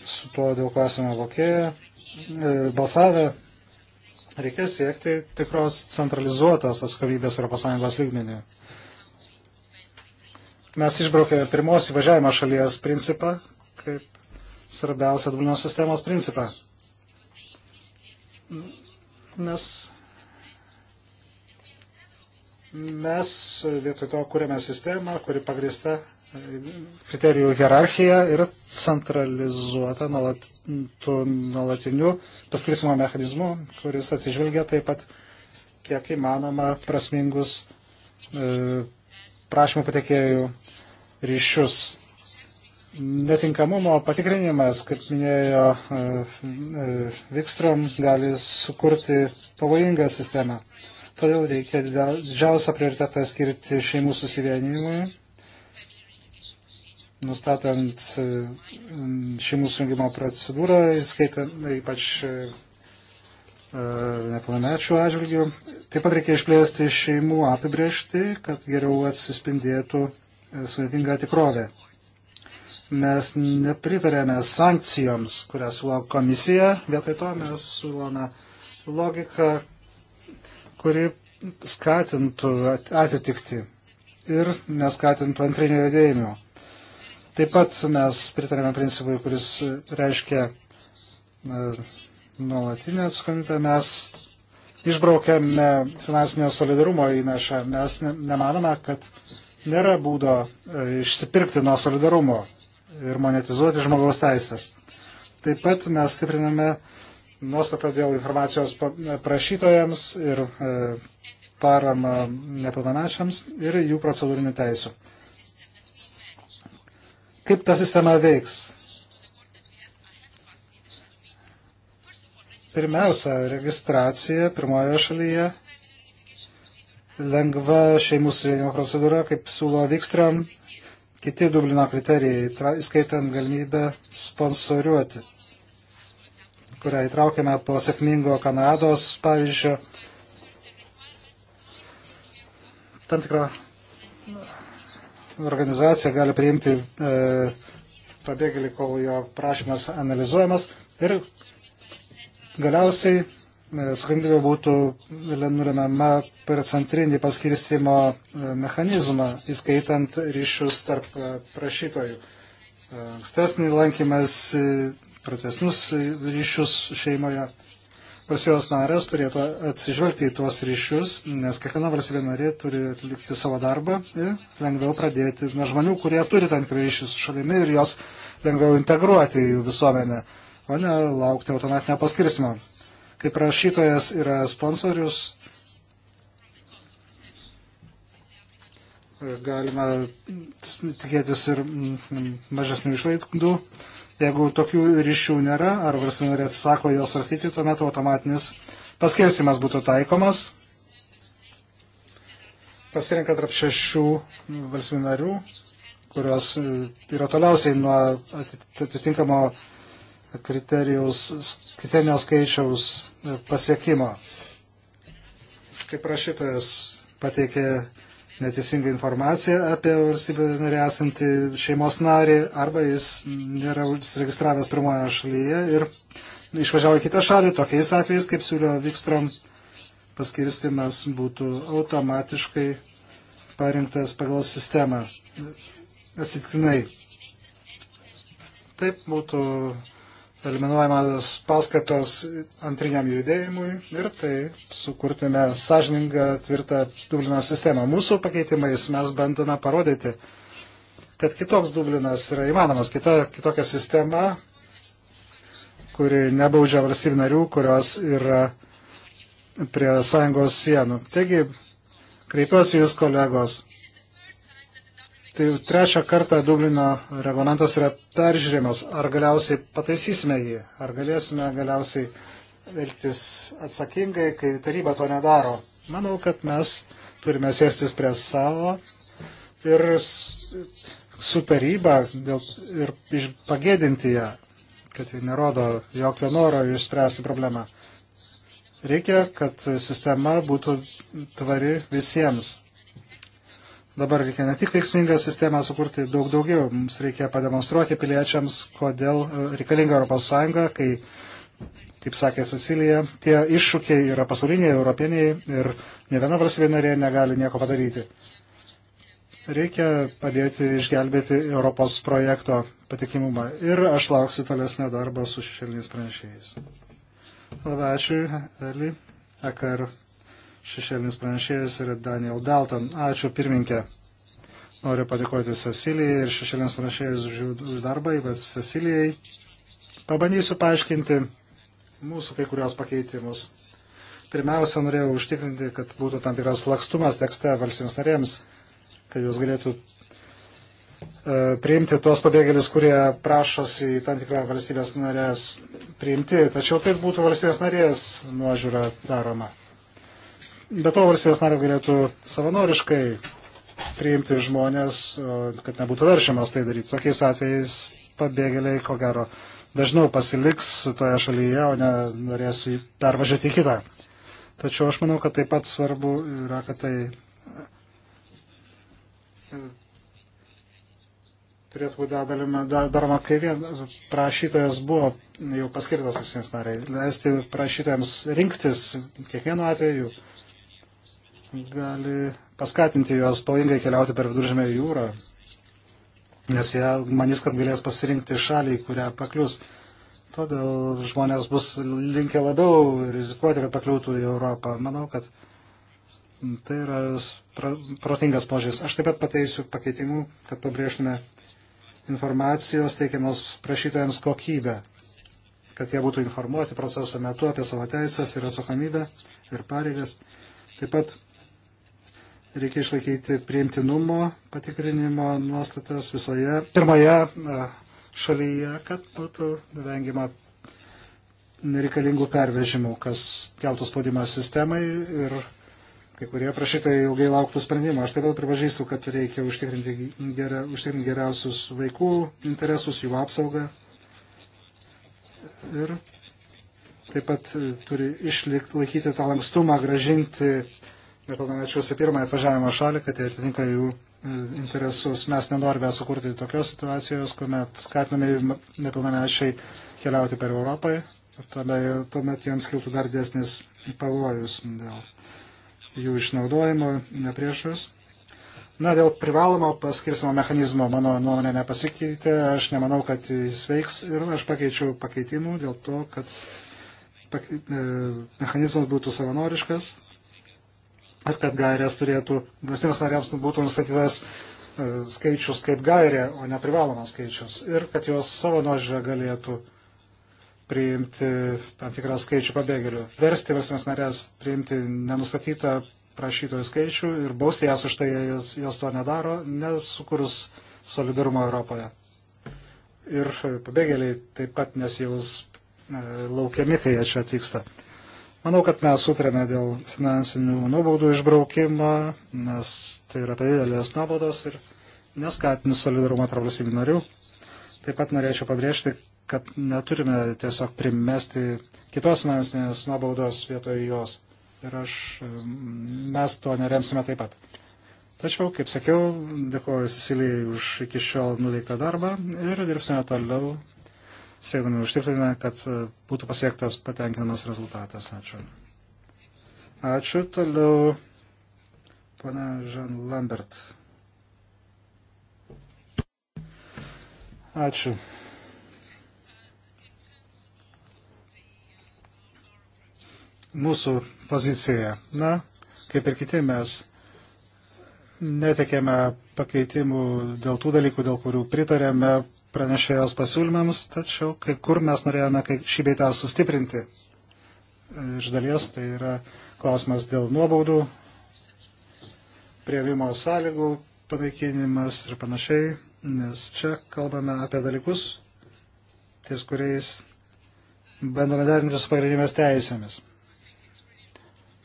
su tuo, dėl ko esame vokėję, e, balsavę, reikės siekti tikros centralizuotos atstovybės ES lygmenį. Mes išbraukėme pirmos įvažiavimo šalies principą kaip svarbiausią Dublino sistemos principą. Nes Mes vietoj to kūrėme sistemą, kuri pagrįsta e, kriterijų hierarchija ir centralizuota nuolat, nuolatiniu paskirstimo mechanizmu, kuris atsižvelgia taip pat kiek įmanoma prasmingus e, prašymų patekėjų ryšius. Netinkamumo patikrinimas, kaip minėjo e, e, Vikstrom, gali sukurti pavojingą sistemą. E, Todėl reikia didžiausią prioritetą skirti šeimų susivienimui, nustatant e, šeimų sujungimo procedūrą, įskaitant ypač e, e, nepilnamečių atžvilgių. Taip pat reikia išplėsti šeimų apibriežti, kad geriau atsispindėtų sudėtinga tikrovė. Mes nepritarėme sankcijoms, kurias siūlo komisija, vietoj to mes siūlome logiką, kuri skatintų atitikti ir neskatintų antrinio judėjimo. Taip pat mes pritarėme principui, kuris reiškia nuolatinę atsakomybę. Mes išbraukėme finansinio solidarumo įnašą. Mes ne, nemanome, kad nėra būdo e, išsipirkti nuo solidarumo ir monetizuoti žmogaus teisės. Taip pat mes stipriname uh, nuostata dėl informacijos prašytojams ir e, parama nepilnamečiams ir jų procedūrinių teisų. Kaip ta sistema veiks? Pirmiausia, registracija pirmojo šalyje, lengva šeimų suvienimo procedūra, kaip siūlo Vikstram, kiti Dublino kriterijai, įskaitant galimybę sponsoriuoti kurią įtraukėme po sėkmingo Kanados pavyzdžio. Tam tikra organizacija gali priimti e, pabėgėlį, kol jo prašymas analizuojamas. Ir galiausiai e, atsakomybė būtų nulemiama per centrinį paskirstimo e, mechanizmą, įskaitant ryšius tarp e, prašytojų. Ankstesnį lankymas pratesnius ryšius šeimoje. Valstybės narės turėtų atsižvelgti į tuos ryšius, nes kiekviena valstybė narė turi atlikti savo darbą ir lengviau pradėti nuo žmonių, kurie turi tam tikrą ryšį su šalimi ir jos lengviau integruoti į jų visuomenę, o ne laukti automatinio paskirstimo. Kaip rašytojas yra sponsorius, galima tikėtis ir mažesnių išlaidų, Jeigu tokių ryšių nėra, ar valstybė narė atsisako juos svarstyti, tuomet automatinis paskirstimas būtų taikomas. Pasirenka tarp šešių valstybių narių, kurios e, yra toliausiai nuo atitinkamo kriterijaus, kriterijos skaičiaus e, pasiekimo. Kaip rašytojas pateikė neteisinga informacija apie valstybę narį esantį šeimos narį, arba jis nėra užsiregistravęs pirmoje šalyje ir išvažiavo į kitą šalį, tokiais atvejais, kaip siūlė Vikstrom, paskirstimas būtų automatiškai parinktas pagal sistemą atsitiktinai. Taip būtų eliminuojamas paskatos antriniam judėjimui ir tai sukurtume sąžiningą tvirtą Dublino sistemą. Mūsų pakeitimais mes bandome parodyti, kad kitoks Dublinas yra įmanomas, kita, kitokia sistema, kuri nebaudžia valstybių narių, kurios yra prie sąjungos sienų. Taigi, kreipiuosi jūs kolegos Tai trečią kartą Dublino reglamentas yra peržiūrimas. Ar galiausiai pataisysime jį? Ar galėsime galiausiai elgtis atsakingai, kai taryba to nedaro? Manau, kad mes turime sėstis prie savo ir su taryba dėl, ir pagėdinti ją, kad ji nerodo jokio noro išspręsti problemą. Reikia, kad sistema būtų tvari visiems Dabar reikia ne tik veiksmingą sistemą sukurti daug daugiau, mums reikia pademonstruoti piliečiams, kodėl e, reikalinga ES, kai, kaip sakė Cecilija, tie iššūkiai yra pasauliniai, europiniai ir ne viena valstybė narė negali nieko padaryti. Reikia padėti išgelbėti Europos projekto patikimumą ir aš lauksiu tolesnio darbo su šešėliniais pranešėjais. Labai ačiū, Eli. Ekar šešėlinis pranešėjas yra Daniel Dalton. Ačiū pirminkė. Noriu padėkoti Cecilijai ir šešėlinis pranešėjas už darbą, ypač Cecilijai. Pabandysiu paaiškinti mūsų kai kurios pakeitimus. Pirmiausia, norėjau užtikrinti, kad būtų tam tikras lakstumas tekste valstybės narėms, kad jūs galėtų e, priimti tuos pabėgėlius, kurie prašosi į tam tikrą valstybės narės priimti, tačiau tai būtų valstybės narės nuožiūra daroma. Be to, valstybės narės galėtų savanoriškai priimti žmonės, kad nebūtų veršiamas tai daryti. Tokiais atvejais pabėgėliai, ko gero, dažniau pasiliks toje šalyje, o ne norės dar važiuoti į kitą. Tačiau aš manau, kad taip pat svarbu yra, kad tai e, turėtų būti daroma, daroma kai vien prašytojas buvo jau paskirtas visiems nariai. Leisti prašytojams rinktis kiekvienu atveju gali paskatinti juos pavojingai keliauti per viduržemę jūrą, nes jie manys, kad galės pasirinkti šalį, kurią paklius. Todėl žmonės bus linkę labiau rizikuoti, kad pakliūtų į Europą. Manau, kad tai yra protingas požiūris. Aš taip pat pateisiu pakeitimų, kad pabrėžtume informacijos teikiamos prašytojams kokybę, kad jie būtų informuoti proceso metu apie savo teisės ir atsakomybę ir pareigas. Taip pat reikia išlaikyti priimtinumo patikrinimo nuostatas visoje pirmoje šalyje, kad būtų vengiama nereikalingų pervežimų, kas keltų spaudimą sistemai ir kai kurie prašytojai ilgai lauktų sprendimo. Aš taip pat pripažįstu, kad reikia užtikrinti, geria, užtikrinti geriausius vaikų interesus, jų apsaugą. Ir taip pat turi išlikti, laikyti tą lankstumą, gražinti nepilnamečius į pirmąją atvažiavimo šalį, kad jie atitinka jų e, interesus. Mes nenorime sukurti tokios situacijos, kuomet skatinami nepilnamečiai keliauti per Europą, tuomet jiems kiltų dar dėsnis pavojus dėl jų išnaudojimo, nepriešus. Na, dėl privalomo paskirstimo mechanizmo mano nuomonė nepasikeitė, aš nemanau, kad jis veiks ir aš pakeičiau pakeitimų dėl to, kad e, mechanizmas būtų savanoriškas, ir kad gairės turėtų, valstybės nariams būtų nustatytas e, skaičius kaip gairė, o ne privalomas skaičius. Ir kad jos savo nuožiūrę galėtų priimti tam tikrą skaičių pabėgėlių. Versti valstybės narės priimti nenustatytą prašytojų skaičių ir bausti jas už tai, jos, jos to nedaro, nesukūrus solidarumo Europoje. Ir pabėgėliai taip pat nesijaus e, laukiami, kai jie čia atvyksta. Manau, kad mes sutarėme dėl finansinių nuobaudų išbraukimo, nes tai yra per tai didelės nuobaudos ir neskatinis solidarumą tarp valstybių narių. Taip pat norėčiau pabrėžti, kad neturime tiesiog primesti kitos finansinės nuobaudos vietoj jos. Ir aš, mes to neremsime taip pat. Tačiau, kaip sakiau, dėkoju Sicilijai už iki šiol nuveiktą darbą ir dirbsime toliau siekdami užtikrinę, kad e, būtų pasiektas patenkinamas rezultatas. Ačiū. Ačiū. Toliau, pana Žan Lambert. Ačiū. Mūsų pozicija. Na, kaip ir kiti mes netekėme pakeitimų dėl tų dalykų, dėl kurių pritarėme pranešėjos pasiūlymams, tačiau kai kur mes norėjome šį beitą sustiprinti. Iš dalies tai yra klausimas dėl nuobaudų, prieimimo sąlygų panaikinimas ir panašiai, nes čia kalbame apie dalykus, ties kuriais bandome derinti su pagrindinėmis teisėmis.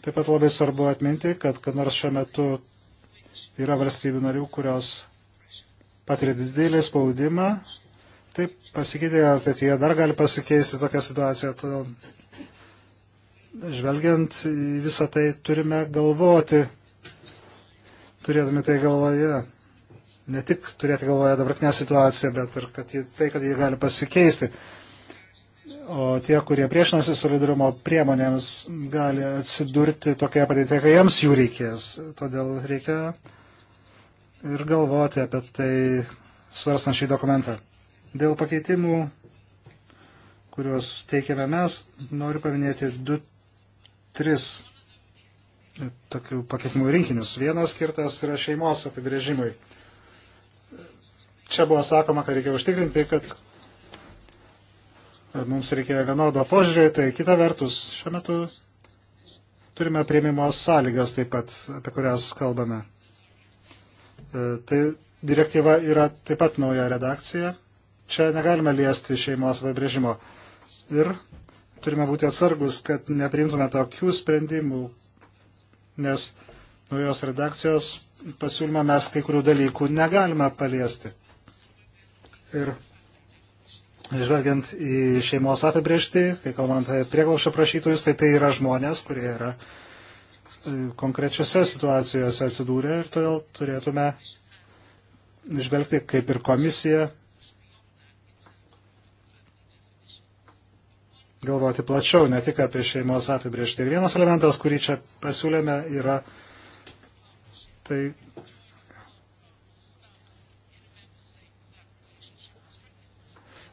Taip pat labai svarbu atminti, kad, kad nors šiuo metu yra valstybių narių, kurios patiria didelį spaudimą taip pasikeitė, ateityje dar gali pasikeisti tokia situacija. Todėl žvelgiant į visą tai turime galvoti, turėdami tai galvoje. Ne tik turėti galvoje dabartinę situaciją, bet ir kad jį, tai, kad jie gali pasikeisti. O tie, kurie priešinasi solidarumo priemonėms, gali atsidurti tokioje padėtėje, kai jiems jų reikės. Todėl reikia ir galvoti apie tai, svarstant šį dokumentą. Dėl pakeitimų, kuriuos teikiame mes, noriu paminėti du, tris tokių pakeitimų rinkinius. Vienas skirtas yra šeimos apibrėžimui. Čia buvo sakoma, kad reikia užtikrinti, kad mums reikia vienodo požiūrį, tai kita vertus, šiuo metu turime prieimimo sąlygas taip pat, apie kurias kalbame. E, tai direktyva yra taip pat nauja redakcija Čia negalime liesti šeimos apibrėžimo. Ir turime būti atsargus, kad nepriimtume tokių sprendimų, nes naujos redakcijos pasiūlymą mes kai kurių dalykų negalime paliesti. Ir žvelgiant į šeimos apibriežtį, kai kalbam apie prieglaušio prašytojus, tai tai yra žmonės, kurie yra e, konkrečiose situacijose atsidūrė ir todėl turėtume žvelgti kaip ir komisija galvoti plačiau, ne tik apie šeimos apibriežtį. Ir vienas elementas, kurį čia pasiūlėme, yra tai.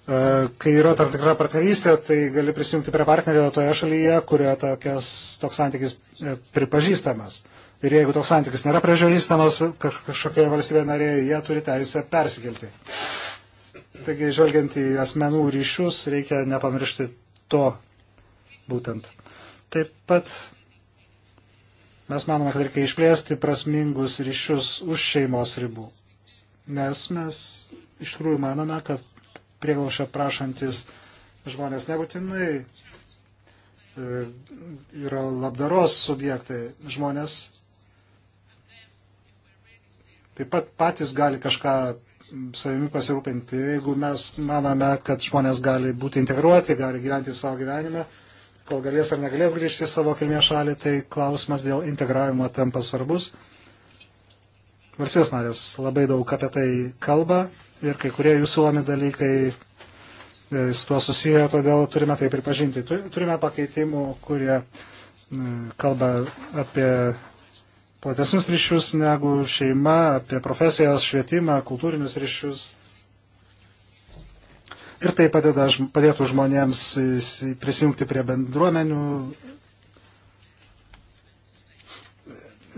E, kai yra tam tikra partnerystė, tai gali prisijungti prie partnerio toje šalyje, kurioje tokias, toks santykis e, pripažįstamas. Ir jeigu toks santykis nėra pripažįstamas kažkokioje valstybėje narėje, jie turi teisę persikelti. Taigi, žvelgiant į asmenų ryšius, reikia nepamiršti to būtent. Taip pat mes manome, kad reikia išplėsti prasmingus ryšius už šeimos ribų. Nes mes iš tikrųjų manome, kad prieglaušio prašantis žmonės nebūtinai e, yra labdaros subjektai. Žmonės taip pat patys gali kažką savimi pasirūpinti. Jeigu mes manome, kad žmonės gali būti integruoti, gali gyventi savo gyvenime, kol galės ar negalės grįžti į savo kilmės šalį, tai klausimas dėl integravimo tampa svarbus. Valstybės narės labai daug apie tai kalba ir kai kurie jų siūlomi dalykai e, su tuo susiję, todėl turime tai pripažinti. Turime pakeitimų, kurie kalba apie platesnius ryšius negu šeima, apie profesijas, švietimą, kultūrinius ryšius. Ir tai padeda, padėtų žmonėms prisijungti prie bendruomenių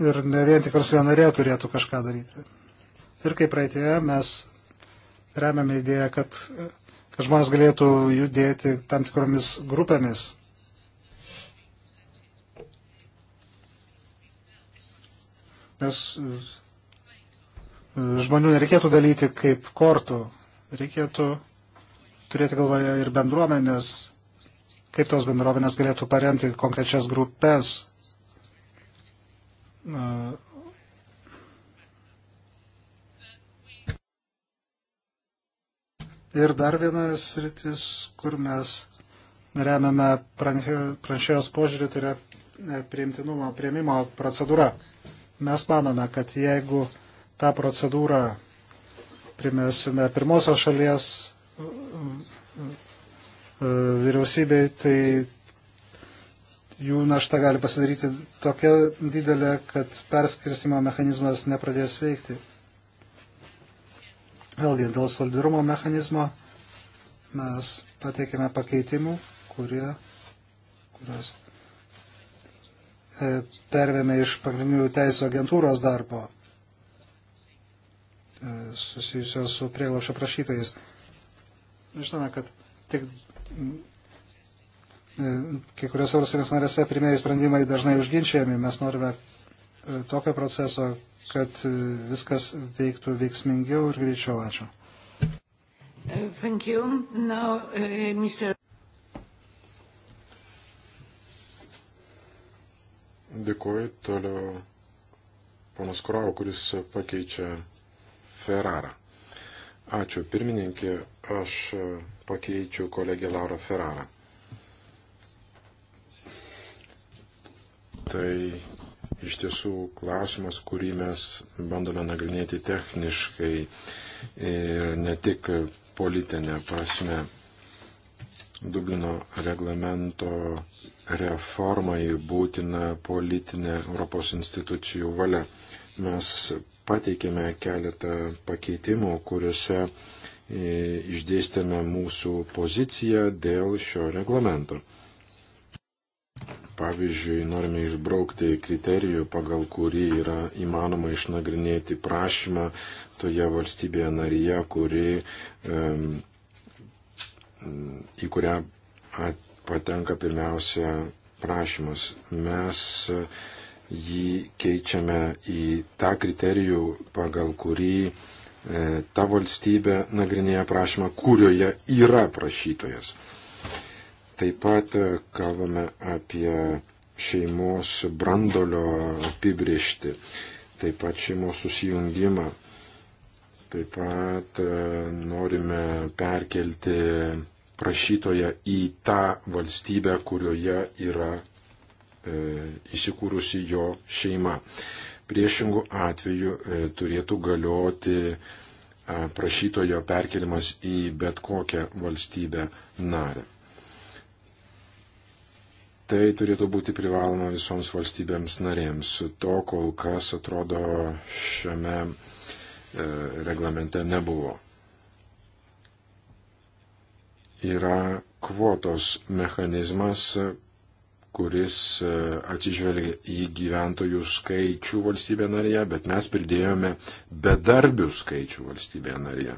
ir ne vien tik valstybė narė turėtų kažką daryti. Ir kaip praeitėje mes remiame idėją, kad, kad žmonės galėtų judėti tam tikromis grupėmis. Nes e, žmonių nereikėtų dalyti kaip kortų. Reikėtų turėti galvoje ir bendruomenės, kaip tos bendruomenės galėtų paremti konkrečias grupės. Ir dar vienas rytis, kur mes remiame pranešėjos požiūrį, tai yra e, priimtinumo prieimimo procedūra. Mes manome, kad jeigu tą procedūrą primesime pirmosios šalies e, vyriausybei, tai jų našta gali pasidaryti tokia didelė, kad perskirstimo mechanizmas nepradės veikti. Vėlgi, dėl solidarumo mechanizmo mes pateikėme pakeitimų, kurie, kurios E, pervėmė iš pagrindinių teisų agentūros darbo e, susijusios su prieglaušio prašytojais. Žinome, kad tik e, kai kuriuose valstybės narėse pirmieji sprendimai dažnai užginčiami. Mes norime tokio proceso, kad viskas veiktų veiksmingiau ir greičiau. Ačiū. Now, uh, Mr... Dėkuoju toliau ponas Kurau, kuris pakeičia Ferrarą. Ačiū, pirmininkė, aš pakeičiu kolegę Laurą Ferrarą. Tai iš tiesų klausimas, kurį mes bandome nagrinėti techniškai ir ne tik politinę prasme. Dublino reglamento reformai būtina politinė Europos institucijų valia. Mes pateikėme keletą pakeitimų, kuriuose e, išdėstėme mūsų poziciją dėl šio reglamento. Pavyzdžiui, norime išbraukti kriterijų, pagal kurį yra įmanoma išnagrinėti prašymą toje valstybėje narėje, kuri, um, į kurią at, patenka pirmiausia prašymas. Mes e, jį keičiame į tą kriterijų, pagal kurį e, ta valstybė nagrinėja prašymą, kurioje yra prašytojas. Taip pat e, kalbame apie šeimos brandolio apibriešti, taip pat šeimos susijungimą, taip pat norime perkelti prašytoją į tą valstybę, kurioje yra e, įsikūrusi jo šeima. Priešingų atveju e, turėtų galioti e, prašytojo perkelimas į bet kokią valstybę narę. Tai turėtų būti privaloma visoms valstybėms narėms. To kol kas atrodo šiame e, reglamente nebuvo yra kvotos mechanizmas, kuris e, atsižvelgia į gyventojų skaičių valstybė narėje, bet mes pridėjome bedarbių skaičių valstybė narėje.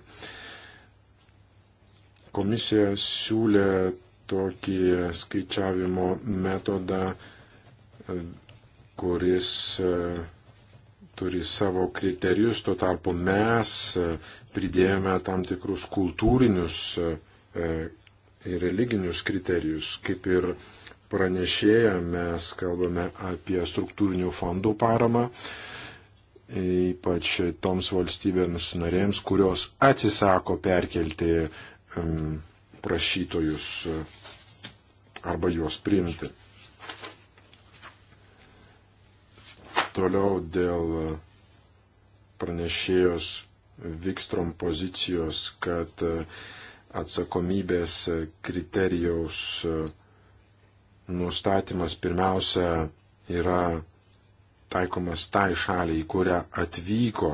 Komisija siūlė tokį skaičiavimo metodą, e, kuris e, turi savo kriterijus, tuo tarpu mes pridėjome tam tikrus kultūrinius kriterijus ir e, religinius kriterijus, kaip ir pranešėja mes kalbame apie struktūrinių fondų paramą, ypač toms valstybėms narėms, kurios atsisako perkelti prašytojus e, arba juos priimti. Toliau dėl pranešėjos Vikstrom pozicijos, kad uh, atsakomybės kriterijaus nustatymas pirmiausia yra taikomas tai šaliai, į kurią atvyko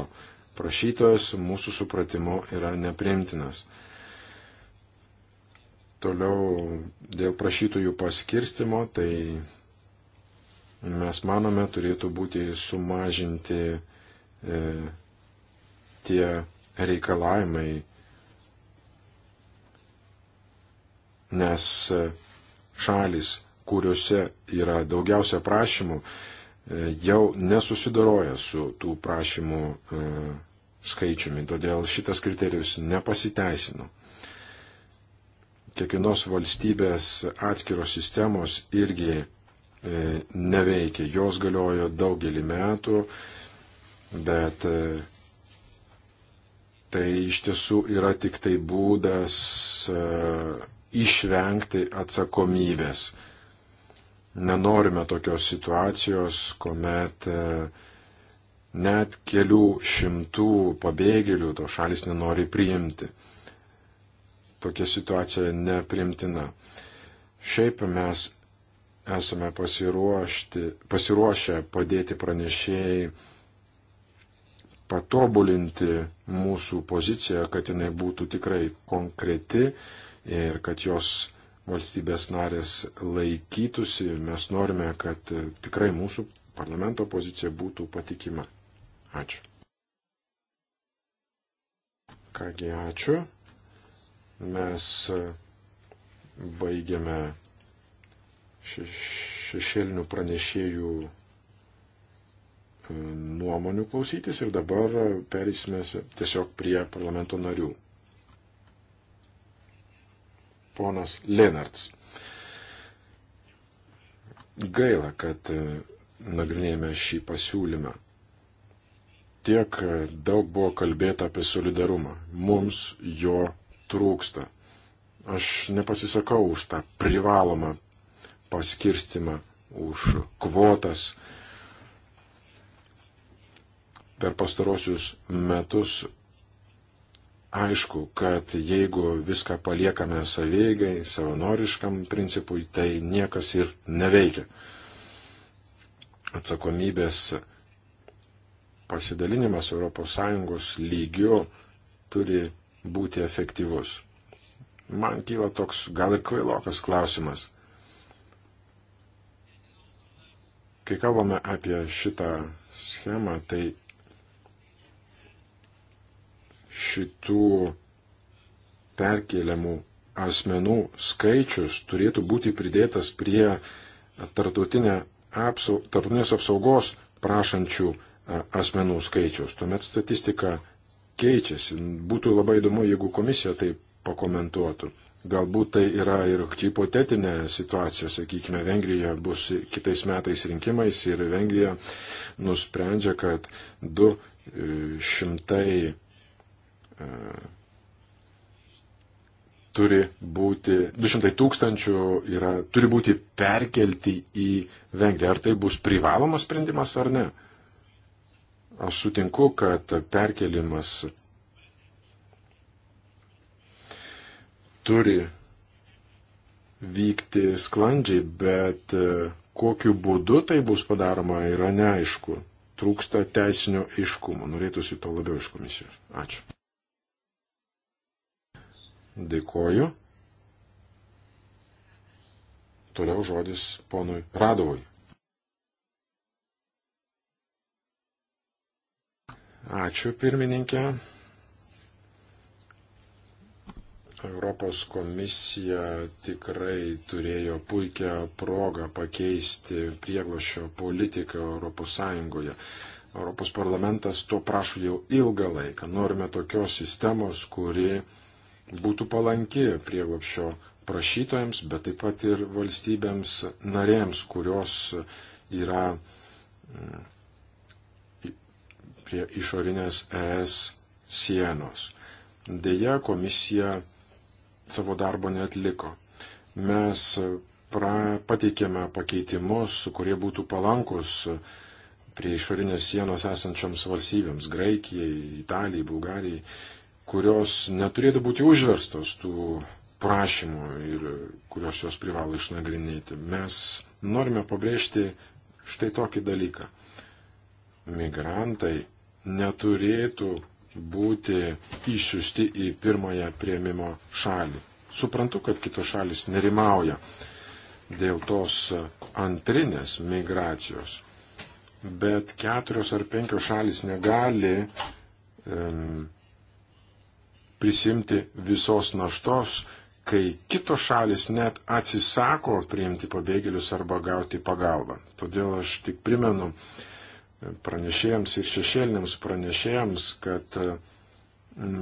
prašytojas, mūsų supratimu yra neprimtinas. Toliau dėl prašytojų paskirstimo, tai mes manome turėtų būti sumažinti e, tie reikalavimai nes e, šalis, kuriuose yra daugiausia prašymų, e, jau nesusidaroja su tų prašymų e, skaičiumi, todėl šitas kriterijus nepasiteisino. Kiekvienos valstybės atskiros sistemos irgi neveikia, jos galiojo daugelį metų, bet tai iš tiesų yra tik tai būdas išvengti atsakomybės. Nenorime tokios situacijos, kuomet e, net kelių šimtų pabėgėlių to šalis nenori priimti. Tokia situacija neprimtina. Šiaip mes esame pasiruošę padėti pranešėjai patobulinti mūsų poziciją, kad jinai būtų tikrai konkreti, ir kad jos valstybės narės laikytųsi. Mes norime, kad tikrai mūsų parlamento pozicija būtų patikima. Ačiū. Kągi, ačiū. Mes baigiame šešėlinių pranešėjų e, nuomonių klausytis ir dabar perėsime tiesiog prie parlamento narių ponas Lenarts. Gaila, kad e, nagrinėjame šį pasiūlymą. Tiek e, daug buvo kalbėta apie solidarumą. Mums jo trūksta. Aš nepasisakau už tą privalomą paskirstimą, už kvotas. Per pastarosius metus aišku, kad jeigu viską paliekame savygai, savanoriškam principui, tai niekas ir neveikia. Atsakomybės pasidalinimas ES lygiu turi būti efektyvus. Man kyla toks gal ir kvailokas klausimas. Kai kalbame apie šitą schemą, tai šitų perkeliamų asmenų skaičius turėtų būti pridėtas prie tartutinė apsau, tartutinės apsaugos prašančių asmenų skaičius. Tuomet statistika keičiasi. Būtų labai įdomu, jeigu komisija tai pakomentuotų. Galbūt tai yra ir hipotetinė situacija, sakykime, Vengrija bus kitais metais rinkimais ir Vengrija nusprendžia, kad 200 E, turi būti, 200 tūkstančių yra, turi būti perkelti į Vengriją. Ar tai bus privalomas sprendimas ar ne? Aš sutinku, kad perkelimas turi vykti sklandžiai, bet e, kokiu būdu tai bus padaroma yra neaišku. Trūksta teisinio iškumo. Norėtųsi to labiau iš komisijos. Ačiū. Dėkoju. Toliau žodis ponui Radovui. Ačiū pirmininkė. Europos komisija tikrai turėjo puikią progą pakeisti prieglošio politiką Europos Sąjungoje. Europos parlamentas to prašo jau ilgą laiką. Norime tokios sistemos, kuri būtų palanki prieglopšio prašytojams, bet taip pat ir valstybėms narėms, kurios yra mm, prie išorinės ES sienos. Deja, komisija savo darbo netliko. Mes pra, pateikėme pakeitimus, kurie būtų palankus prie išorinės sienos esančioms valstybėms - Graikijai, Italijai, Bulgarijai kurios neturėtų būti užverstos tų prašymų ir kurios jos privalo išnagrinėti. Mes norime pabrėžti štai tokį dalyką. Migrantai neturėtų būti išsiusti į pirmąją prieimimo šalį. Suprantu, kad kitos šalis nerimauja dėl tos antrinės migracijos, bet keturios ar penkios šalis negali um, prisimti visos naštos, kai kitos šalis net atsisako priimti pabėgėlius arba gauti pagalbą. Todėl aš tik primenu pranešėjams ir šešėliniams pranešėjams, kad e,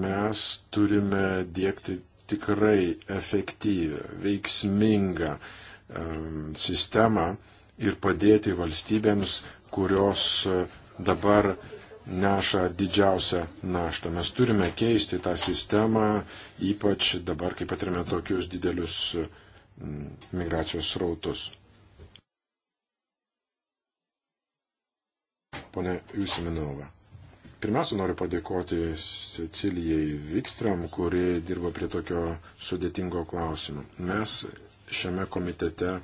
mes turime dėkti tikrai efektyvę, veiksmingą e, sistemą ir padėti valstybėms, kurios e, dabar neša didžiausią naštą. Mes turime keisti tą sistemą, ypač dabar, kai patirime tokius didelius mm, migracijos srautus. Pone Jusiminova. Pirmiausia, noriu padėkoti Cecilijai Vikstram, kuri dirbo prie tokio sudėtingo klausimo. Mes šiame komitete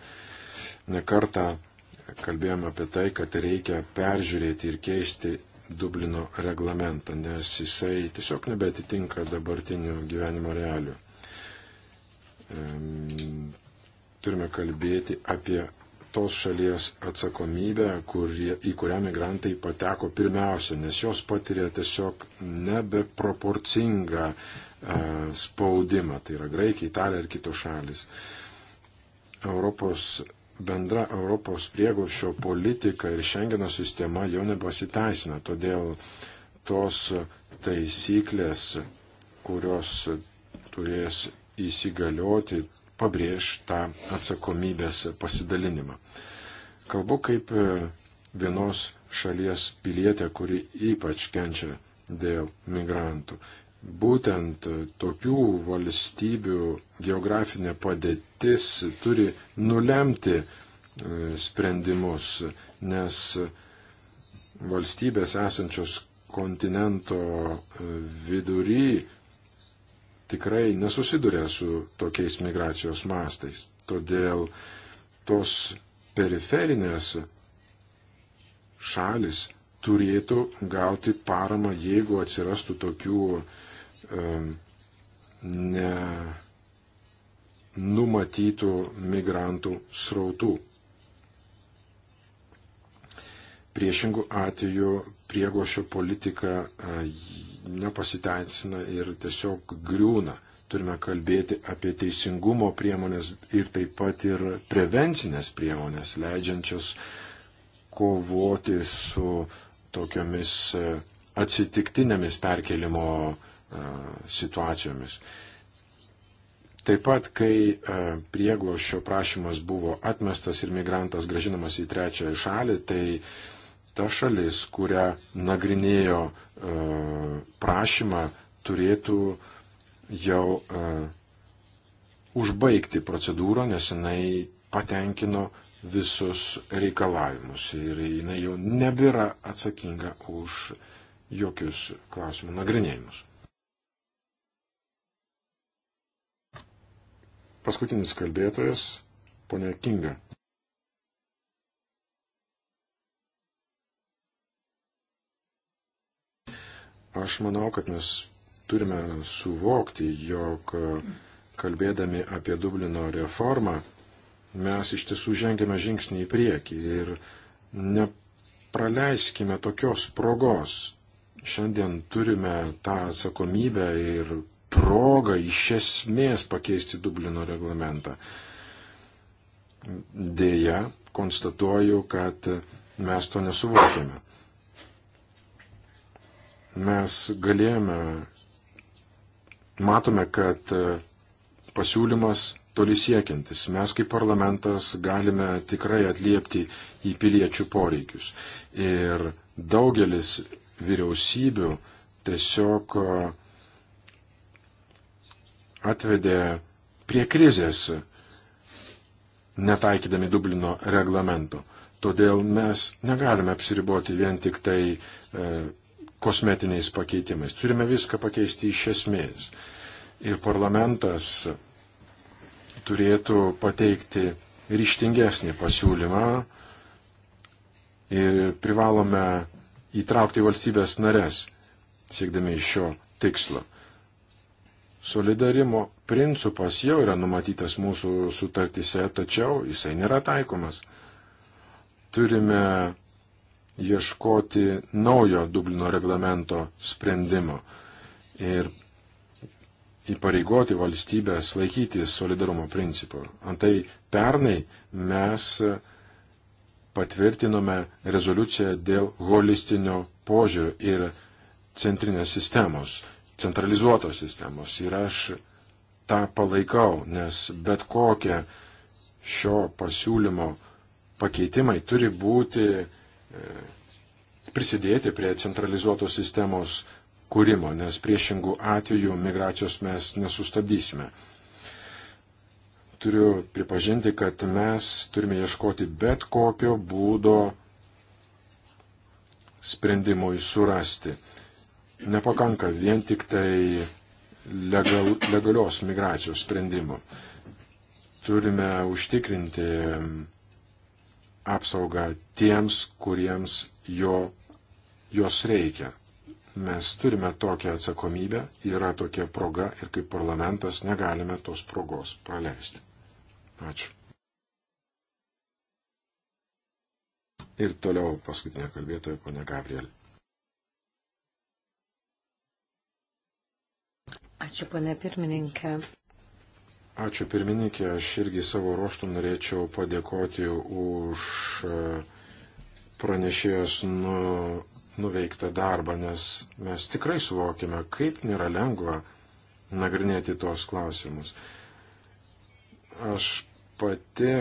nekartą kalbėjome apie tai, kad reikia peržiūrėti ir keisti Dublino reglamentą, nes jisai tiesiog nebetitinka dabartinių gyvenimo realių. Turime kalbėti apie tos šalies atsakomybę, kurie, į kurią migrantai pateko pirmiausia, nes jos patiria tiesiog nebeproporcingą e, spaudimą, tai yra Graikija, Italija ir kitos šalis. Europos bendra Europos prieglupščio politika ir Šengeno sistema jau nepasiteisina. Todėl tos taisyklės, kurios turės įsigalioti, pabrėž tą atsakomybės pasidalinimą. Kalbu kaip e, vienos šalies pilietė, kuri ypač kenčia dėl migrantų būtent tokių valstybių geografinė padėtis turi nulemti e, sprendimus, nes valstybės esančios kontinento e, vidury tikrai nesusiduria su tokiais migracijos mastais. Todėl tos periferinės šalis turėtų gauti paramą, jeigu atsirastų tokių uh, ne numatytų migrantų srautų. Priešingų atveju prieglošio politika e, nepasiteisina ir tiesiog griūna. Turime kalbėti apie teisingumo priemonės ir taip pat ir prevencinės priemonės, leidžiančios kovoti su tokiomis e, atsitiktinėmis perkelimo situacijomis. Taip pat, kai prieglošio prašymas buvo atmestas ir migrantas gražinamas į trečiąją šalį, tai ta šalis, kurią nagrinėjo prašymą, turėtų jau užbaigti procedūrą, nes jinai patenkino visus reikalavimus ir jinai jau nebėra atsakinga už jokius klausimų nagrinėjimus. Paskutinis kalbėtojas, ponė Kinga. Aš manau, kad mes turime suvokti, jog kalbėdami apie Dublino reformą, mes iš tiesų žengėme žingsnį į priekį ir nepraleiskime tokios progos. Šiandien turime tą atsakomybę ir progą iš esmės pakeisti Dublino reglamentą. Deja, konstatuoju, kad mes to nesuvokėme. Mes galėjome, matome, kad pasiūlymas toli siekiantis. Mes kaip parlamentas galime tikrai atliepti į piliečių poreikius. Ir daugelis vyriausybių tiesiog atvedė prie krizės, netaikydami Dublino reglamento. Todėl mes negalime apsiriboti vien tik tai e, kosmetiniais pakeitimais. Turime viską pakeisti iš esmės. Ir parlamentas turėtų pateikti ryštingesnį pasiūlymą ir privalome įtraukti valstybės narės, siekdami šio tikslo. Solidarimo principas jau yra numatytas mūsų sutartise, tačiau jisai nėra taikomas. Turime ieškoti naujo Dublino reglamento sprendimo ir įpareigoti valstybės laikytis solidarumo principų. Antai pernai mes patvirtinome rezoliuciją dėl holistinio požiūrio ir centrinės sistemos centralizuotos sistemos. Ir aš tą palaikau, nes bet kokie šio pasiūlymo pakeitimai turi būti e, prisidėti prie centralizuotos sistemos kūrimo, nes priešingų atvejų migracijos mes nesustabdysime. Turiu pripažinti, kad mes turime ieškoti bet kokio būdo sprendimui surasti. Nepakanka vien tik tai legal, legalios migracijos sprendimų. Turime užtikrinti apsaugą tiems, kuriems jo, jos reikia. Mes turime tokią atsakomybę, yra tokia proga ir kaip parlamentas negalime tos progos praleisti. Ačiū. Ir toliau paskutinė kalbėtoja, ponia Gabrielė. Ačiū, ponė pirmininkė. Ačiū pirmininkė, aš irgi savo ruoštų norėčiau padėkoti už e, pranešėjos nu, nuveiktą darbą, nes mes tikrai suvokime, kaip nėra lengva nagrinėti tuos klausimus. Aš pati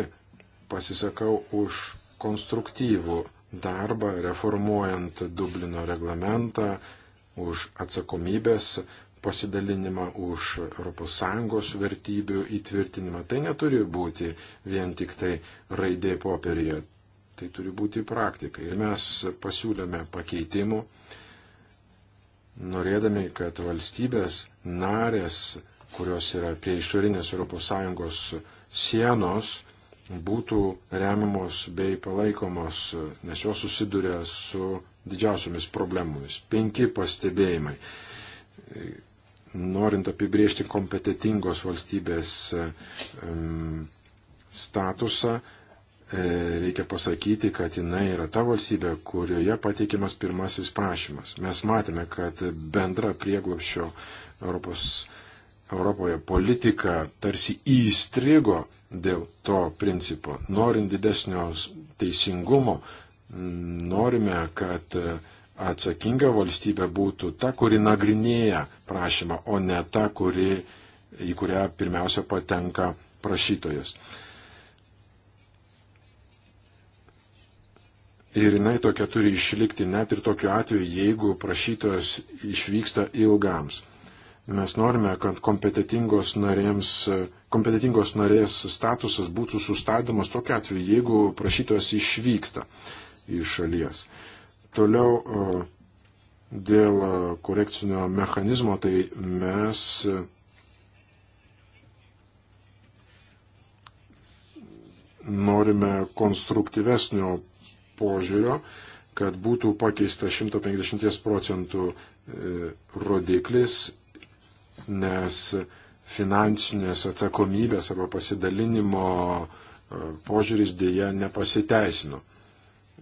pasisakau už konstruktyvų darbą reformuojant Dublino reglamentą, už atsakomybės pasidalinimą, už ES vertybių įtvirtinimą. Tai neturi būti vien tik tai raidė popierėje, tai turi būti praktika. Ir mes pasiūlėme pakeitimų, norėdami, kad valstybės narės, kurios yra prie išorinės ES sienos, būtų remiamos bei palaikomos, nes jos susiduria su didžiausiomis problemomis. Penki pastebėjimai norint apibriežti kompetitingos valstybės statusą, e, reikia pasakyti, kad jinai yra ta valstybė, kurioje pateikiamas pirmasis prašymas. Mes matėme, kad bendra prieglopščio Europos, Europoje politika tarsi įstrigo dėl to principo. Norint didesnio teisingumo, norime, kad atsakinga valstybė būtų ta, kuri nagrinėja prašymą, o ne ta, kuri, į kurią pirmiausia patenka prašytojas. Ir jinai tokia turi išlikti net ir tokiu atveju, jeigu prašytojas išvyksta ilgams. Mes norime, kad kompetitingos, narėms, kompetitingos narės statusas būtų sustatomas tokiu atveju, jeigu prašytojas išvyksta iš šalies. Uh, Toliau e, dėl e, korekcinio mechanizmo, tai mes e, norime konstruktyvesnio požiūrio, kad būtų pakeista 150 procentų rodiklis, nes finansinės atsakomybės arba pasidalinimo požiūris dėja nepasiteisino.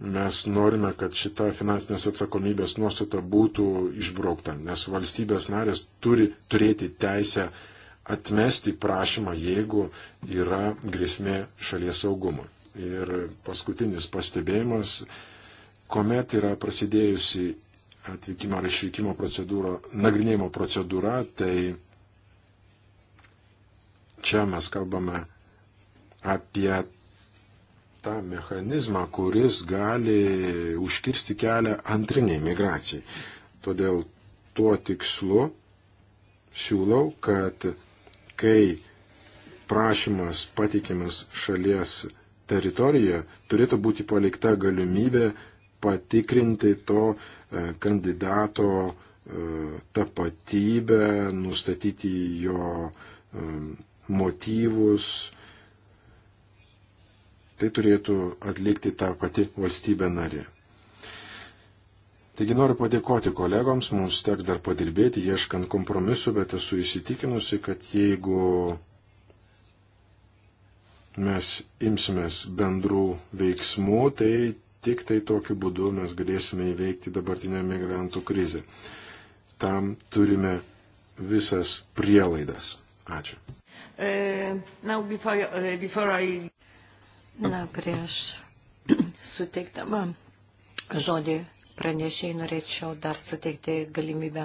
Mes norime, kad šita finansinės atsakomybės nuostata būtų išbraukta, nes valstybės narės turi turėti teisę atmesti prašymą, jeigu yra grėsmė šalies saugumui. Ir paskutinis pastebėjimas, kuomet yra prasidėjusi atvykimo ar išvykimo procedūra, nagrinėjimo procedūra, tai čia mes kalbame apie tą mechanizmą, kuris gali užkirsti kelią antriniai migracijai. Todėl tuo tikslu siūlau, kad kai prašymas patikimas šalies teritorijoje, turėtų būti palikta galimybė patikrinti to e, kandidato e, tapatybę, nustatyti jo e, motyvus, Tai turėtų atlikti tą pati valstybė narė. Taigi noriu padėkoti kolegoms, mums teks dar padirbėti, ieškant kompromisu, bet esu įsitikinusi, kad jeigu mes imsimės bendrų veiksmų, tai tik tai tokiu būdu mes galėsime įveikti dabartinę migrantų krizę. Tam turime visas prielaidas. Ačiū. Uh, now before, uh, before I... Na, prieš suteikdama žodį pranešiai norėčiau dar suteikti galimybę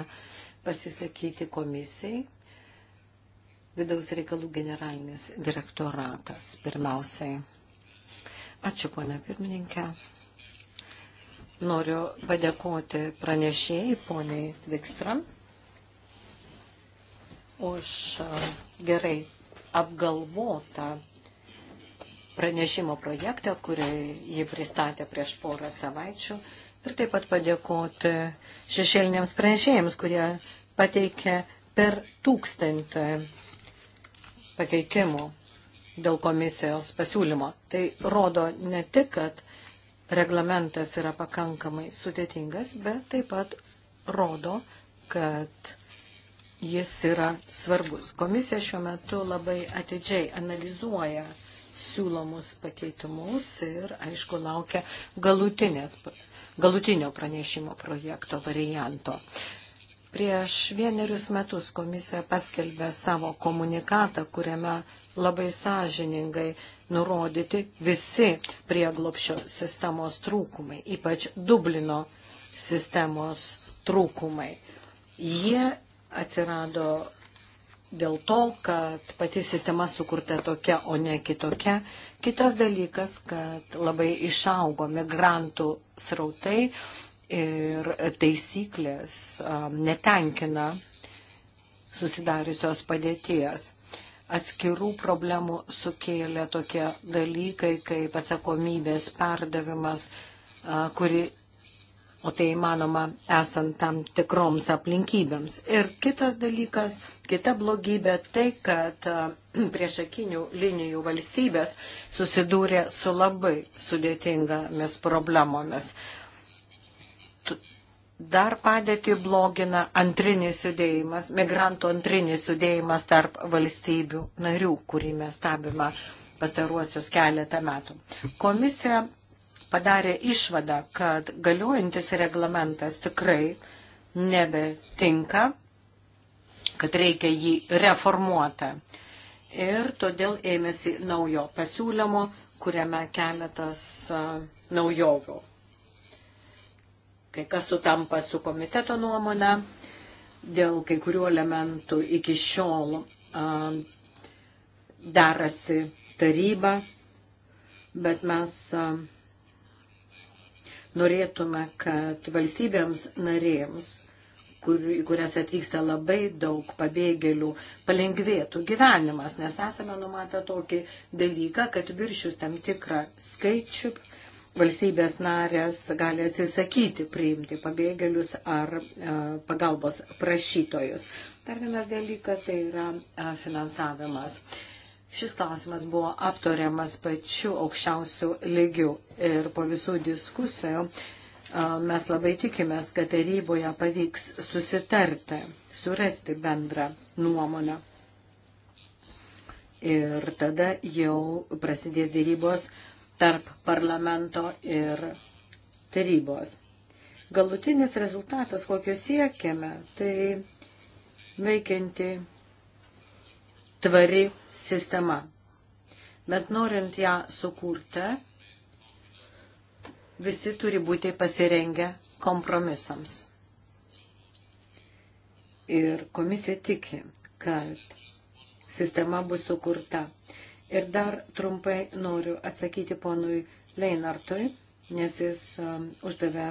pasisakyti komisijai. Vidaus reikalų generalinis direktoratas pirmiausiai. Ačiū, ponia pirmininkė. Noriu padėkoti pranešėjai, poniai Vikstram, už gerai apgalvotą pranešimo projektą, kurį jį pristatė prieš porą savaičių. Ir taip pat padėkoti šešėliniams pranešėjams, kurie pateikė per tūkstantį pakeitimų dėl komisijos pasiūlymo. Tai rodo ne tik, kad reglamentas yra pakankamai sudėtingas, bet taip pat rodo, kad jis yra svarbus. Komisija šiuo metu labai atidžiai analizuoja siūlomus pakeitimus ir, aišku, laukia galutinės, galutinio pranešimo projekto varianto. Prieš vienerius metus komisija paskelbė savo komunikatą, kuriame labai sąžiningai nurodyti visi prieglopšio sistemos trūkumai, ypač Dublino sistemos trūkumai. Jie atsirado dėl to, kad pati sistema sukurta tokia, o ne kitokia. Kitas dalykas, kad labai išaugo migrantų srautai ir taisyklės um, netenkina susidariusios padėties. Atskirų problemų sukėlė tokie dalykai kaip atsakomybės perdavimas, uh, kuri o tai įmanoma esant tam tikroms aplinkybėms. Ir kitas dalykas, kita blogybė, tai, kad priešakinių linijų valstybės susidūrė su labai sudėtingomis problemomis. Dar padėti blogina antrinis judėjimas, migrantų antrinis judėjimas tarp valstybių narių, kurį mes stebime pastaruosius keletą metų. Komisija padarė išvadą, kad galiuojantis reglamentas tikrai nebetinka, kad reikia jį reformuoti. Ir todėl ėmėsi naujo pasiūlymo, kuriame keletas naujovių. Kai kas sutampa su komiteto nuomonė, dėl kai kurių elementų iki šiol darasi taryba, bet mes norėtume, kad valstybėms narėms, kur, kurias atvyksta labai daug pabėgėlių, palengvėtų gyvenimas, nes esame numatę tokį dalyką, kad viršius tam tikrą skaičių valstybės narės gali atsisakyti priimti pabėgėlius ar e, pagalbos prašytojus. Dar vienas dalykas tai yra e, finansavimas. Šis klausimas buvo aptariamas pačiu aukščiausiu lygiu ir po visų diskusijų mes labai tikimės, kad taryboje pavyks susitarti, surasti bendrą nuomonę. Ir tada jau prasidės dėrybos tarp parlamento ir tarybos. Galutinis rezultatas, kokio siekiame, tai veikianti tvari sistema. Bet norint ją sukurti, visi turi būti pasirengę kompromisams. Ir komisija tiki, kad sistema bus sukurta. Ir dar trumpai noriu atsakyti ponui Leinartui, nes jis um, uždavė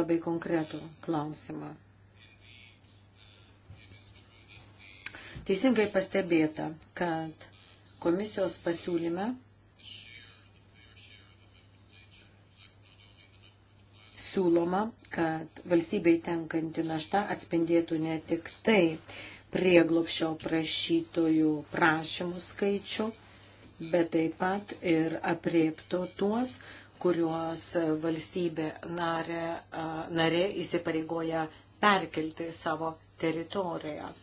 labai konkretų klausimą. Teisingai pastebėta, kad komisijos pasiūlyme siūloma, kad valstybei tenkanti našta atspindėtų ne tik tai prieglopšio prašytojų prašymų skaičių, bet taip pat ir apriepto tuos, kuriuos valstybė narė, narė įsipareigoja perkelti savo teritoriją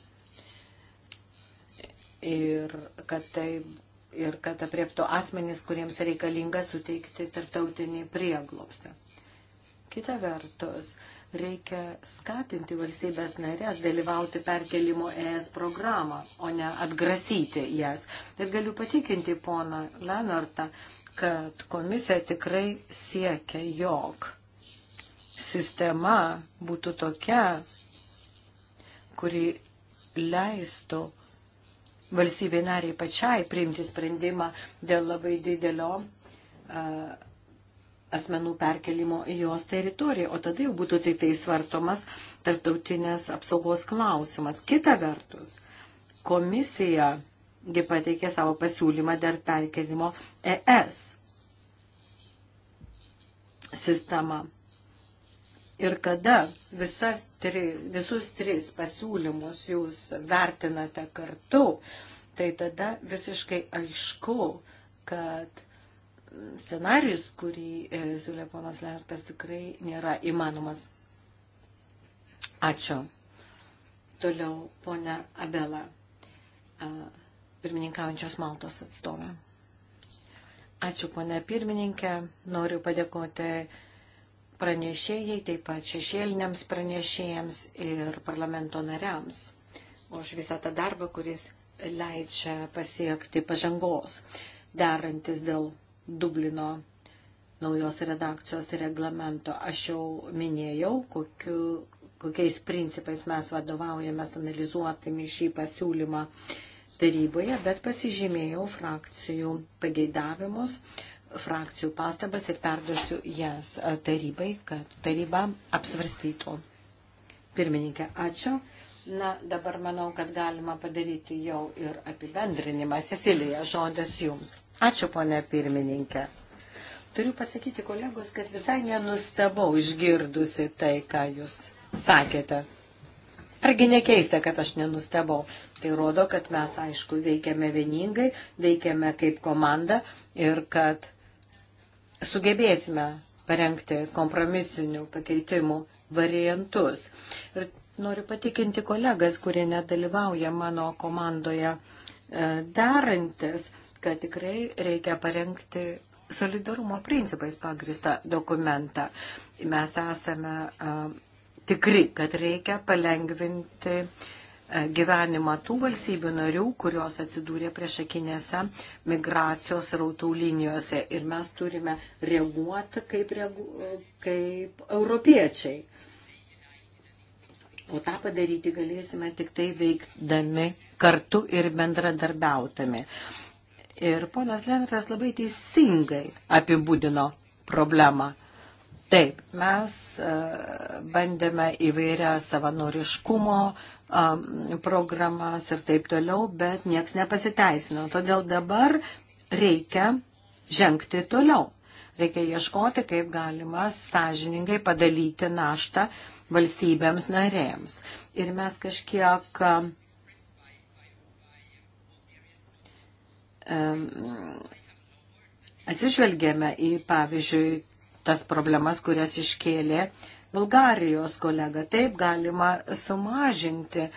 ir kad tai ir kad apriektų asmenys, kuriems reikalinga suteikti tarptautinį prieglobstą. Kita vertus, reikia skatinti valstybės narės dalyvauti perkelimo ES programą, o ne atgrasyti jas. Ir galiu patikinti poną Lenartą, kad komisija tikrai siekia, jog sistema būtų tokia, kuri leistų valstybei nariai pačiai priimti sprendimą dėl labai didelio uh, asmenų perkelimo į jos teritoriją, o tada jau būtų tik tai svartomas tarptautinės apsaugos klausimas. Kita vertus, komisija pateikė savo pasiūlymą dar perkelimo ES sistemą ir kada visas tri, visus tris pasiūlymus jūs vertinate kartu, tai tada visiškai aišku, kad scenarius, kurį e, siūlė ponas Lertas, tikrai nėra įmanomas. Ačiū. Toliau ponia Abela, pirmininkaujančios Maltos atstovė. Ačiū ponia pirmininkė, noriu padėkoti pranešėjai, taip pat šešėliniams pranešėjams ir parlamento nariams už visą tą darbą, kuris leidžia pasiekti pažangos, darantis dėl Dublino naujos redakcijos reglamento. Aš jau minėjau, kokiu, kokiais principais mes vadovaujamės analizuotami šį pasiūlymą taryboje, bet pasižymėjau frakcijų pageidavimus, frakcijų pastabas ir perduosiu jas tarybai, kad taryba apsvarstytų. Pirmininkė, ačiū. Na, dabar manau, kad galima padaryti jau ir apibendrinimą. Cecilija, žodis jums. Ačiū, ponė pirmininkė. Turiu pasakyti kolegos, kad visai nenustabau išgirdusi tai, ką jūs sakėte. Argi nekeista, kad aš nenustabau. Tai rodo, kad mes, aišku, veikiame vieningai, veikiame kaip komanda ir kad sugebėsime parengti kompromisinių pakeitimų variantus. Ir noriu patikinti kolegas, kurie nedalyvauja mano komandoje e, darantis, kad tikrai reikia parengti solidarumo principais pagristą dokumentą. Mes esame e, tikri, kad reikia palengvinti uh, E, gyvenimą tų valstybių narių, kurios atsidūrė priešakinėse migracijos rautų linijose. Ir mes turime reaguoti kaip, reagu, e, kaip europiečiai. O tą padaryti galėsime tik tai veikdami kartu ir bendradarbiautami. Ir ponas Lenras labai teisingai apibūdino problemą. Taip, mes e, bandėme įvairią savanoriškumo programas ir taip toliau, bet nieks nepasiteisino. Todėl dabar reikia žengti toliau. Reikia ieškoti, kaip galima sąžiningai padalyti naštą valstybėms narėms. Ir mes kažkiek um, atsižvelgėme į, pavyzdžiui, tas problemas, kurias iškėlė Bulgarijos kolega. Taip galima sumažinti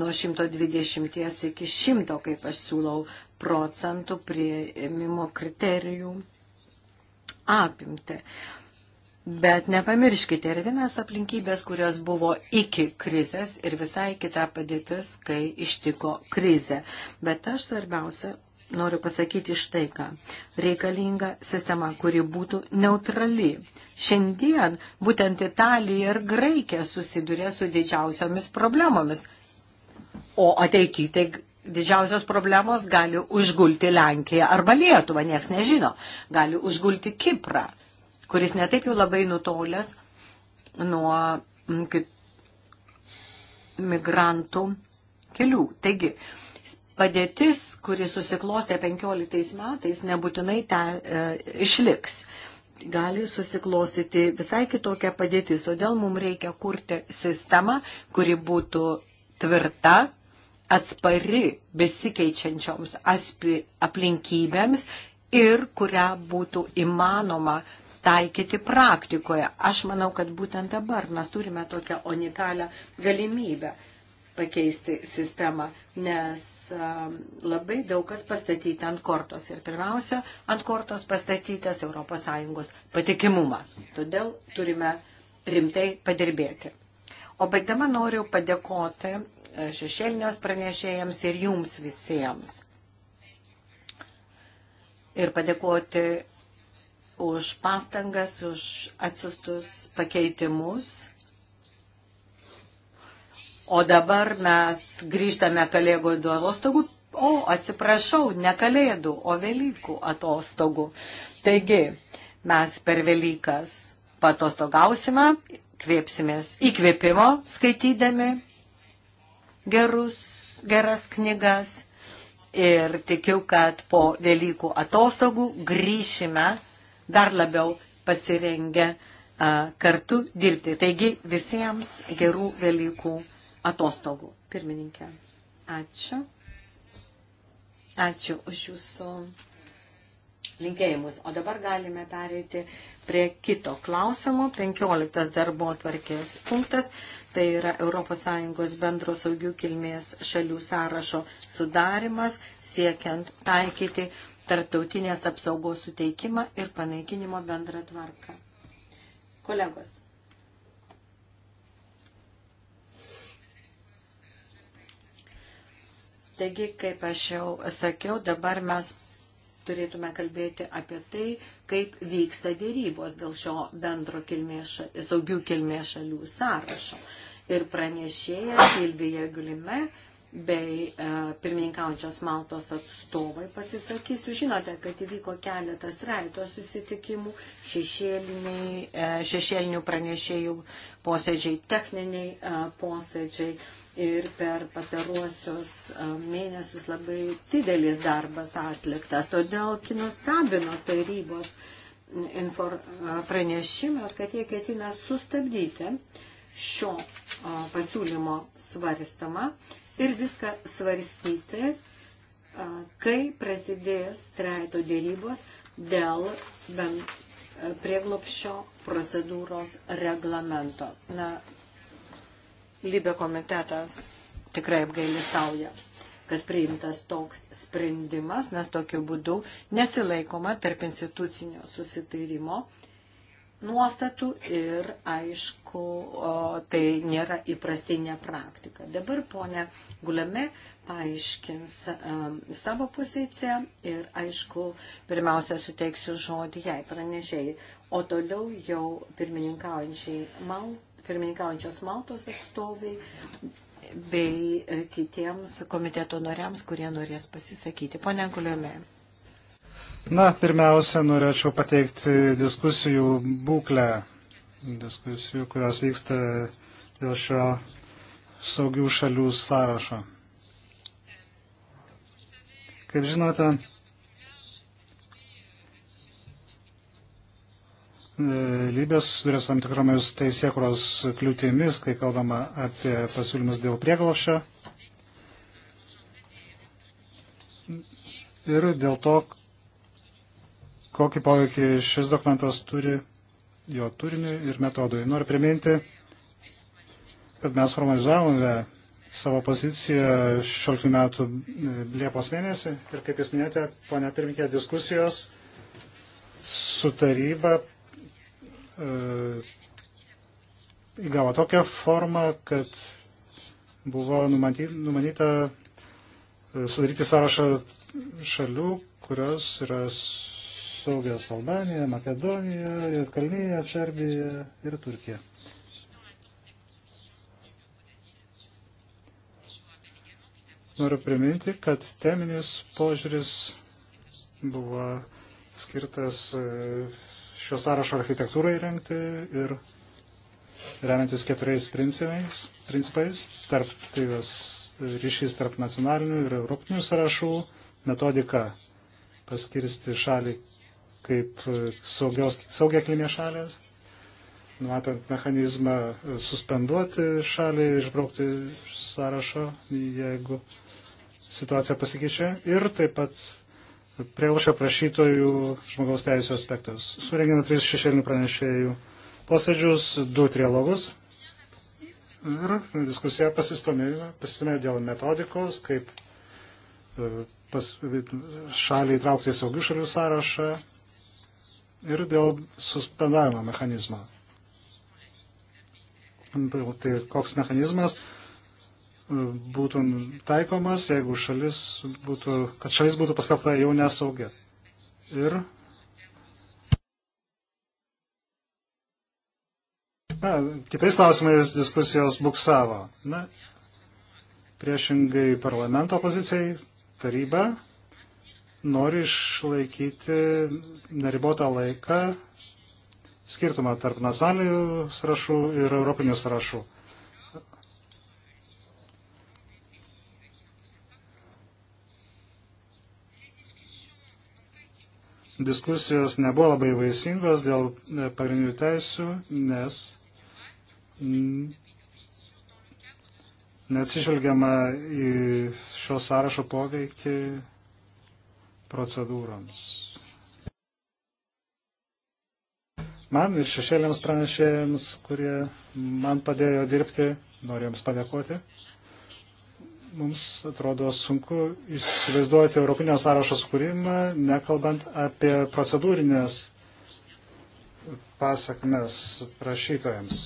nuo 120 iki 100, kaip aš siūlau, procentų prieimimo kriterijų apimti. Bet nepamirškite ir vienas aplinkybės, kurios buvo iki krizės ir visai kita padėtis, kai ištiko krizė. Bet aš svarbiausia noriu pasakyti štai ką. Reikalinga sistema, kuri būtų neutrali. Šiandien būtent Italija ir Graikija susiduria su didžiausiomis problemomis. O ateityje tai didžiausios problemos gali užgulti Lenkiją arba Lietuvą, nieks nežino. Gali užgulti Kiprą, kuris netaip jau labai nutolęs nuo mm, migrantų kelių. Taigi, padėtis, kuri susiklostė 15 metais, nebūtinai ten e, išliks. Gali susiklostyti visai kitokia padėtis, todėl mums reikia kurti sistemą, kuri būtų tvirta, atspari besikeičiančioms aspi, aplinkybėms ir kurią būtų įmanoma taikyti praktikoje. Aš manau, kad būtent dabar mes turime tokią unikalią galimybę pakeisti sistemą, nes um, labai daug kas pastatyti ant kortos. Ir pirmiausia, ant kortos pastatytas ES patikimumas. Todėl turime rimtai padirbėti. O baigdama noriu padėkoti e, šešėlinės pranešėjams ir jums visiems. Ir padėkoti už pastangas, už atsistus pakeitimus O dabar mes grįžtame kalėdų atostogų, o atsiprašau, ne kalėdų, o Velykų atostogų. Taigi, mes per Velykas patostogausime, kvėpsimės įkvėpimo skaitydami gerus, geras knygas ir tikiu, kad po Velykų atostogų grįšime dar labiau pasirengę kartu dirbti. Taigi visiems gerų Velykų atostogų. Pirmininkė, ačiū. Ačiū už jūsų linkėjimus. O dabar galime pereiti prie kito klausimo. 15 darbo atvarkės punktas. Tai yra ES bendro saugių kilmės šalių sąrašo sudarimas, siekiant taikyti tarptautinės apsaugos suteikimą ir panaikinimo bendrą tvarką. Kolegos, Taigi, kaip aš jau sakiau, dabar mes turėtume kalbėti apie tai, kaip vyksta dėrybos dėl šio bendro kilmės, saugių kilmės šalių sąrašo. Ir pranešėja Silvija Gulime bei e, pirmininkaujančios Maltos atstovai pasisakysiu. Žinote, kad įvyko keletas raito susitikimų, e, šešėlinių pranešėjų posėdžiai, techniniai e, posėdžiai ir per pastaruosius mėnesius labai didelis darbas atliktas. Todėl kinustebino tarybos infor, pranešimas, kad jie ketina sustabdyti šio pasiūlymo svarstamą ir viską svarstyti, kai prasidės trejato dėrybos dėl bent prieglopščio procedūros reglamento. Na, Libė komitetas tikrai apgailistauja kad priimtas toks sprendimas, nes tokiu būdu nesilaikoma tarp institucinio susitarimo nuostatų ir, aišku, tai nėra įprastinė praktika. Dabar ponė Gulame paaiškins savo poziciją ir, aišku, pirmiausia, suteiksiu žodį jai pranešėjai, o toliau jau pirmininkaujančiai Maltai pirmininkaujančios Maltos atstoviai bei kitiems komiteto noriams, kurie norės pasisakyti. Pone Guliume. Na, pirmiausia, norėčiau pateikti diskusijų būklę, diskusijų, kurios vyksta dėl šio saugių šalių sąrašo. Kaip žinote, valstybės susiduria su tam tikromis teisėkros kliūtimis, kai kalbama apie pasiūlymus dėl prieglopšio. Ir dėl to, kokį poveikį šis dokumentas turi jo turiniui ir metodui. Noriu priminti, kad mes formalizavome savo poziciją 16 metų e, Liepos mėnesį ir kaip jūs minėjote, ponia pirmininkė, diskusijos su taryba E, įgavo tokią formą, kad buvo numatyta e, sudaryti sąrašą šalių, kurios yra saugios Albanija, Makedonija, Lietkalnyje, Serbija ir Turkija. Noriu priminti, kad teminis požiūris buvo skirtas e, šio sąrašo architektūrai rengti ir remiantis keturiais principais, principais tarp tai ryšys tarp nacionalinių ir europinių sąrašų, metodika paskirsti šalį kaip saugios, saugia klinė šalė, numatant mechanizmą suspenduoti šalį, išbraukti sąrašo, jeigu situacija pasikeičia. Ir taip pat prielušio prašytojų žmogaus teisų aspektus. Suregina tris šešėlinių pranešėjų posėdžius, du trialogus. Ir diskusija pasistumė dėl metodikos, kaip e, pas, šalį įtraukti į saugių šalių sąrašą ir dėl suspendavimo mechanizmo. Tai koks mechanizmas? būtų taikomas, jeigu šalis būtų, kad šalis būtų paskelbta jau nesaugia. Ir Na, kitais klausimais diskusijos buksavo. Na, priešingai parlamento pozicijai taryba nori išlaikyti neribotą laiką skirtumą tarp nacionalinių sąrašų ir europinių sąrašų. diskusijos nebuvo labai vaisingos dėl e, pagrindinių teisių, nes neatsižvelgiama į šio sąrašo poveikį procedūroms. Man ir šešėliams pranešėjams, kurie man padėjo dirbti, noriu Jums padėkoti mums atrodo sunku įsivaizduoti Europinio sąrašo sukūrimą, nekalbant apie procedūrinės pasakmes prašytojams.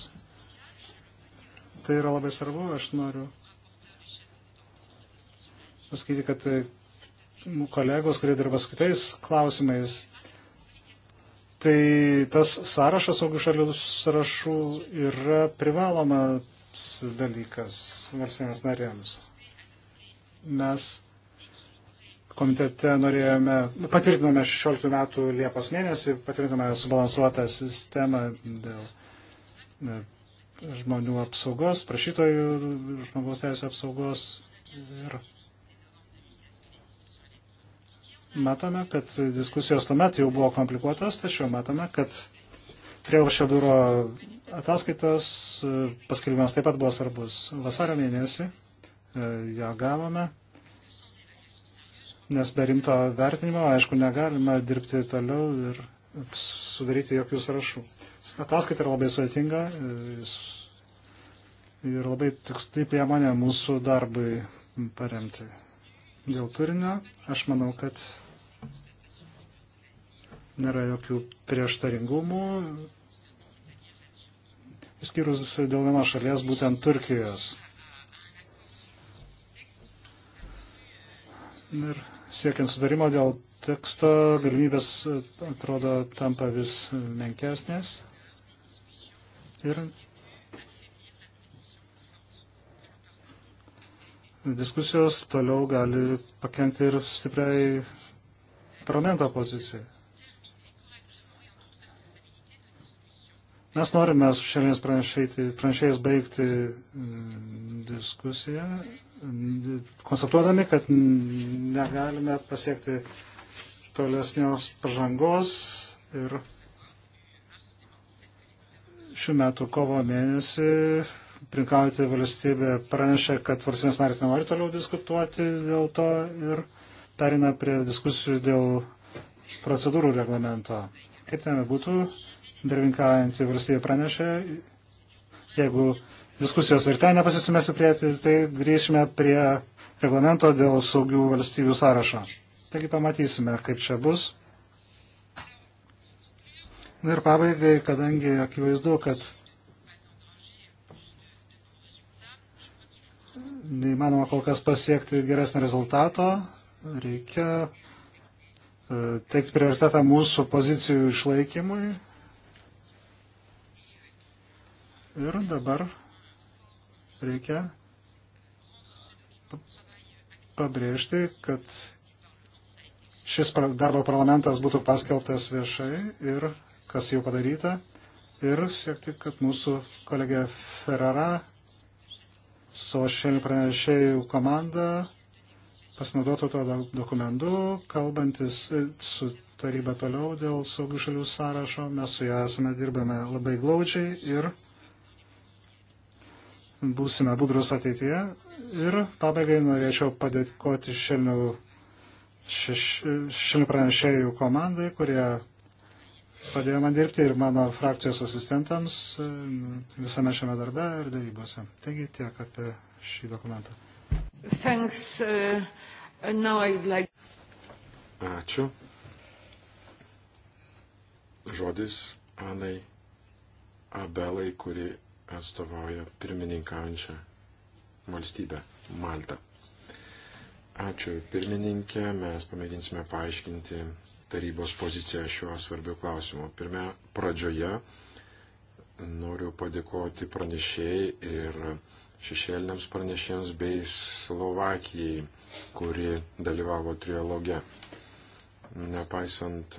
Tai yra labai svarbu, aš noriu pasakyti, kad kolegos, kurie dirba su kitais klausimais, tai tas sąrašas saugių šalių sąrašų yra privalomas dalykas valstybės narėms mes komitete norėjome, patvirtinome 16 metų Liepos mėnesį, patvirtinome subalansuotą sistemą dėl e, žmonių apsaugos, prašytojų žmogaus teisų apsaugos ir matome, kad diskusijos tuomet jau buvo komplikuotas, tačiau matome, kad prievalšio biuro ataskaitos e, paskelbimas taip pat buvo svarbus vasario mėnesį. E, ją gavome, nes be rimto vertinimo, aišku, negalima dirbti toliau ir sudaryti jokių sąrašų. Ataskaita yra labai sudėtinga e, ir labai tiksliai priemonė mūsų darbui paremti. Dėl turinio aš manau, kad nėra jokių prieštaringumų, išskyrus dėl vienos šalies, būtent Turkijos. Ir siekiant sudarimo dėl teksto galimybės e, atrodo tampa vis menkesnės. Ir diskusijos toliau gali pakengti ir stipriai parlamento pozicijai. Mes norime su šiandienis pranešėjais baigti mm, diskusiją, mm, konstatuodami, kad negalime pasiekti tolesnios pažangos ir šių metų kovo mėnesį prinkauti valstybė pranešė, kad valstybės narys nenori toliau diskutuoti dėl to ir perina prie diskusijų dėl procedūrų reglamento. Kaip ten būtų, birvinkaujantį valstybę pranešė. Jeigu diskusijos ir ten nepasistumės į priekį, tai grįšime prie reglamento dėl saugių valstybių sąrašo. Taigi pamatysime, kaip čia bus. Na ir pabaigai, kadangi akivaizdu, kad neįmanoma kol kas pasiekti geresnio rezultato, reikia e, teikti prioritetą mūsų pozicijų išlaikymui Ir dabar reikia pabrėžti, kad šis darbo parlamentas būtų paskelbtas viešai ir kas jau padaryta. Ir siekti, kad mūsų kolegė Ferrara su savo šešėlių pranešėjų komanda pasinaudotų to dokumentu, kalbantis e, su taryba toliau dėl saugių šalių sąrašo. Mes su ją esame dirbame labai glaučiai ir būsime budrus ateityje. Ir pabaigai norėčiau padėkoti šelnių, šelnių pranešėjų komandai, kurie padėjo man dirbti ir mano frakcijos asistentams e, visame šiame darbe ir darybose. Taigi tiek apie šį dokumentą. Thanks, uh, like... Ačiū. Žodis Anai Abelai, kuri atstovauja pirmininkaujančią valstybę Maltą. Ačiū pirmininkė, mes pamėginsime paaiškinti tarybos poziciją šiuo svarbiu klausimu. Pirmia, pradžioje noriu padėkoti pranešėjai ir šešėliniams pranešėjams bei Slovakijai, kuri dalyvavo trialoge. Nepaisant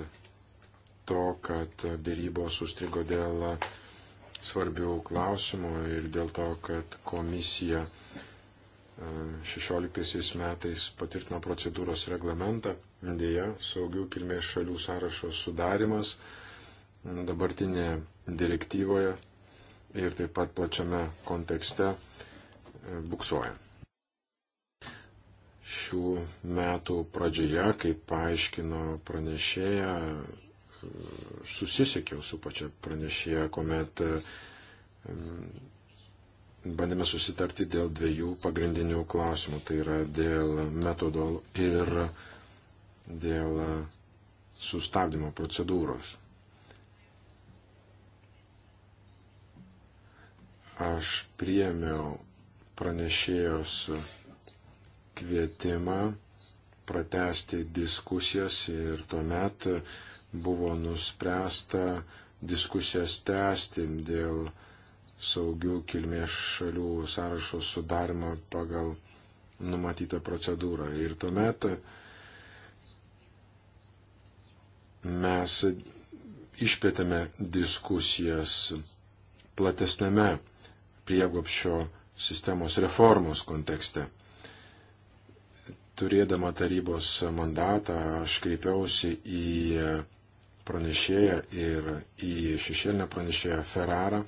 to, kad dėrybos sustrigo dėl svarbių klausimų ir dėl to, kad komisija 16 e, metais patvirtino procedūros reglamentą, dėja, saugių kilmės šalių sąrašo sudarimas dabartinėje direktyvoje ir taip pat plačiame kontekste e, buksuoja. Šių metų pradžioje, kaip paaiškino pranešėja, susisiekiau su pačia pranešėja, kuomet bandėme susitarti dėl dviejų pagrindinių klausimų. Tai yra dėl metodo ir dėl sustabdymo procedūros. Aš priemiau pranešėjos kvietimą pratesti diskusijas ir tuomet metu buvo nuspręsta diskusijas tęsti dėl saugių kilmės šalių sąrašo sudarimo pagal numatytą procedūrą. Ir tuomet mes išplėtėme diskusijas platesnėme prieglopšio sistemos reformos kontekste. Turėdama tarybos mandatą, aš kreipiausi į pranešėją ir į šešėlinę pranešėją Ferrarą,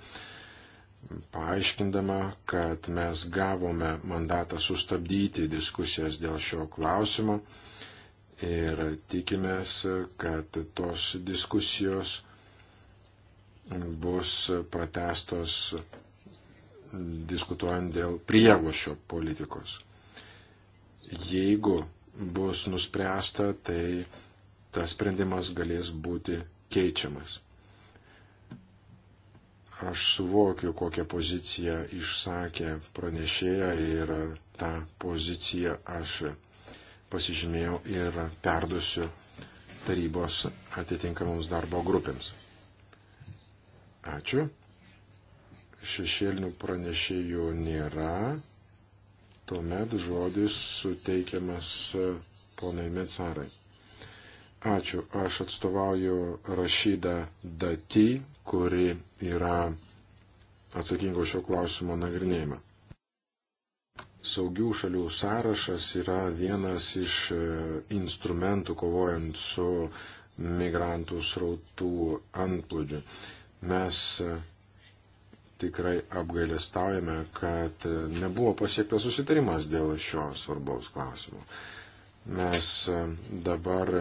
paaiškindama, kad mes gavome mandatą sustabdyti diskusijas dėl šio klausimo ir tikimės, kad tos diskusijos bus pratestos diskutuojant dėl prieglošio politikos. Jeigu bus nuspręsta, tai tas sprendimas galės būti keičiamas. Aš suvokiu, kokią poziciją išsakė pranešėja ir tą poziciją aš pasižymėjau ir perdusiu tarybos atitinkamoms darbo grupėms. Ačiū. Šešėlinių pranešėjų nėra. Tuomet žodis suteikiamas ponai Mecarai. Ačiū. Aš atstovauju Rašydą Dati, kuri yra atsakinga už šio klausimo nagrinėjimą. Saugių šalių sąrašas yra vienas iš e, instrumentų kovojant su migrantų srautų antplūdžiu. Mes e, tikrai apgailestaujame, kad e, nebuvo pasiektas susitarimas dėl šio svarbaus klausimo. Mes dabar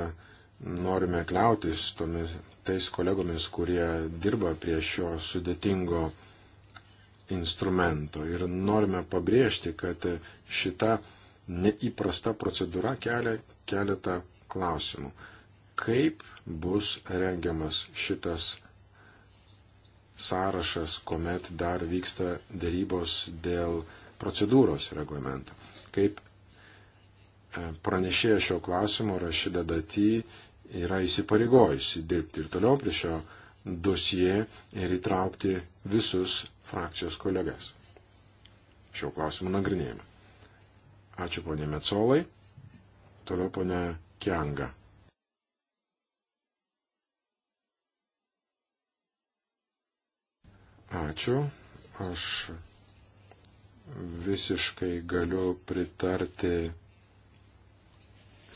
norime kliautis tomis, tais kolegomis, kurie dirba prie šio sudėtingo instrumento. Ir norime pabrėžti, kad šita neįprasta procedūra kelia keletą klausimų. Kaip bus rengiamas šitas sąrašas, kuomet dar vyksta dėrybos dėl procedūros reglamento? Kaip e, pranešėja šio klausimo Rašida Daty yra įsipareigojusi dirbti ir toliau prie šio dosie ir įtraukti visus frakcijos kolegas. Šio klausimų nagrinėjimą. Ačiū ponė Metsolai, toliau ponė Kianga. Ačiū, aš visiškai galiu pritarti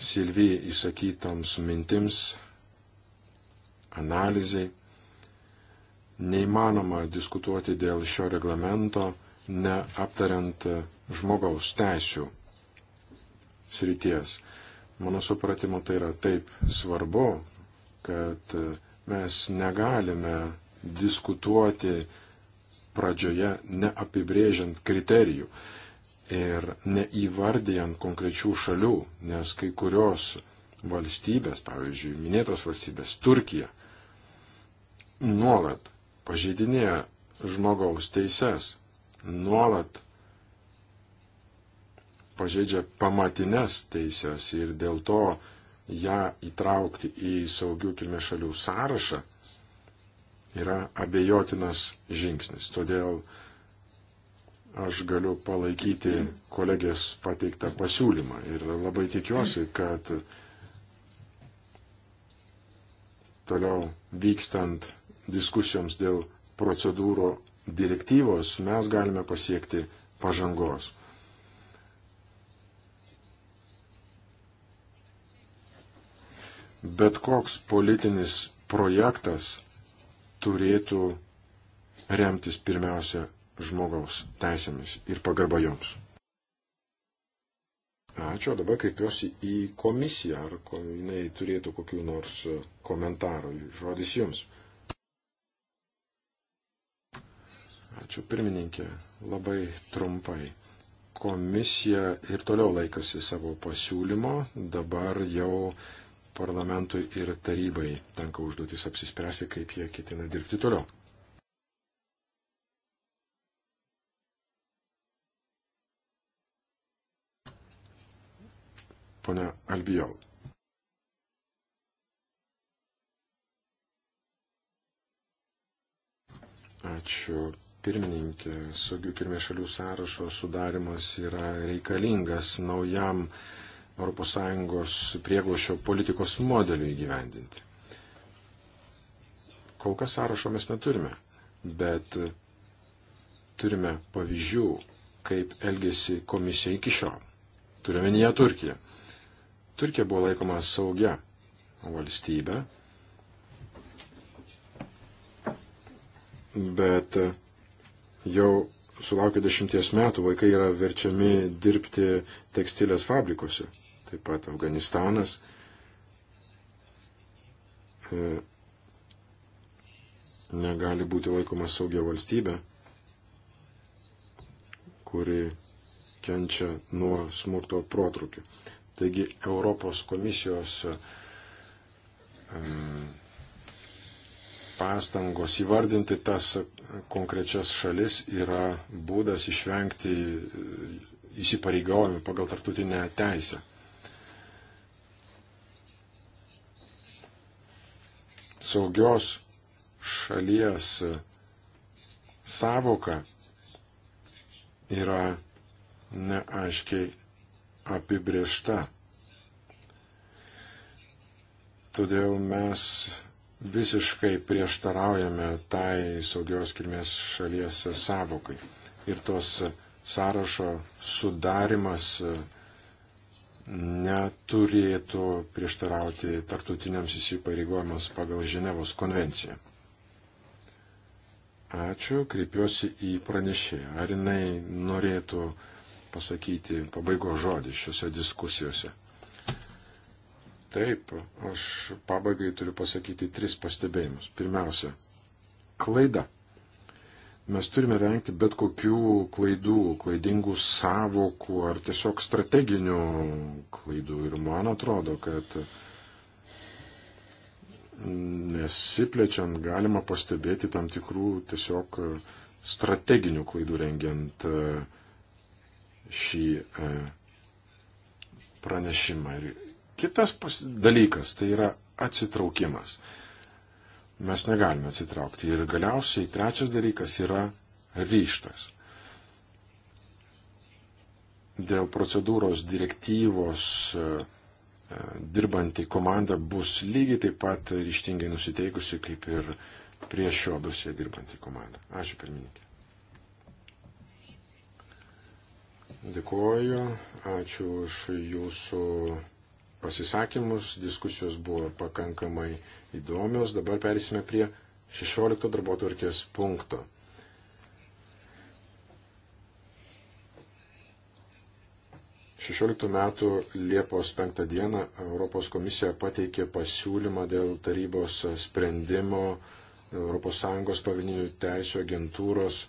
Silvijai išsakytoms mintims, analizai. Neįmanoma diskutuoti dėl šio reglamento, neaptariant žmogaus teisių srities. Mano supratimo tai yra taip svarbu, kad mes negalime diskutuoti pradžioje neapibrėžiant kriterijų ir neįvardijant konkrečių šalių, nes kai kurios valstybės, pavyzdžiui, minėtos valstybės Turkija, nuolat pažeidinėja žmogaus teises, nuolat pažeidžia pamatines teises ir dėl to ją įtraukti į saugių kilmės šalių sąrašą yra abejotinas žingsnis. Todėl aš galiu palaikyti kolegės pateiktą pasiūlymą ir labai tikiuosi, kad toliau vykstant diskusijoms dėl procedūro direktyvos mes galime pasiekti pažangos. Bet koks politinis projektas turėtų remtis pirmiausia žmogaus teisėmis ir pagarba joms. Ačiū, dabar kreipiuosi į komisiją, ar jinai turėtų kokiu nors e, komentaru. Žodis jums. Ačiū, pirmininkė, labai trumpai. Komisija ir toliau laikosi savo pasiūlymo, dabar jau parlamentui ir tarybai tenka užduotis apsispręsti, kaip jie ketina dirbti toliau. ponia Albijol. Ačiū. Pirmininkė, saugių kilmės šalių sąrašo sudarimas yra reikalingas naujam ES prieglošio politikos modeliui įgyvendinti. Kol kas sąrašo mes neturime, bet turime pavyzdžių, kaip elgesi komisija iki šiol. Turime minėję Turkiją. Turkija buvo laikoma saugia valstybė, bet jau sulaukia dešimties metų vaikai yra verčiami dirbti tekstilės fabrikuose. Taip pat Afganistanas. E, negali būti laikomas saugia valstybė, kuri kenčia nuo smurto protrukių. Taigi Europos komisijos pastangos įvardinti tas konkrečias šalis yra būdas išvengti e, įsipareigojimų pagal tartutinę teisę. Saugios šalies savoka yra neaiškiai apibriešta. Todėl mes visiškai prieštaraujame tai saugios kilmės šalies savokai. Ir tos sąrašo sudarimas neturėtų prieštarauti tartutiniams įsipareigojimams pagal Ženevos konvenciją. Ačiū, kreipiuosi į pranešėją. Ar jinai norėtų pasakyti pabaigo žodį šiuose diskusijose. Taip, aš pabaigai turiu pasakyti tris pastebėjimus. Pirmiausia, klaida. Mes turime vengti bet kokių klaidų, klaidingų savokų ar tiesiog strateginių klaidų. Ir man atrodo, kad nesiplečiant galima pastebėti tam tikrų tiesiog strateginių klaidų rengiant uh, šį e, pranešimą. Ir kitas dalykas tai yra atsitraukimas. Mes negalime atsitraukti. Ir galiausiai trečias dalykas yra ryštas. Dėl procedūros direktyvos e, e, dirbanti komanda bus lygiai taip pat ryštingai nusiteikusi, kaip ir prie šio dusie dirbanti komanda. Ačiū pirmininkė. Dėkuoju, ačiū už jūsų pasisakymus, diskusijos buvo pakankamai įdomios. Dabar perėsime prie 16 darbo tvarkės punkto. Šešioliktų metų Liepos penktą dieną Europos komisija pateikė pasiūlymą dėl tarybos sprendimo ES pagrindinių teisų agentūros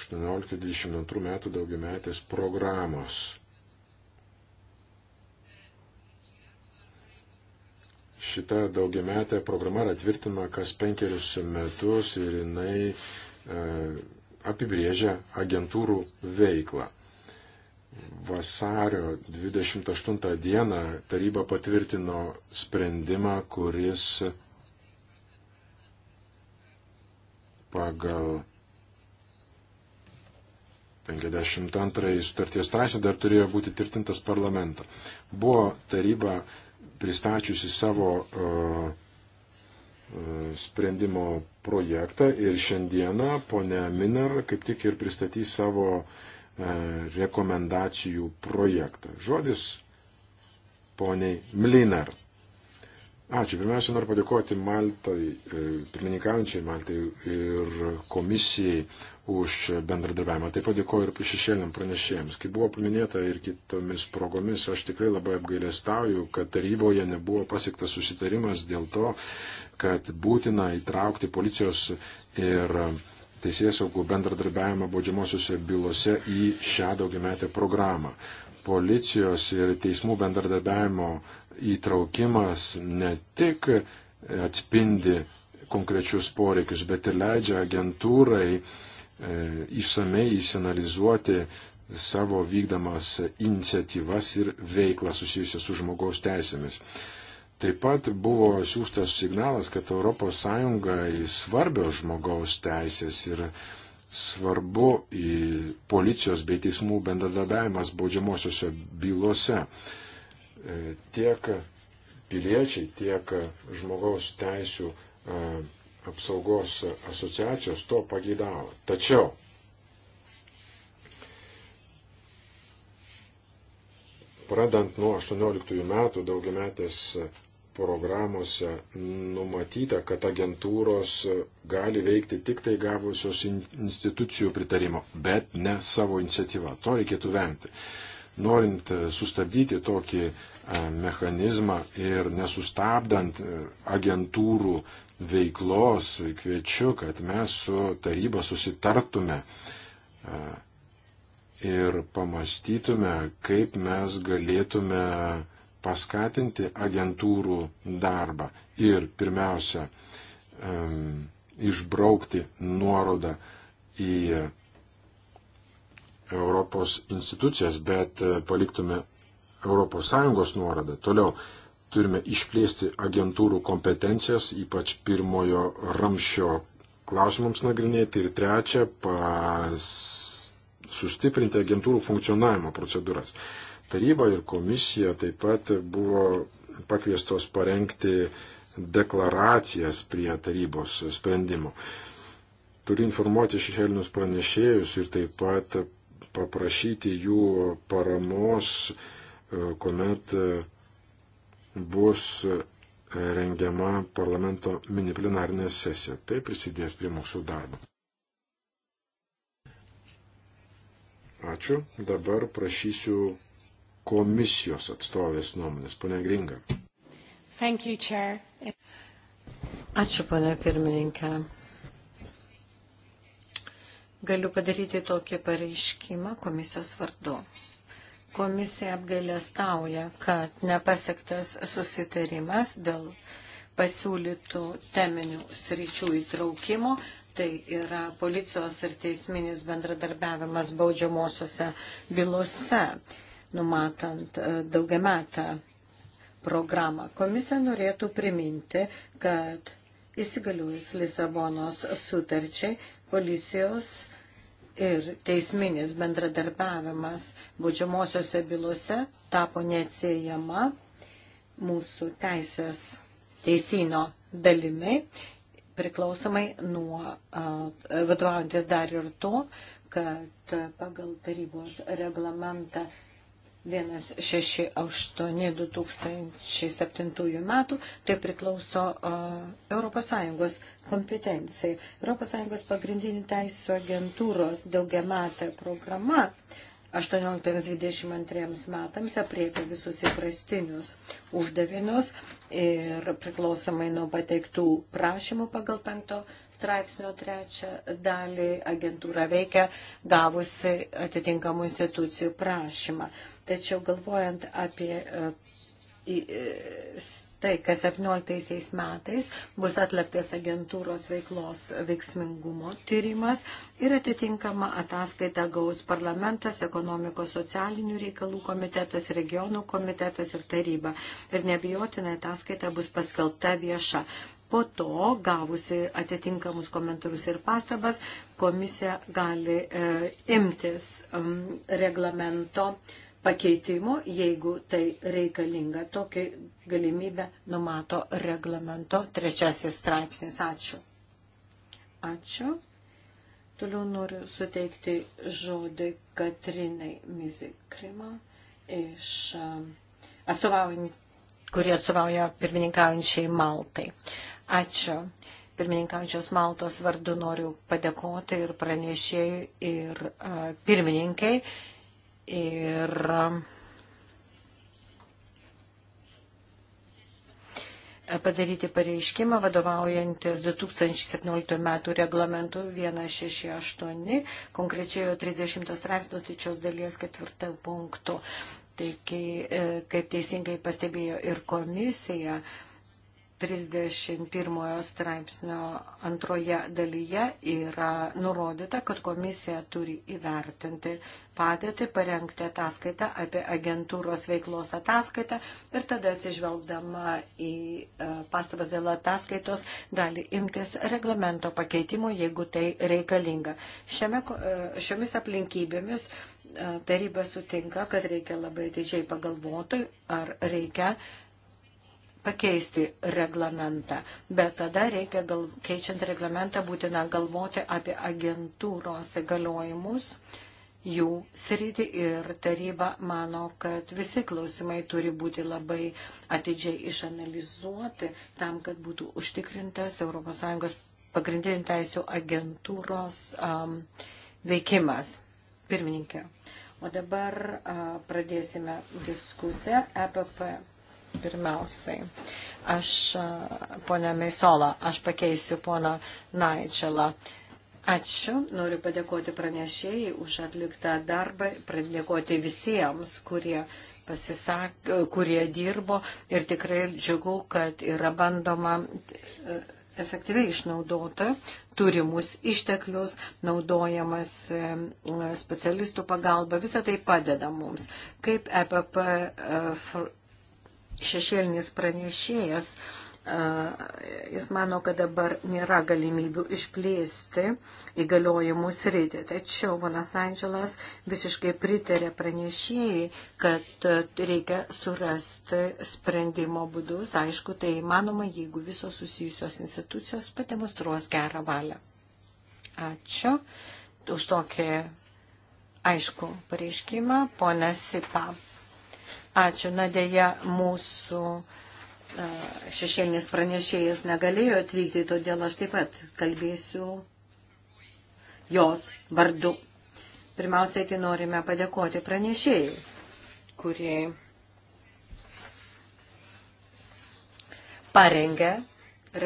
18-22 metų daugiametės programos. Šita daugiametė programa yra tvirtinama kas penkerius metus ir jinai e, apibrėžia agentūrų veiklą. Vasario 28 dieną taryba patvirtino sprendimą, kuris pagal 52 sutarties straipsnį dar turėjo būti tvirtintas parlamento. Buvo taryba pristačiusi savo uh, sprendimo projektą ir šiandieną ponia Minar kaip tik ir pristatys savo uh, rekomendacijų projektą. Žodis poniai Mlinar. Ačiū. Pirmiausia, noriu padėkoti Maltai, pirmininkaujančiai Maltai ir komisijai už bendradarbiavimą. Taip pat dėkoju ir šešėliniam pranešėjams. Kaip buvo paminėta ir kitomis progomis, aš tikrai labai apgailestauju, kad taryboje nebuvo pasiektas susitarimas dėl to, kad būtina įtraukti policijos ir teisės saugų bendradarbiavimą baudžiamosiuose bylose į šią daugiametę programą. Policijos ir teismų bendradarbiavimo įtraukimas ne tik atspindi konkrečius poreikius, bet ir leidžia agentūrai E, išsamei įsianalizuoti savo vykdamas iniciatyvas ir veiklą susijusią su žmogaus teisėmis. Taip pat buvo siūstas signalas, kad ES svarbios žmogaus teisės ir svarbu į policijos bei teismų bendradarbiavimas baudžiamosiuose bylose. E, tiek piliečiai, tiek žmogaus teisų e, apsaugos asociacijos to pagydavo. Tačiau pradant nuo 18 metų daugiametės programuose numatyta, kad agentūros gali veikti tik tai gavusios institucijų pritarimo, bet ne savo iniciatyvą. To reikėtų vengti. Norint sustabdyti tokį e, mechanizmą ir nesustabdant e, agentūrų veiklos, kviečiu, kad mes su taryba susitartume e, ir pamastytume, kaip mes galėtume paskatinti agentūrų darbą ir pirmiausia, išbraukti nuorodą į Europos institucijas, bet e, paliktume ES nuorodą. Toliau, Turime išplėsti agentūrų kompetencijas, ypač pirmojo ramšio klausimams nagrinėti ir trečia, pas... sustiprinti agentūrų funkcionavimo procedūras. Taryba ir komisija taip pat buvo pakviestos parengti deklaracijas prie tarybos sprendimų. Turiu informuoti šešėlinius pranešėjus ir taip pat paprašyti jų paramos, kuomet bus rengiama parlamento mini plenarinė sesija. Tai prisidės prie mūsų darbo. Ačiū. Dabar prašysiu komisijos atstovės nuomonės. Pone Gringa. Thank you, Chair. Ačiū, pane pirmininkė. Galiu padaryti tokį pareiškimą komisijos vardu. Komisija apgailestauja, kad nepasiektas susitarimas dėl pasiūlytų teminių sričių įtraukimo, tai yra policijos ir teisminis bendradarbiavimas baudžiamosiose bylose, numatant e, daugiametą programą. Komisija norėtų priminti, kad įsigaliojus Lisabonos sutarčiai policijos ir teisminis bendradarbiavimas būdžiamosiose bylose tapo neatsiejama mūsų teisės teisino dalimi, priklausomai nuo, vadovaujantis dar ir to, kad pagal tarybos reglamentą 168-2007 metų, tai priklauso ES kompetencijai. ES pagrindinių teisų agentūros daugiamatė programa 18-22 metams apriepia visus įprastinius uždavinius ir priklausomai nuo pateiktų prašymų pagal penkto straipsnio trečią dalį agentūra veikia gavusi atitinkamų institucijų prašymą. Tačiau galvojant apie e, e, tai, kas 17 metais bus atliktas agentūros veiklos veiksmingumo tyrimas ir atitinkama ataskaita gaus parlamentas, ekonomikos socialinių reikalų komitetas, regionų komitetas ir taryba. Ir nebijotinai ataskaita bus paskelbta vieša. Po to, gavusi atitinkamus komentarus ir pastabas, komisija gali e, imtis um, reglamento pakeitimų, jeigu tai reikalinga. Tokią galimybę numato reglamento trečiasis straipsnis. Ačiū. Ačiū. Toliau noriu suteikti žodį Katrinai Mizikrima iš e, atstovaujant kurie atstovauja pirmininkaujančiai Maltai. Ačiū. Pirmininkaujančios Maltos vardu noriu padėkoti ir pranešėjai, ir uh, pirmininkai. Ir uh, padaryti pareiškimą vadovaujantis 2017 metų reglamentu 168, konkrečiai jo 30 straipsnio tyčios dalies ketvirtą punktų. Tai kai, e, kaip teisingai pastebėjo ir komisija, 31 straipsnio antroje dalyje yra nurodyta, kad komisija turi įvertinti padėtį, parengti ataskaitą apie agentūros veiklos ataskaitą ir tada atsižvelgdama į e, pastabas dėl ataskaitos gali imtis reglamento pakeitimo, jeigu tai reikalinga. Šiame, e, šiomis aplinkybėmis e, taryba sutinka, kad reikia labai didžiai pagalvoti, ar reikia pakeisti reglamentą. Bet tada reikia, gal, keičiant reglamentą, būtina galvoti apie agentūros įgaliojimus, jų sritį ir taryba mano, kad visi klausimai turi būti labai atidžiai išanalizuoti tam, kad būtų užtikrintas ES pagrindinių teisų agentūros um, veikimas. Pirmininkė. O dabar uh, pradėsime diskusiją. EPP Pirmiausiai, aš, ponia Meisola, aš pakeisiu poną Naidželą. Ačiū, noriu padėkoti pranešėjai už atliktą darbą, padėkoti visiems, kurie pasisak, kurie dirbo ir tikrai džiugu, kad yra bandoma e, efektyviai išnaudota turimus išteklius, naudojamas e, specialistų pagalba, visą tai padeda mums. Kaip EPP šešėlinis pranešėjas, jis mano, kad dabar nėra galimybių išplėsti įgaliojimų sritį. Tačiau ponas Andželas visiškai pritarė pranešėjai, kad reikia surasti sprendimo būdus. Aišku, tai įmanoma, jeigu visos susijusios institucijos pademonstruos gerą valią. Ačiū už tokį aišku pareiškimą, ponas Sipa. Ačiū. Na dėja, mūsų e, šešėlinis pranešėjas negalėjo atvykti, todėl aš taip pat kalbėsiu jos vardu. Pirmiausiai, tai norime padėkoti pranešėjai, kurie parengė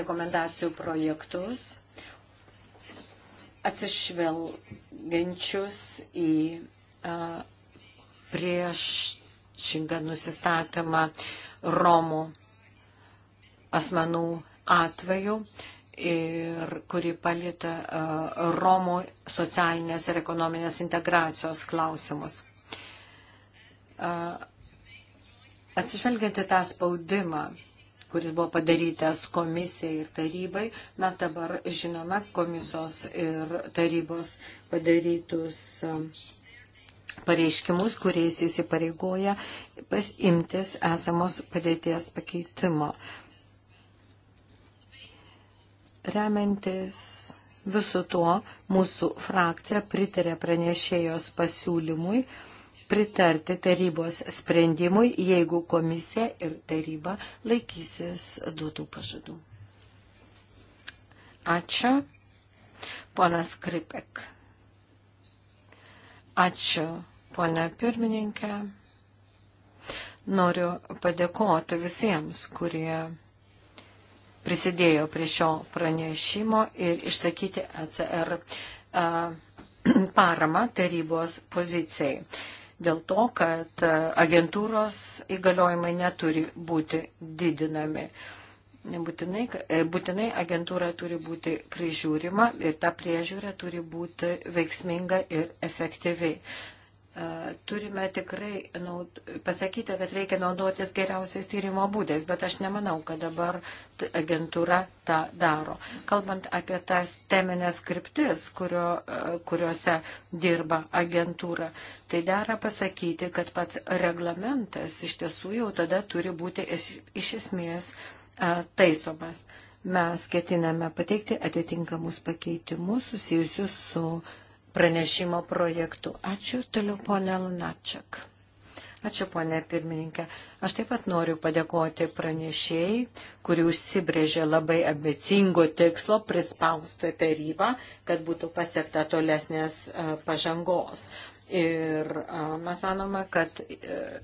rekomendacijų projektus atsižvelgiančius į a, e, prieš priešingą nusistatymą Romų asmenų atveju ir kuri palėtė e, Romų socialinės ir ekonominės integracijos klausimus. E, atsižvelgiant į tą spaudimą, kuris buvo padarytas komisijai ir tarybai. Mes dabar žinome komisijos ir tarybos padarytus e, pareiškimus, kuriais jis įpareigoja pasimtis esamos padėties pakeitimo. Remiantis visu tuo, mūsų frakcija pritarė pranešėjos pasiūlymui pritarti tarybos sprendimui, jeigu komisija ir taryba laikysis duotų pažadų. Ačiū. Ponas Kripek. Ačiū Pone pirmininkė, noriu padėkoti visiems, kurie prisidėjo prie šio pranešimo ir išsakyti ECR e, paramą tarybos pozicijai. Dėl to, kad e, agentūros įgaliojimai neturi būti didinami. Nebūtinai, e, būtinai agentūra turi būti prižiūrima ir ta priežiūra turi būti veiksminga ir efektyviai turime tikrai naud... pasakyti, kad reikia naudotis geriausiais tyrimo būdais, bet aš nemanau, kad dabar agentūra tą daro. Kalbant apie tas teminės kryptis, kurio, kuriuose dirba agentūra, tai dera pasakyti, kad pats reglamentas iš tiesų jau tada turi būti iš, iš esmės taisomas. Mes ketiname pateikti atitinkamus pakeitimus susijusius su pranešimo projektu. Ačiū toliau, ponė Lunačiak. Ačiū, ponė pirmininkė. Aš taip pat noriu padėkoti pranešėjai, kuri užsibrėžė labai ambicingo tikslo prispaustą tarybą, kad būtų pasiekta tolesnės e, pažangos. Ir e, mes manome, kad e,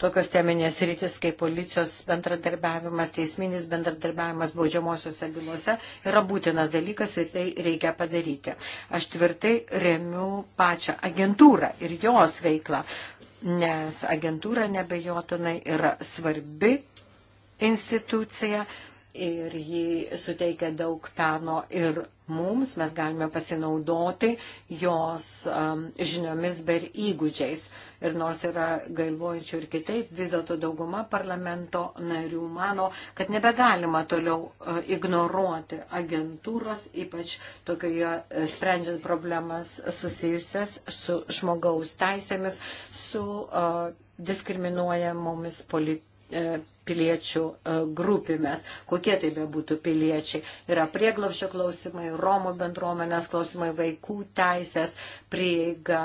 tokios teminės rytis kaip policijos bendradarbiavimas, teisminis bendradarbiavimas baudžiamosiuose bylose yra būtinas dalykas ir tai reikia padaryti. Aš tvirtai remiu pačią agentūrą ir jos veiklą, nes agentūra nebejotinai yra svarbi institucija ir ji suteikia daug peno ir mums, mes galime pasinaudoti jos um, žiniomis bei įgūdžiais. Ir nors yra galvojančių ir kitaip, vis dėlto dauguma parlamento narių mano, kad nebegalima toliau uh, ignoruoti agentūros, ypač tokioje uh, sprendžiant problemas susijusias su žmogaus teisėmis, su uh, diskriminuojamomis politikomis uh, piliečių e, grupėmis, kokie tai bebūtų piliečiai. Yra prieglavšio klausimai, Romų bendruomenės klausimai, vaikų teisės, prieiga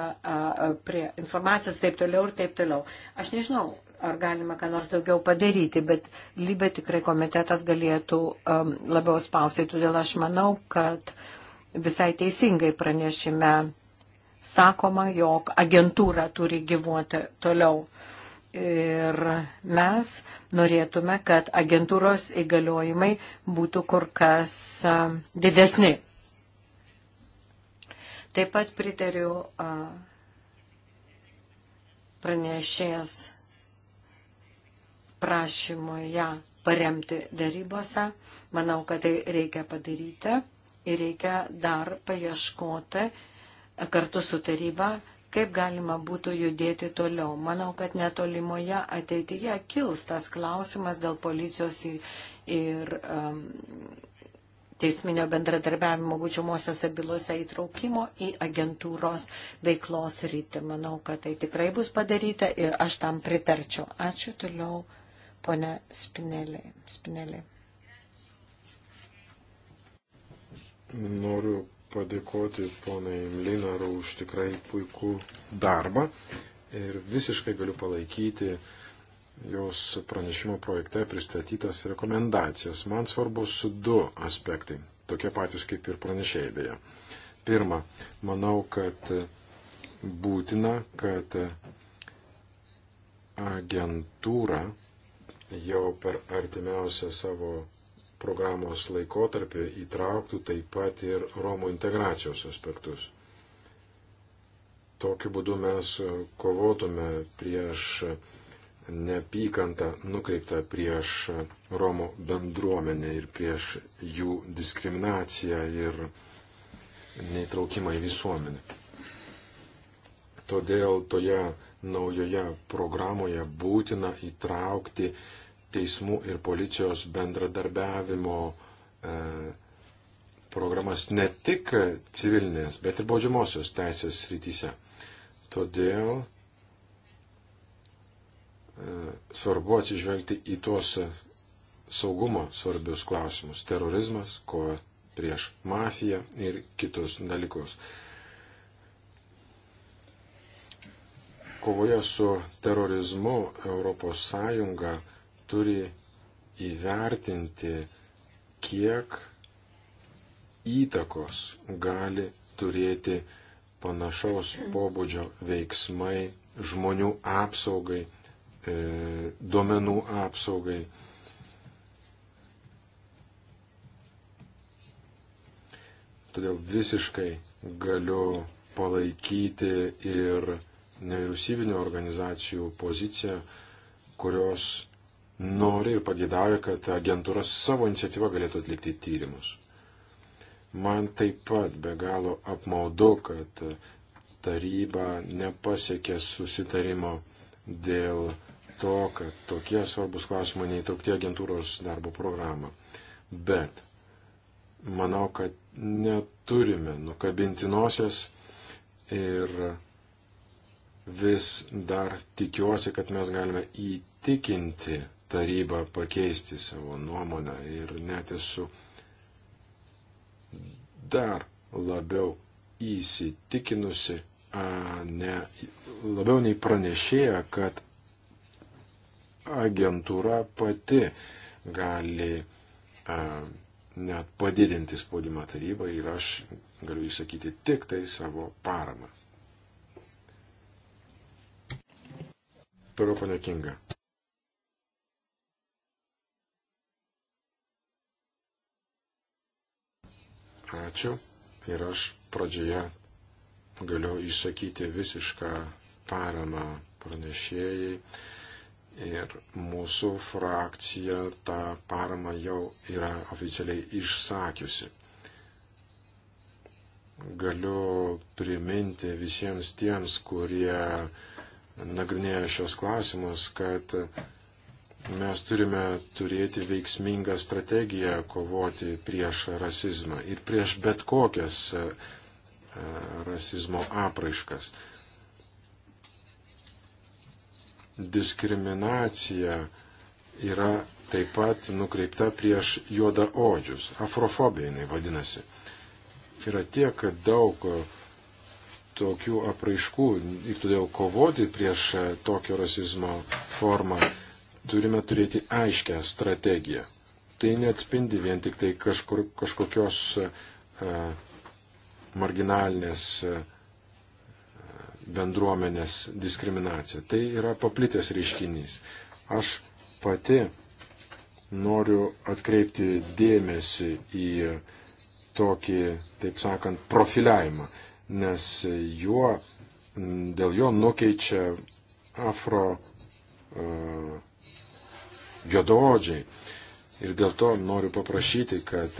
prie informacijos, taip toliau ir taip toliau. Aš nežinau, ar galima ką nors daugiau padaryti, bet lybė tikrai komitetas galėtų um, labiau spausti. Todėl aš manau, kad visai teisingai pranešime sakoma, jog agentūra turi gyvuoti toliau. Uh, Ir mes norėtume, kad agentūros įgaliojimai būtų kur kas didesni. Taip pat pritariu pranešėjas prašymui ją paremti darybose. Manau, kad tai reikia padaryti ir reikia dar paieškoti kartu su taryba kaip galima būtų judėti toliau. Manau, kad netolimoje ateityje kils tas klausimas dėl policijos ir, ir um, teisminio bendradarbiavimo būčiamosiose bylose įtraukimo į agentūros veiklos rytį. Manau, kad tai tikrai bus padaryta ir aš tam pritarčiau. Ačiū toliau, ponia Spinelė. Spinelė. Noriu padėkoti ponai Mlinaru už tikrai puikų darbą ir visiškai galiu palaikyti jos pranešimo projekte pristatytas rekomendacijas. Man svarbus du aspektai, tokie patys kaip ir pranešėjai beje. Pirma, manau, kad būtina, kad agentūra jau per artimiausią savo programos laikotarpį įtrauktų taip pat ir Romų integracijos aspektus. Tokiu būdu mes kovotume prieš neapykantą nukreiptą prieš Romų bendruomenę ir prieš jų diskriminaciją ir neįtraukimą į visuomenę. Todėl toje naujoje programoje būtina įtraukti teismų ir policijos bendradarbiavimo e, programas ne tik civilinės, bet ir baudžiamosios teisės srityse. Todėl e, svarbu atsižvelgti į tuos saugumo svarbius klausimus - terorizmas, kova prieš mafiją ir kitus dalykus. Kovoje su terorizmu ES turi įvertinti, kiek įtakos gali turėti panašaus pobūdžio veiksmai žmonių apsaugai, e, duomenų apsaugai. Todėl visiškai galiu palaikyti ir nevyriausybinio organizacijų poziciją, kurios nori ir pagėdauja, kad agentūra savo iniciatyvą galėtų atlikti tyrimus. Man taip pat be galo apmaudu, kad taryba nepasiekė susitarimo dėl to, kad tokie svarbus klausimai neįtraukti agentūros darbo programą. Bet manau, kad neturime nukabinti nosies ir vis dar tikiuosi, kad mes galime įtikinti taryba pakeisti savo nuomonę ir net esu dar labiau įsitikinusi, a, ne, labiau nei pranešėja, kad agentūra pati gali a, net padidinti spaudimą tarybai ir aš galiu įsakyti tik tai savo paramą. Toliau panekinga. Ačiū. Ir aš pradžioje galiu išsakyti visišką paramą pranešėjai. Ir mūsų frakcija tą paramą jau yra oficialiai išsakiusi. Galiu priminti visiems tiems, kurie nagrinėja šios klausimus, kad Mes turime turėti veiksmingą strategiją kovoti prieš rasizmą ir prieš bet kokias e, e, rasizmo apraiškas. Diskriminacija yra taip pat nukreipta prieš juodaodžius. Afrofobija jinai vadinasi. Yra tiek daug e, tokių apraiškų ir todėl kovoti prieš tokio rasizmo formą turime turėti aiškę strategiją. Tai neatspindi vien tik tai kažkur, kažkokios e, marginalinės e, bendruomenės diskriminacija. Tai yra paplitęs reiškinys. Aš pati noriu atkreipti dėmesį į tokį, taip sakant, profiliavimą, nes juo, dėl jo nukeičia afro uh, juododžiai. Ir dėl to noriu paprašyti, kad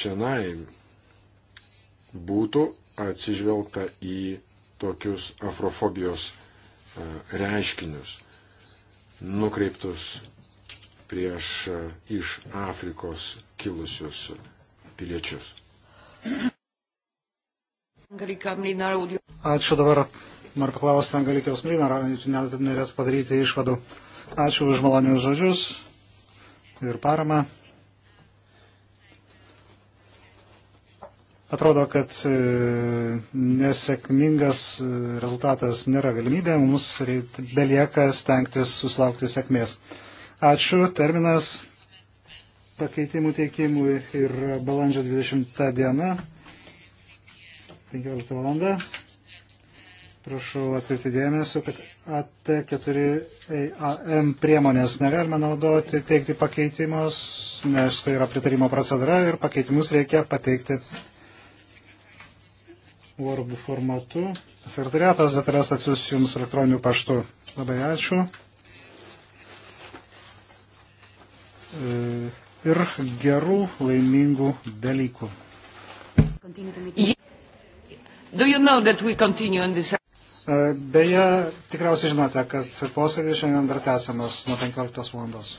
šiandien būtų atsižvelgta į tokius afrofobijos e, reiškinius, nukreiptus prieš e, iš Afrikos kilusius piliečius. Ačiū dabar, noriu paklausti Angalikijos Mlinar, ar norėtų padaryti išvadų. Ačiū už malonius žodžius ir paramą. Atrodo, kad e, nesėkmingas e, rezultatas nėra galimybė, mums belieka stengtis susilaukti sėkmės. Ačiū, terminas pakeitimų teikimui ir balandžio 20 diena, 15 valanda. Prašau atkreipti dėmesį, kad AT4AM priemonės negalima naudoti, teikti pakeitimus, nes tai yra pritarimo procedūra ir pakeitimus reikia pateikti Word formatu. Sekretariatas detalės atsiūs jums elektroniniu paštu. Labai ačiū. E, ir gerų, laimingų dalykų. Do you know that we continue on this? E, beje, tikriausiai žinote, kad posėdis šiandien dar tęsiamas nuo 15 valandos.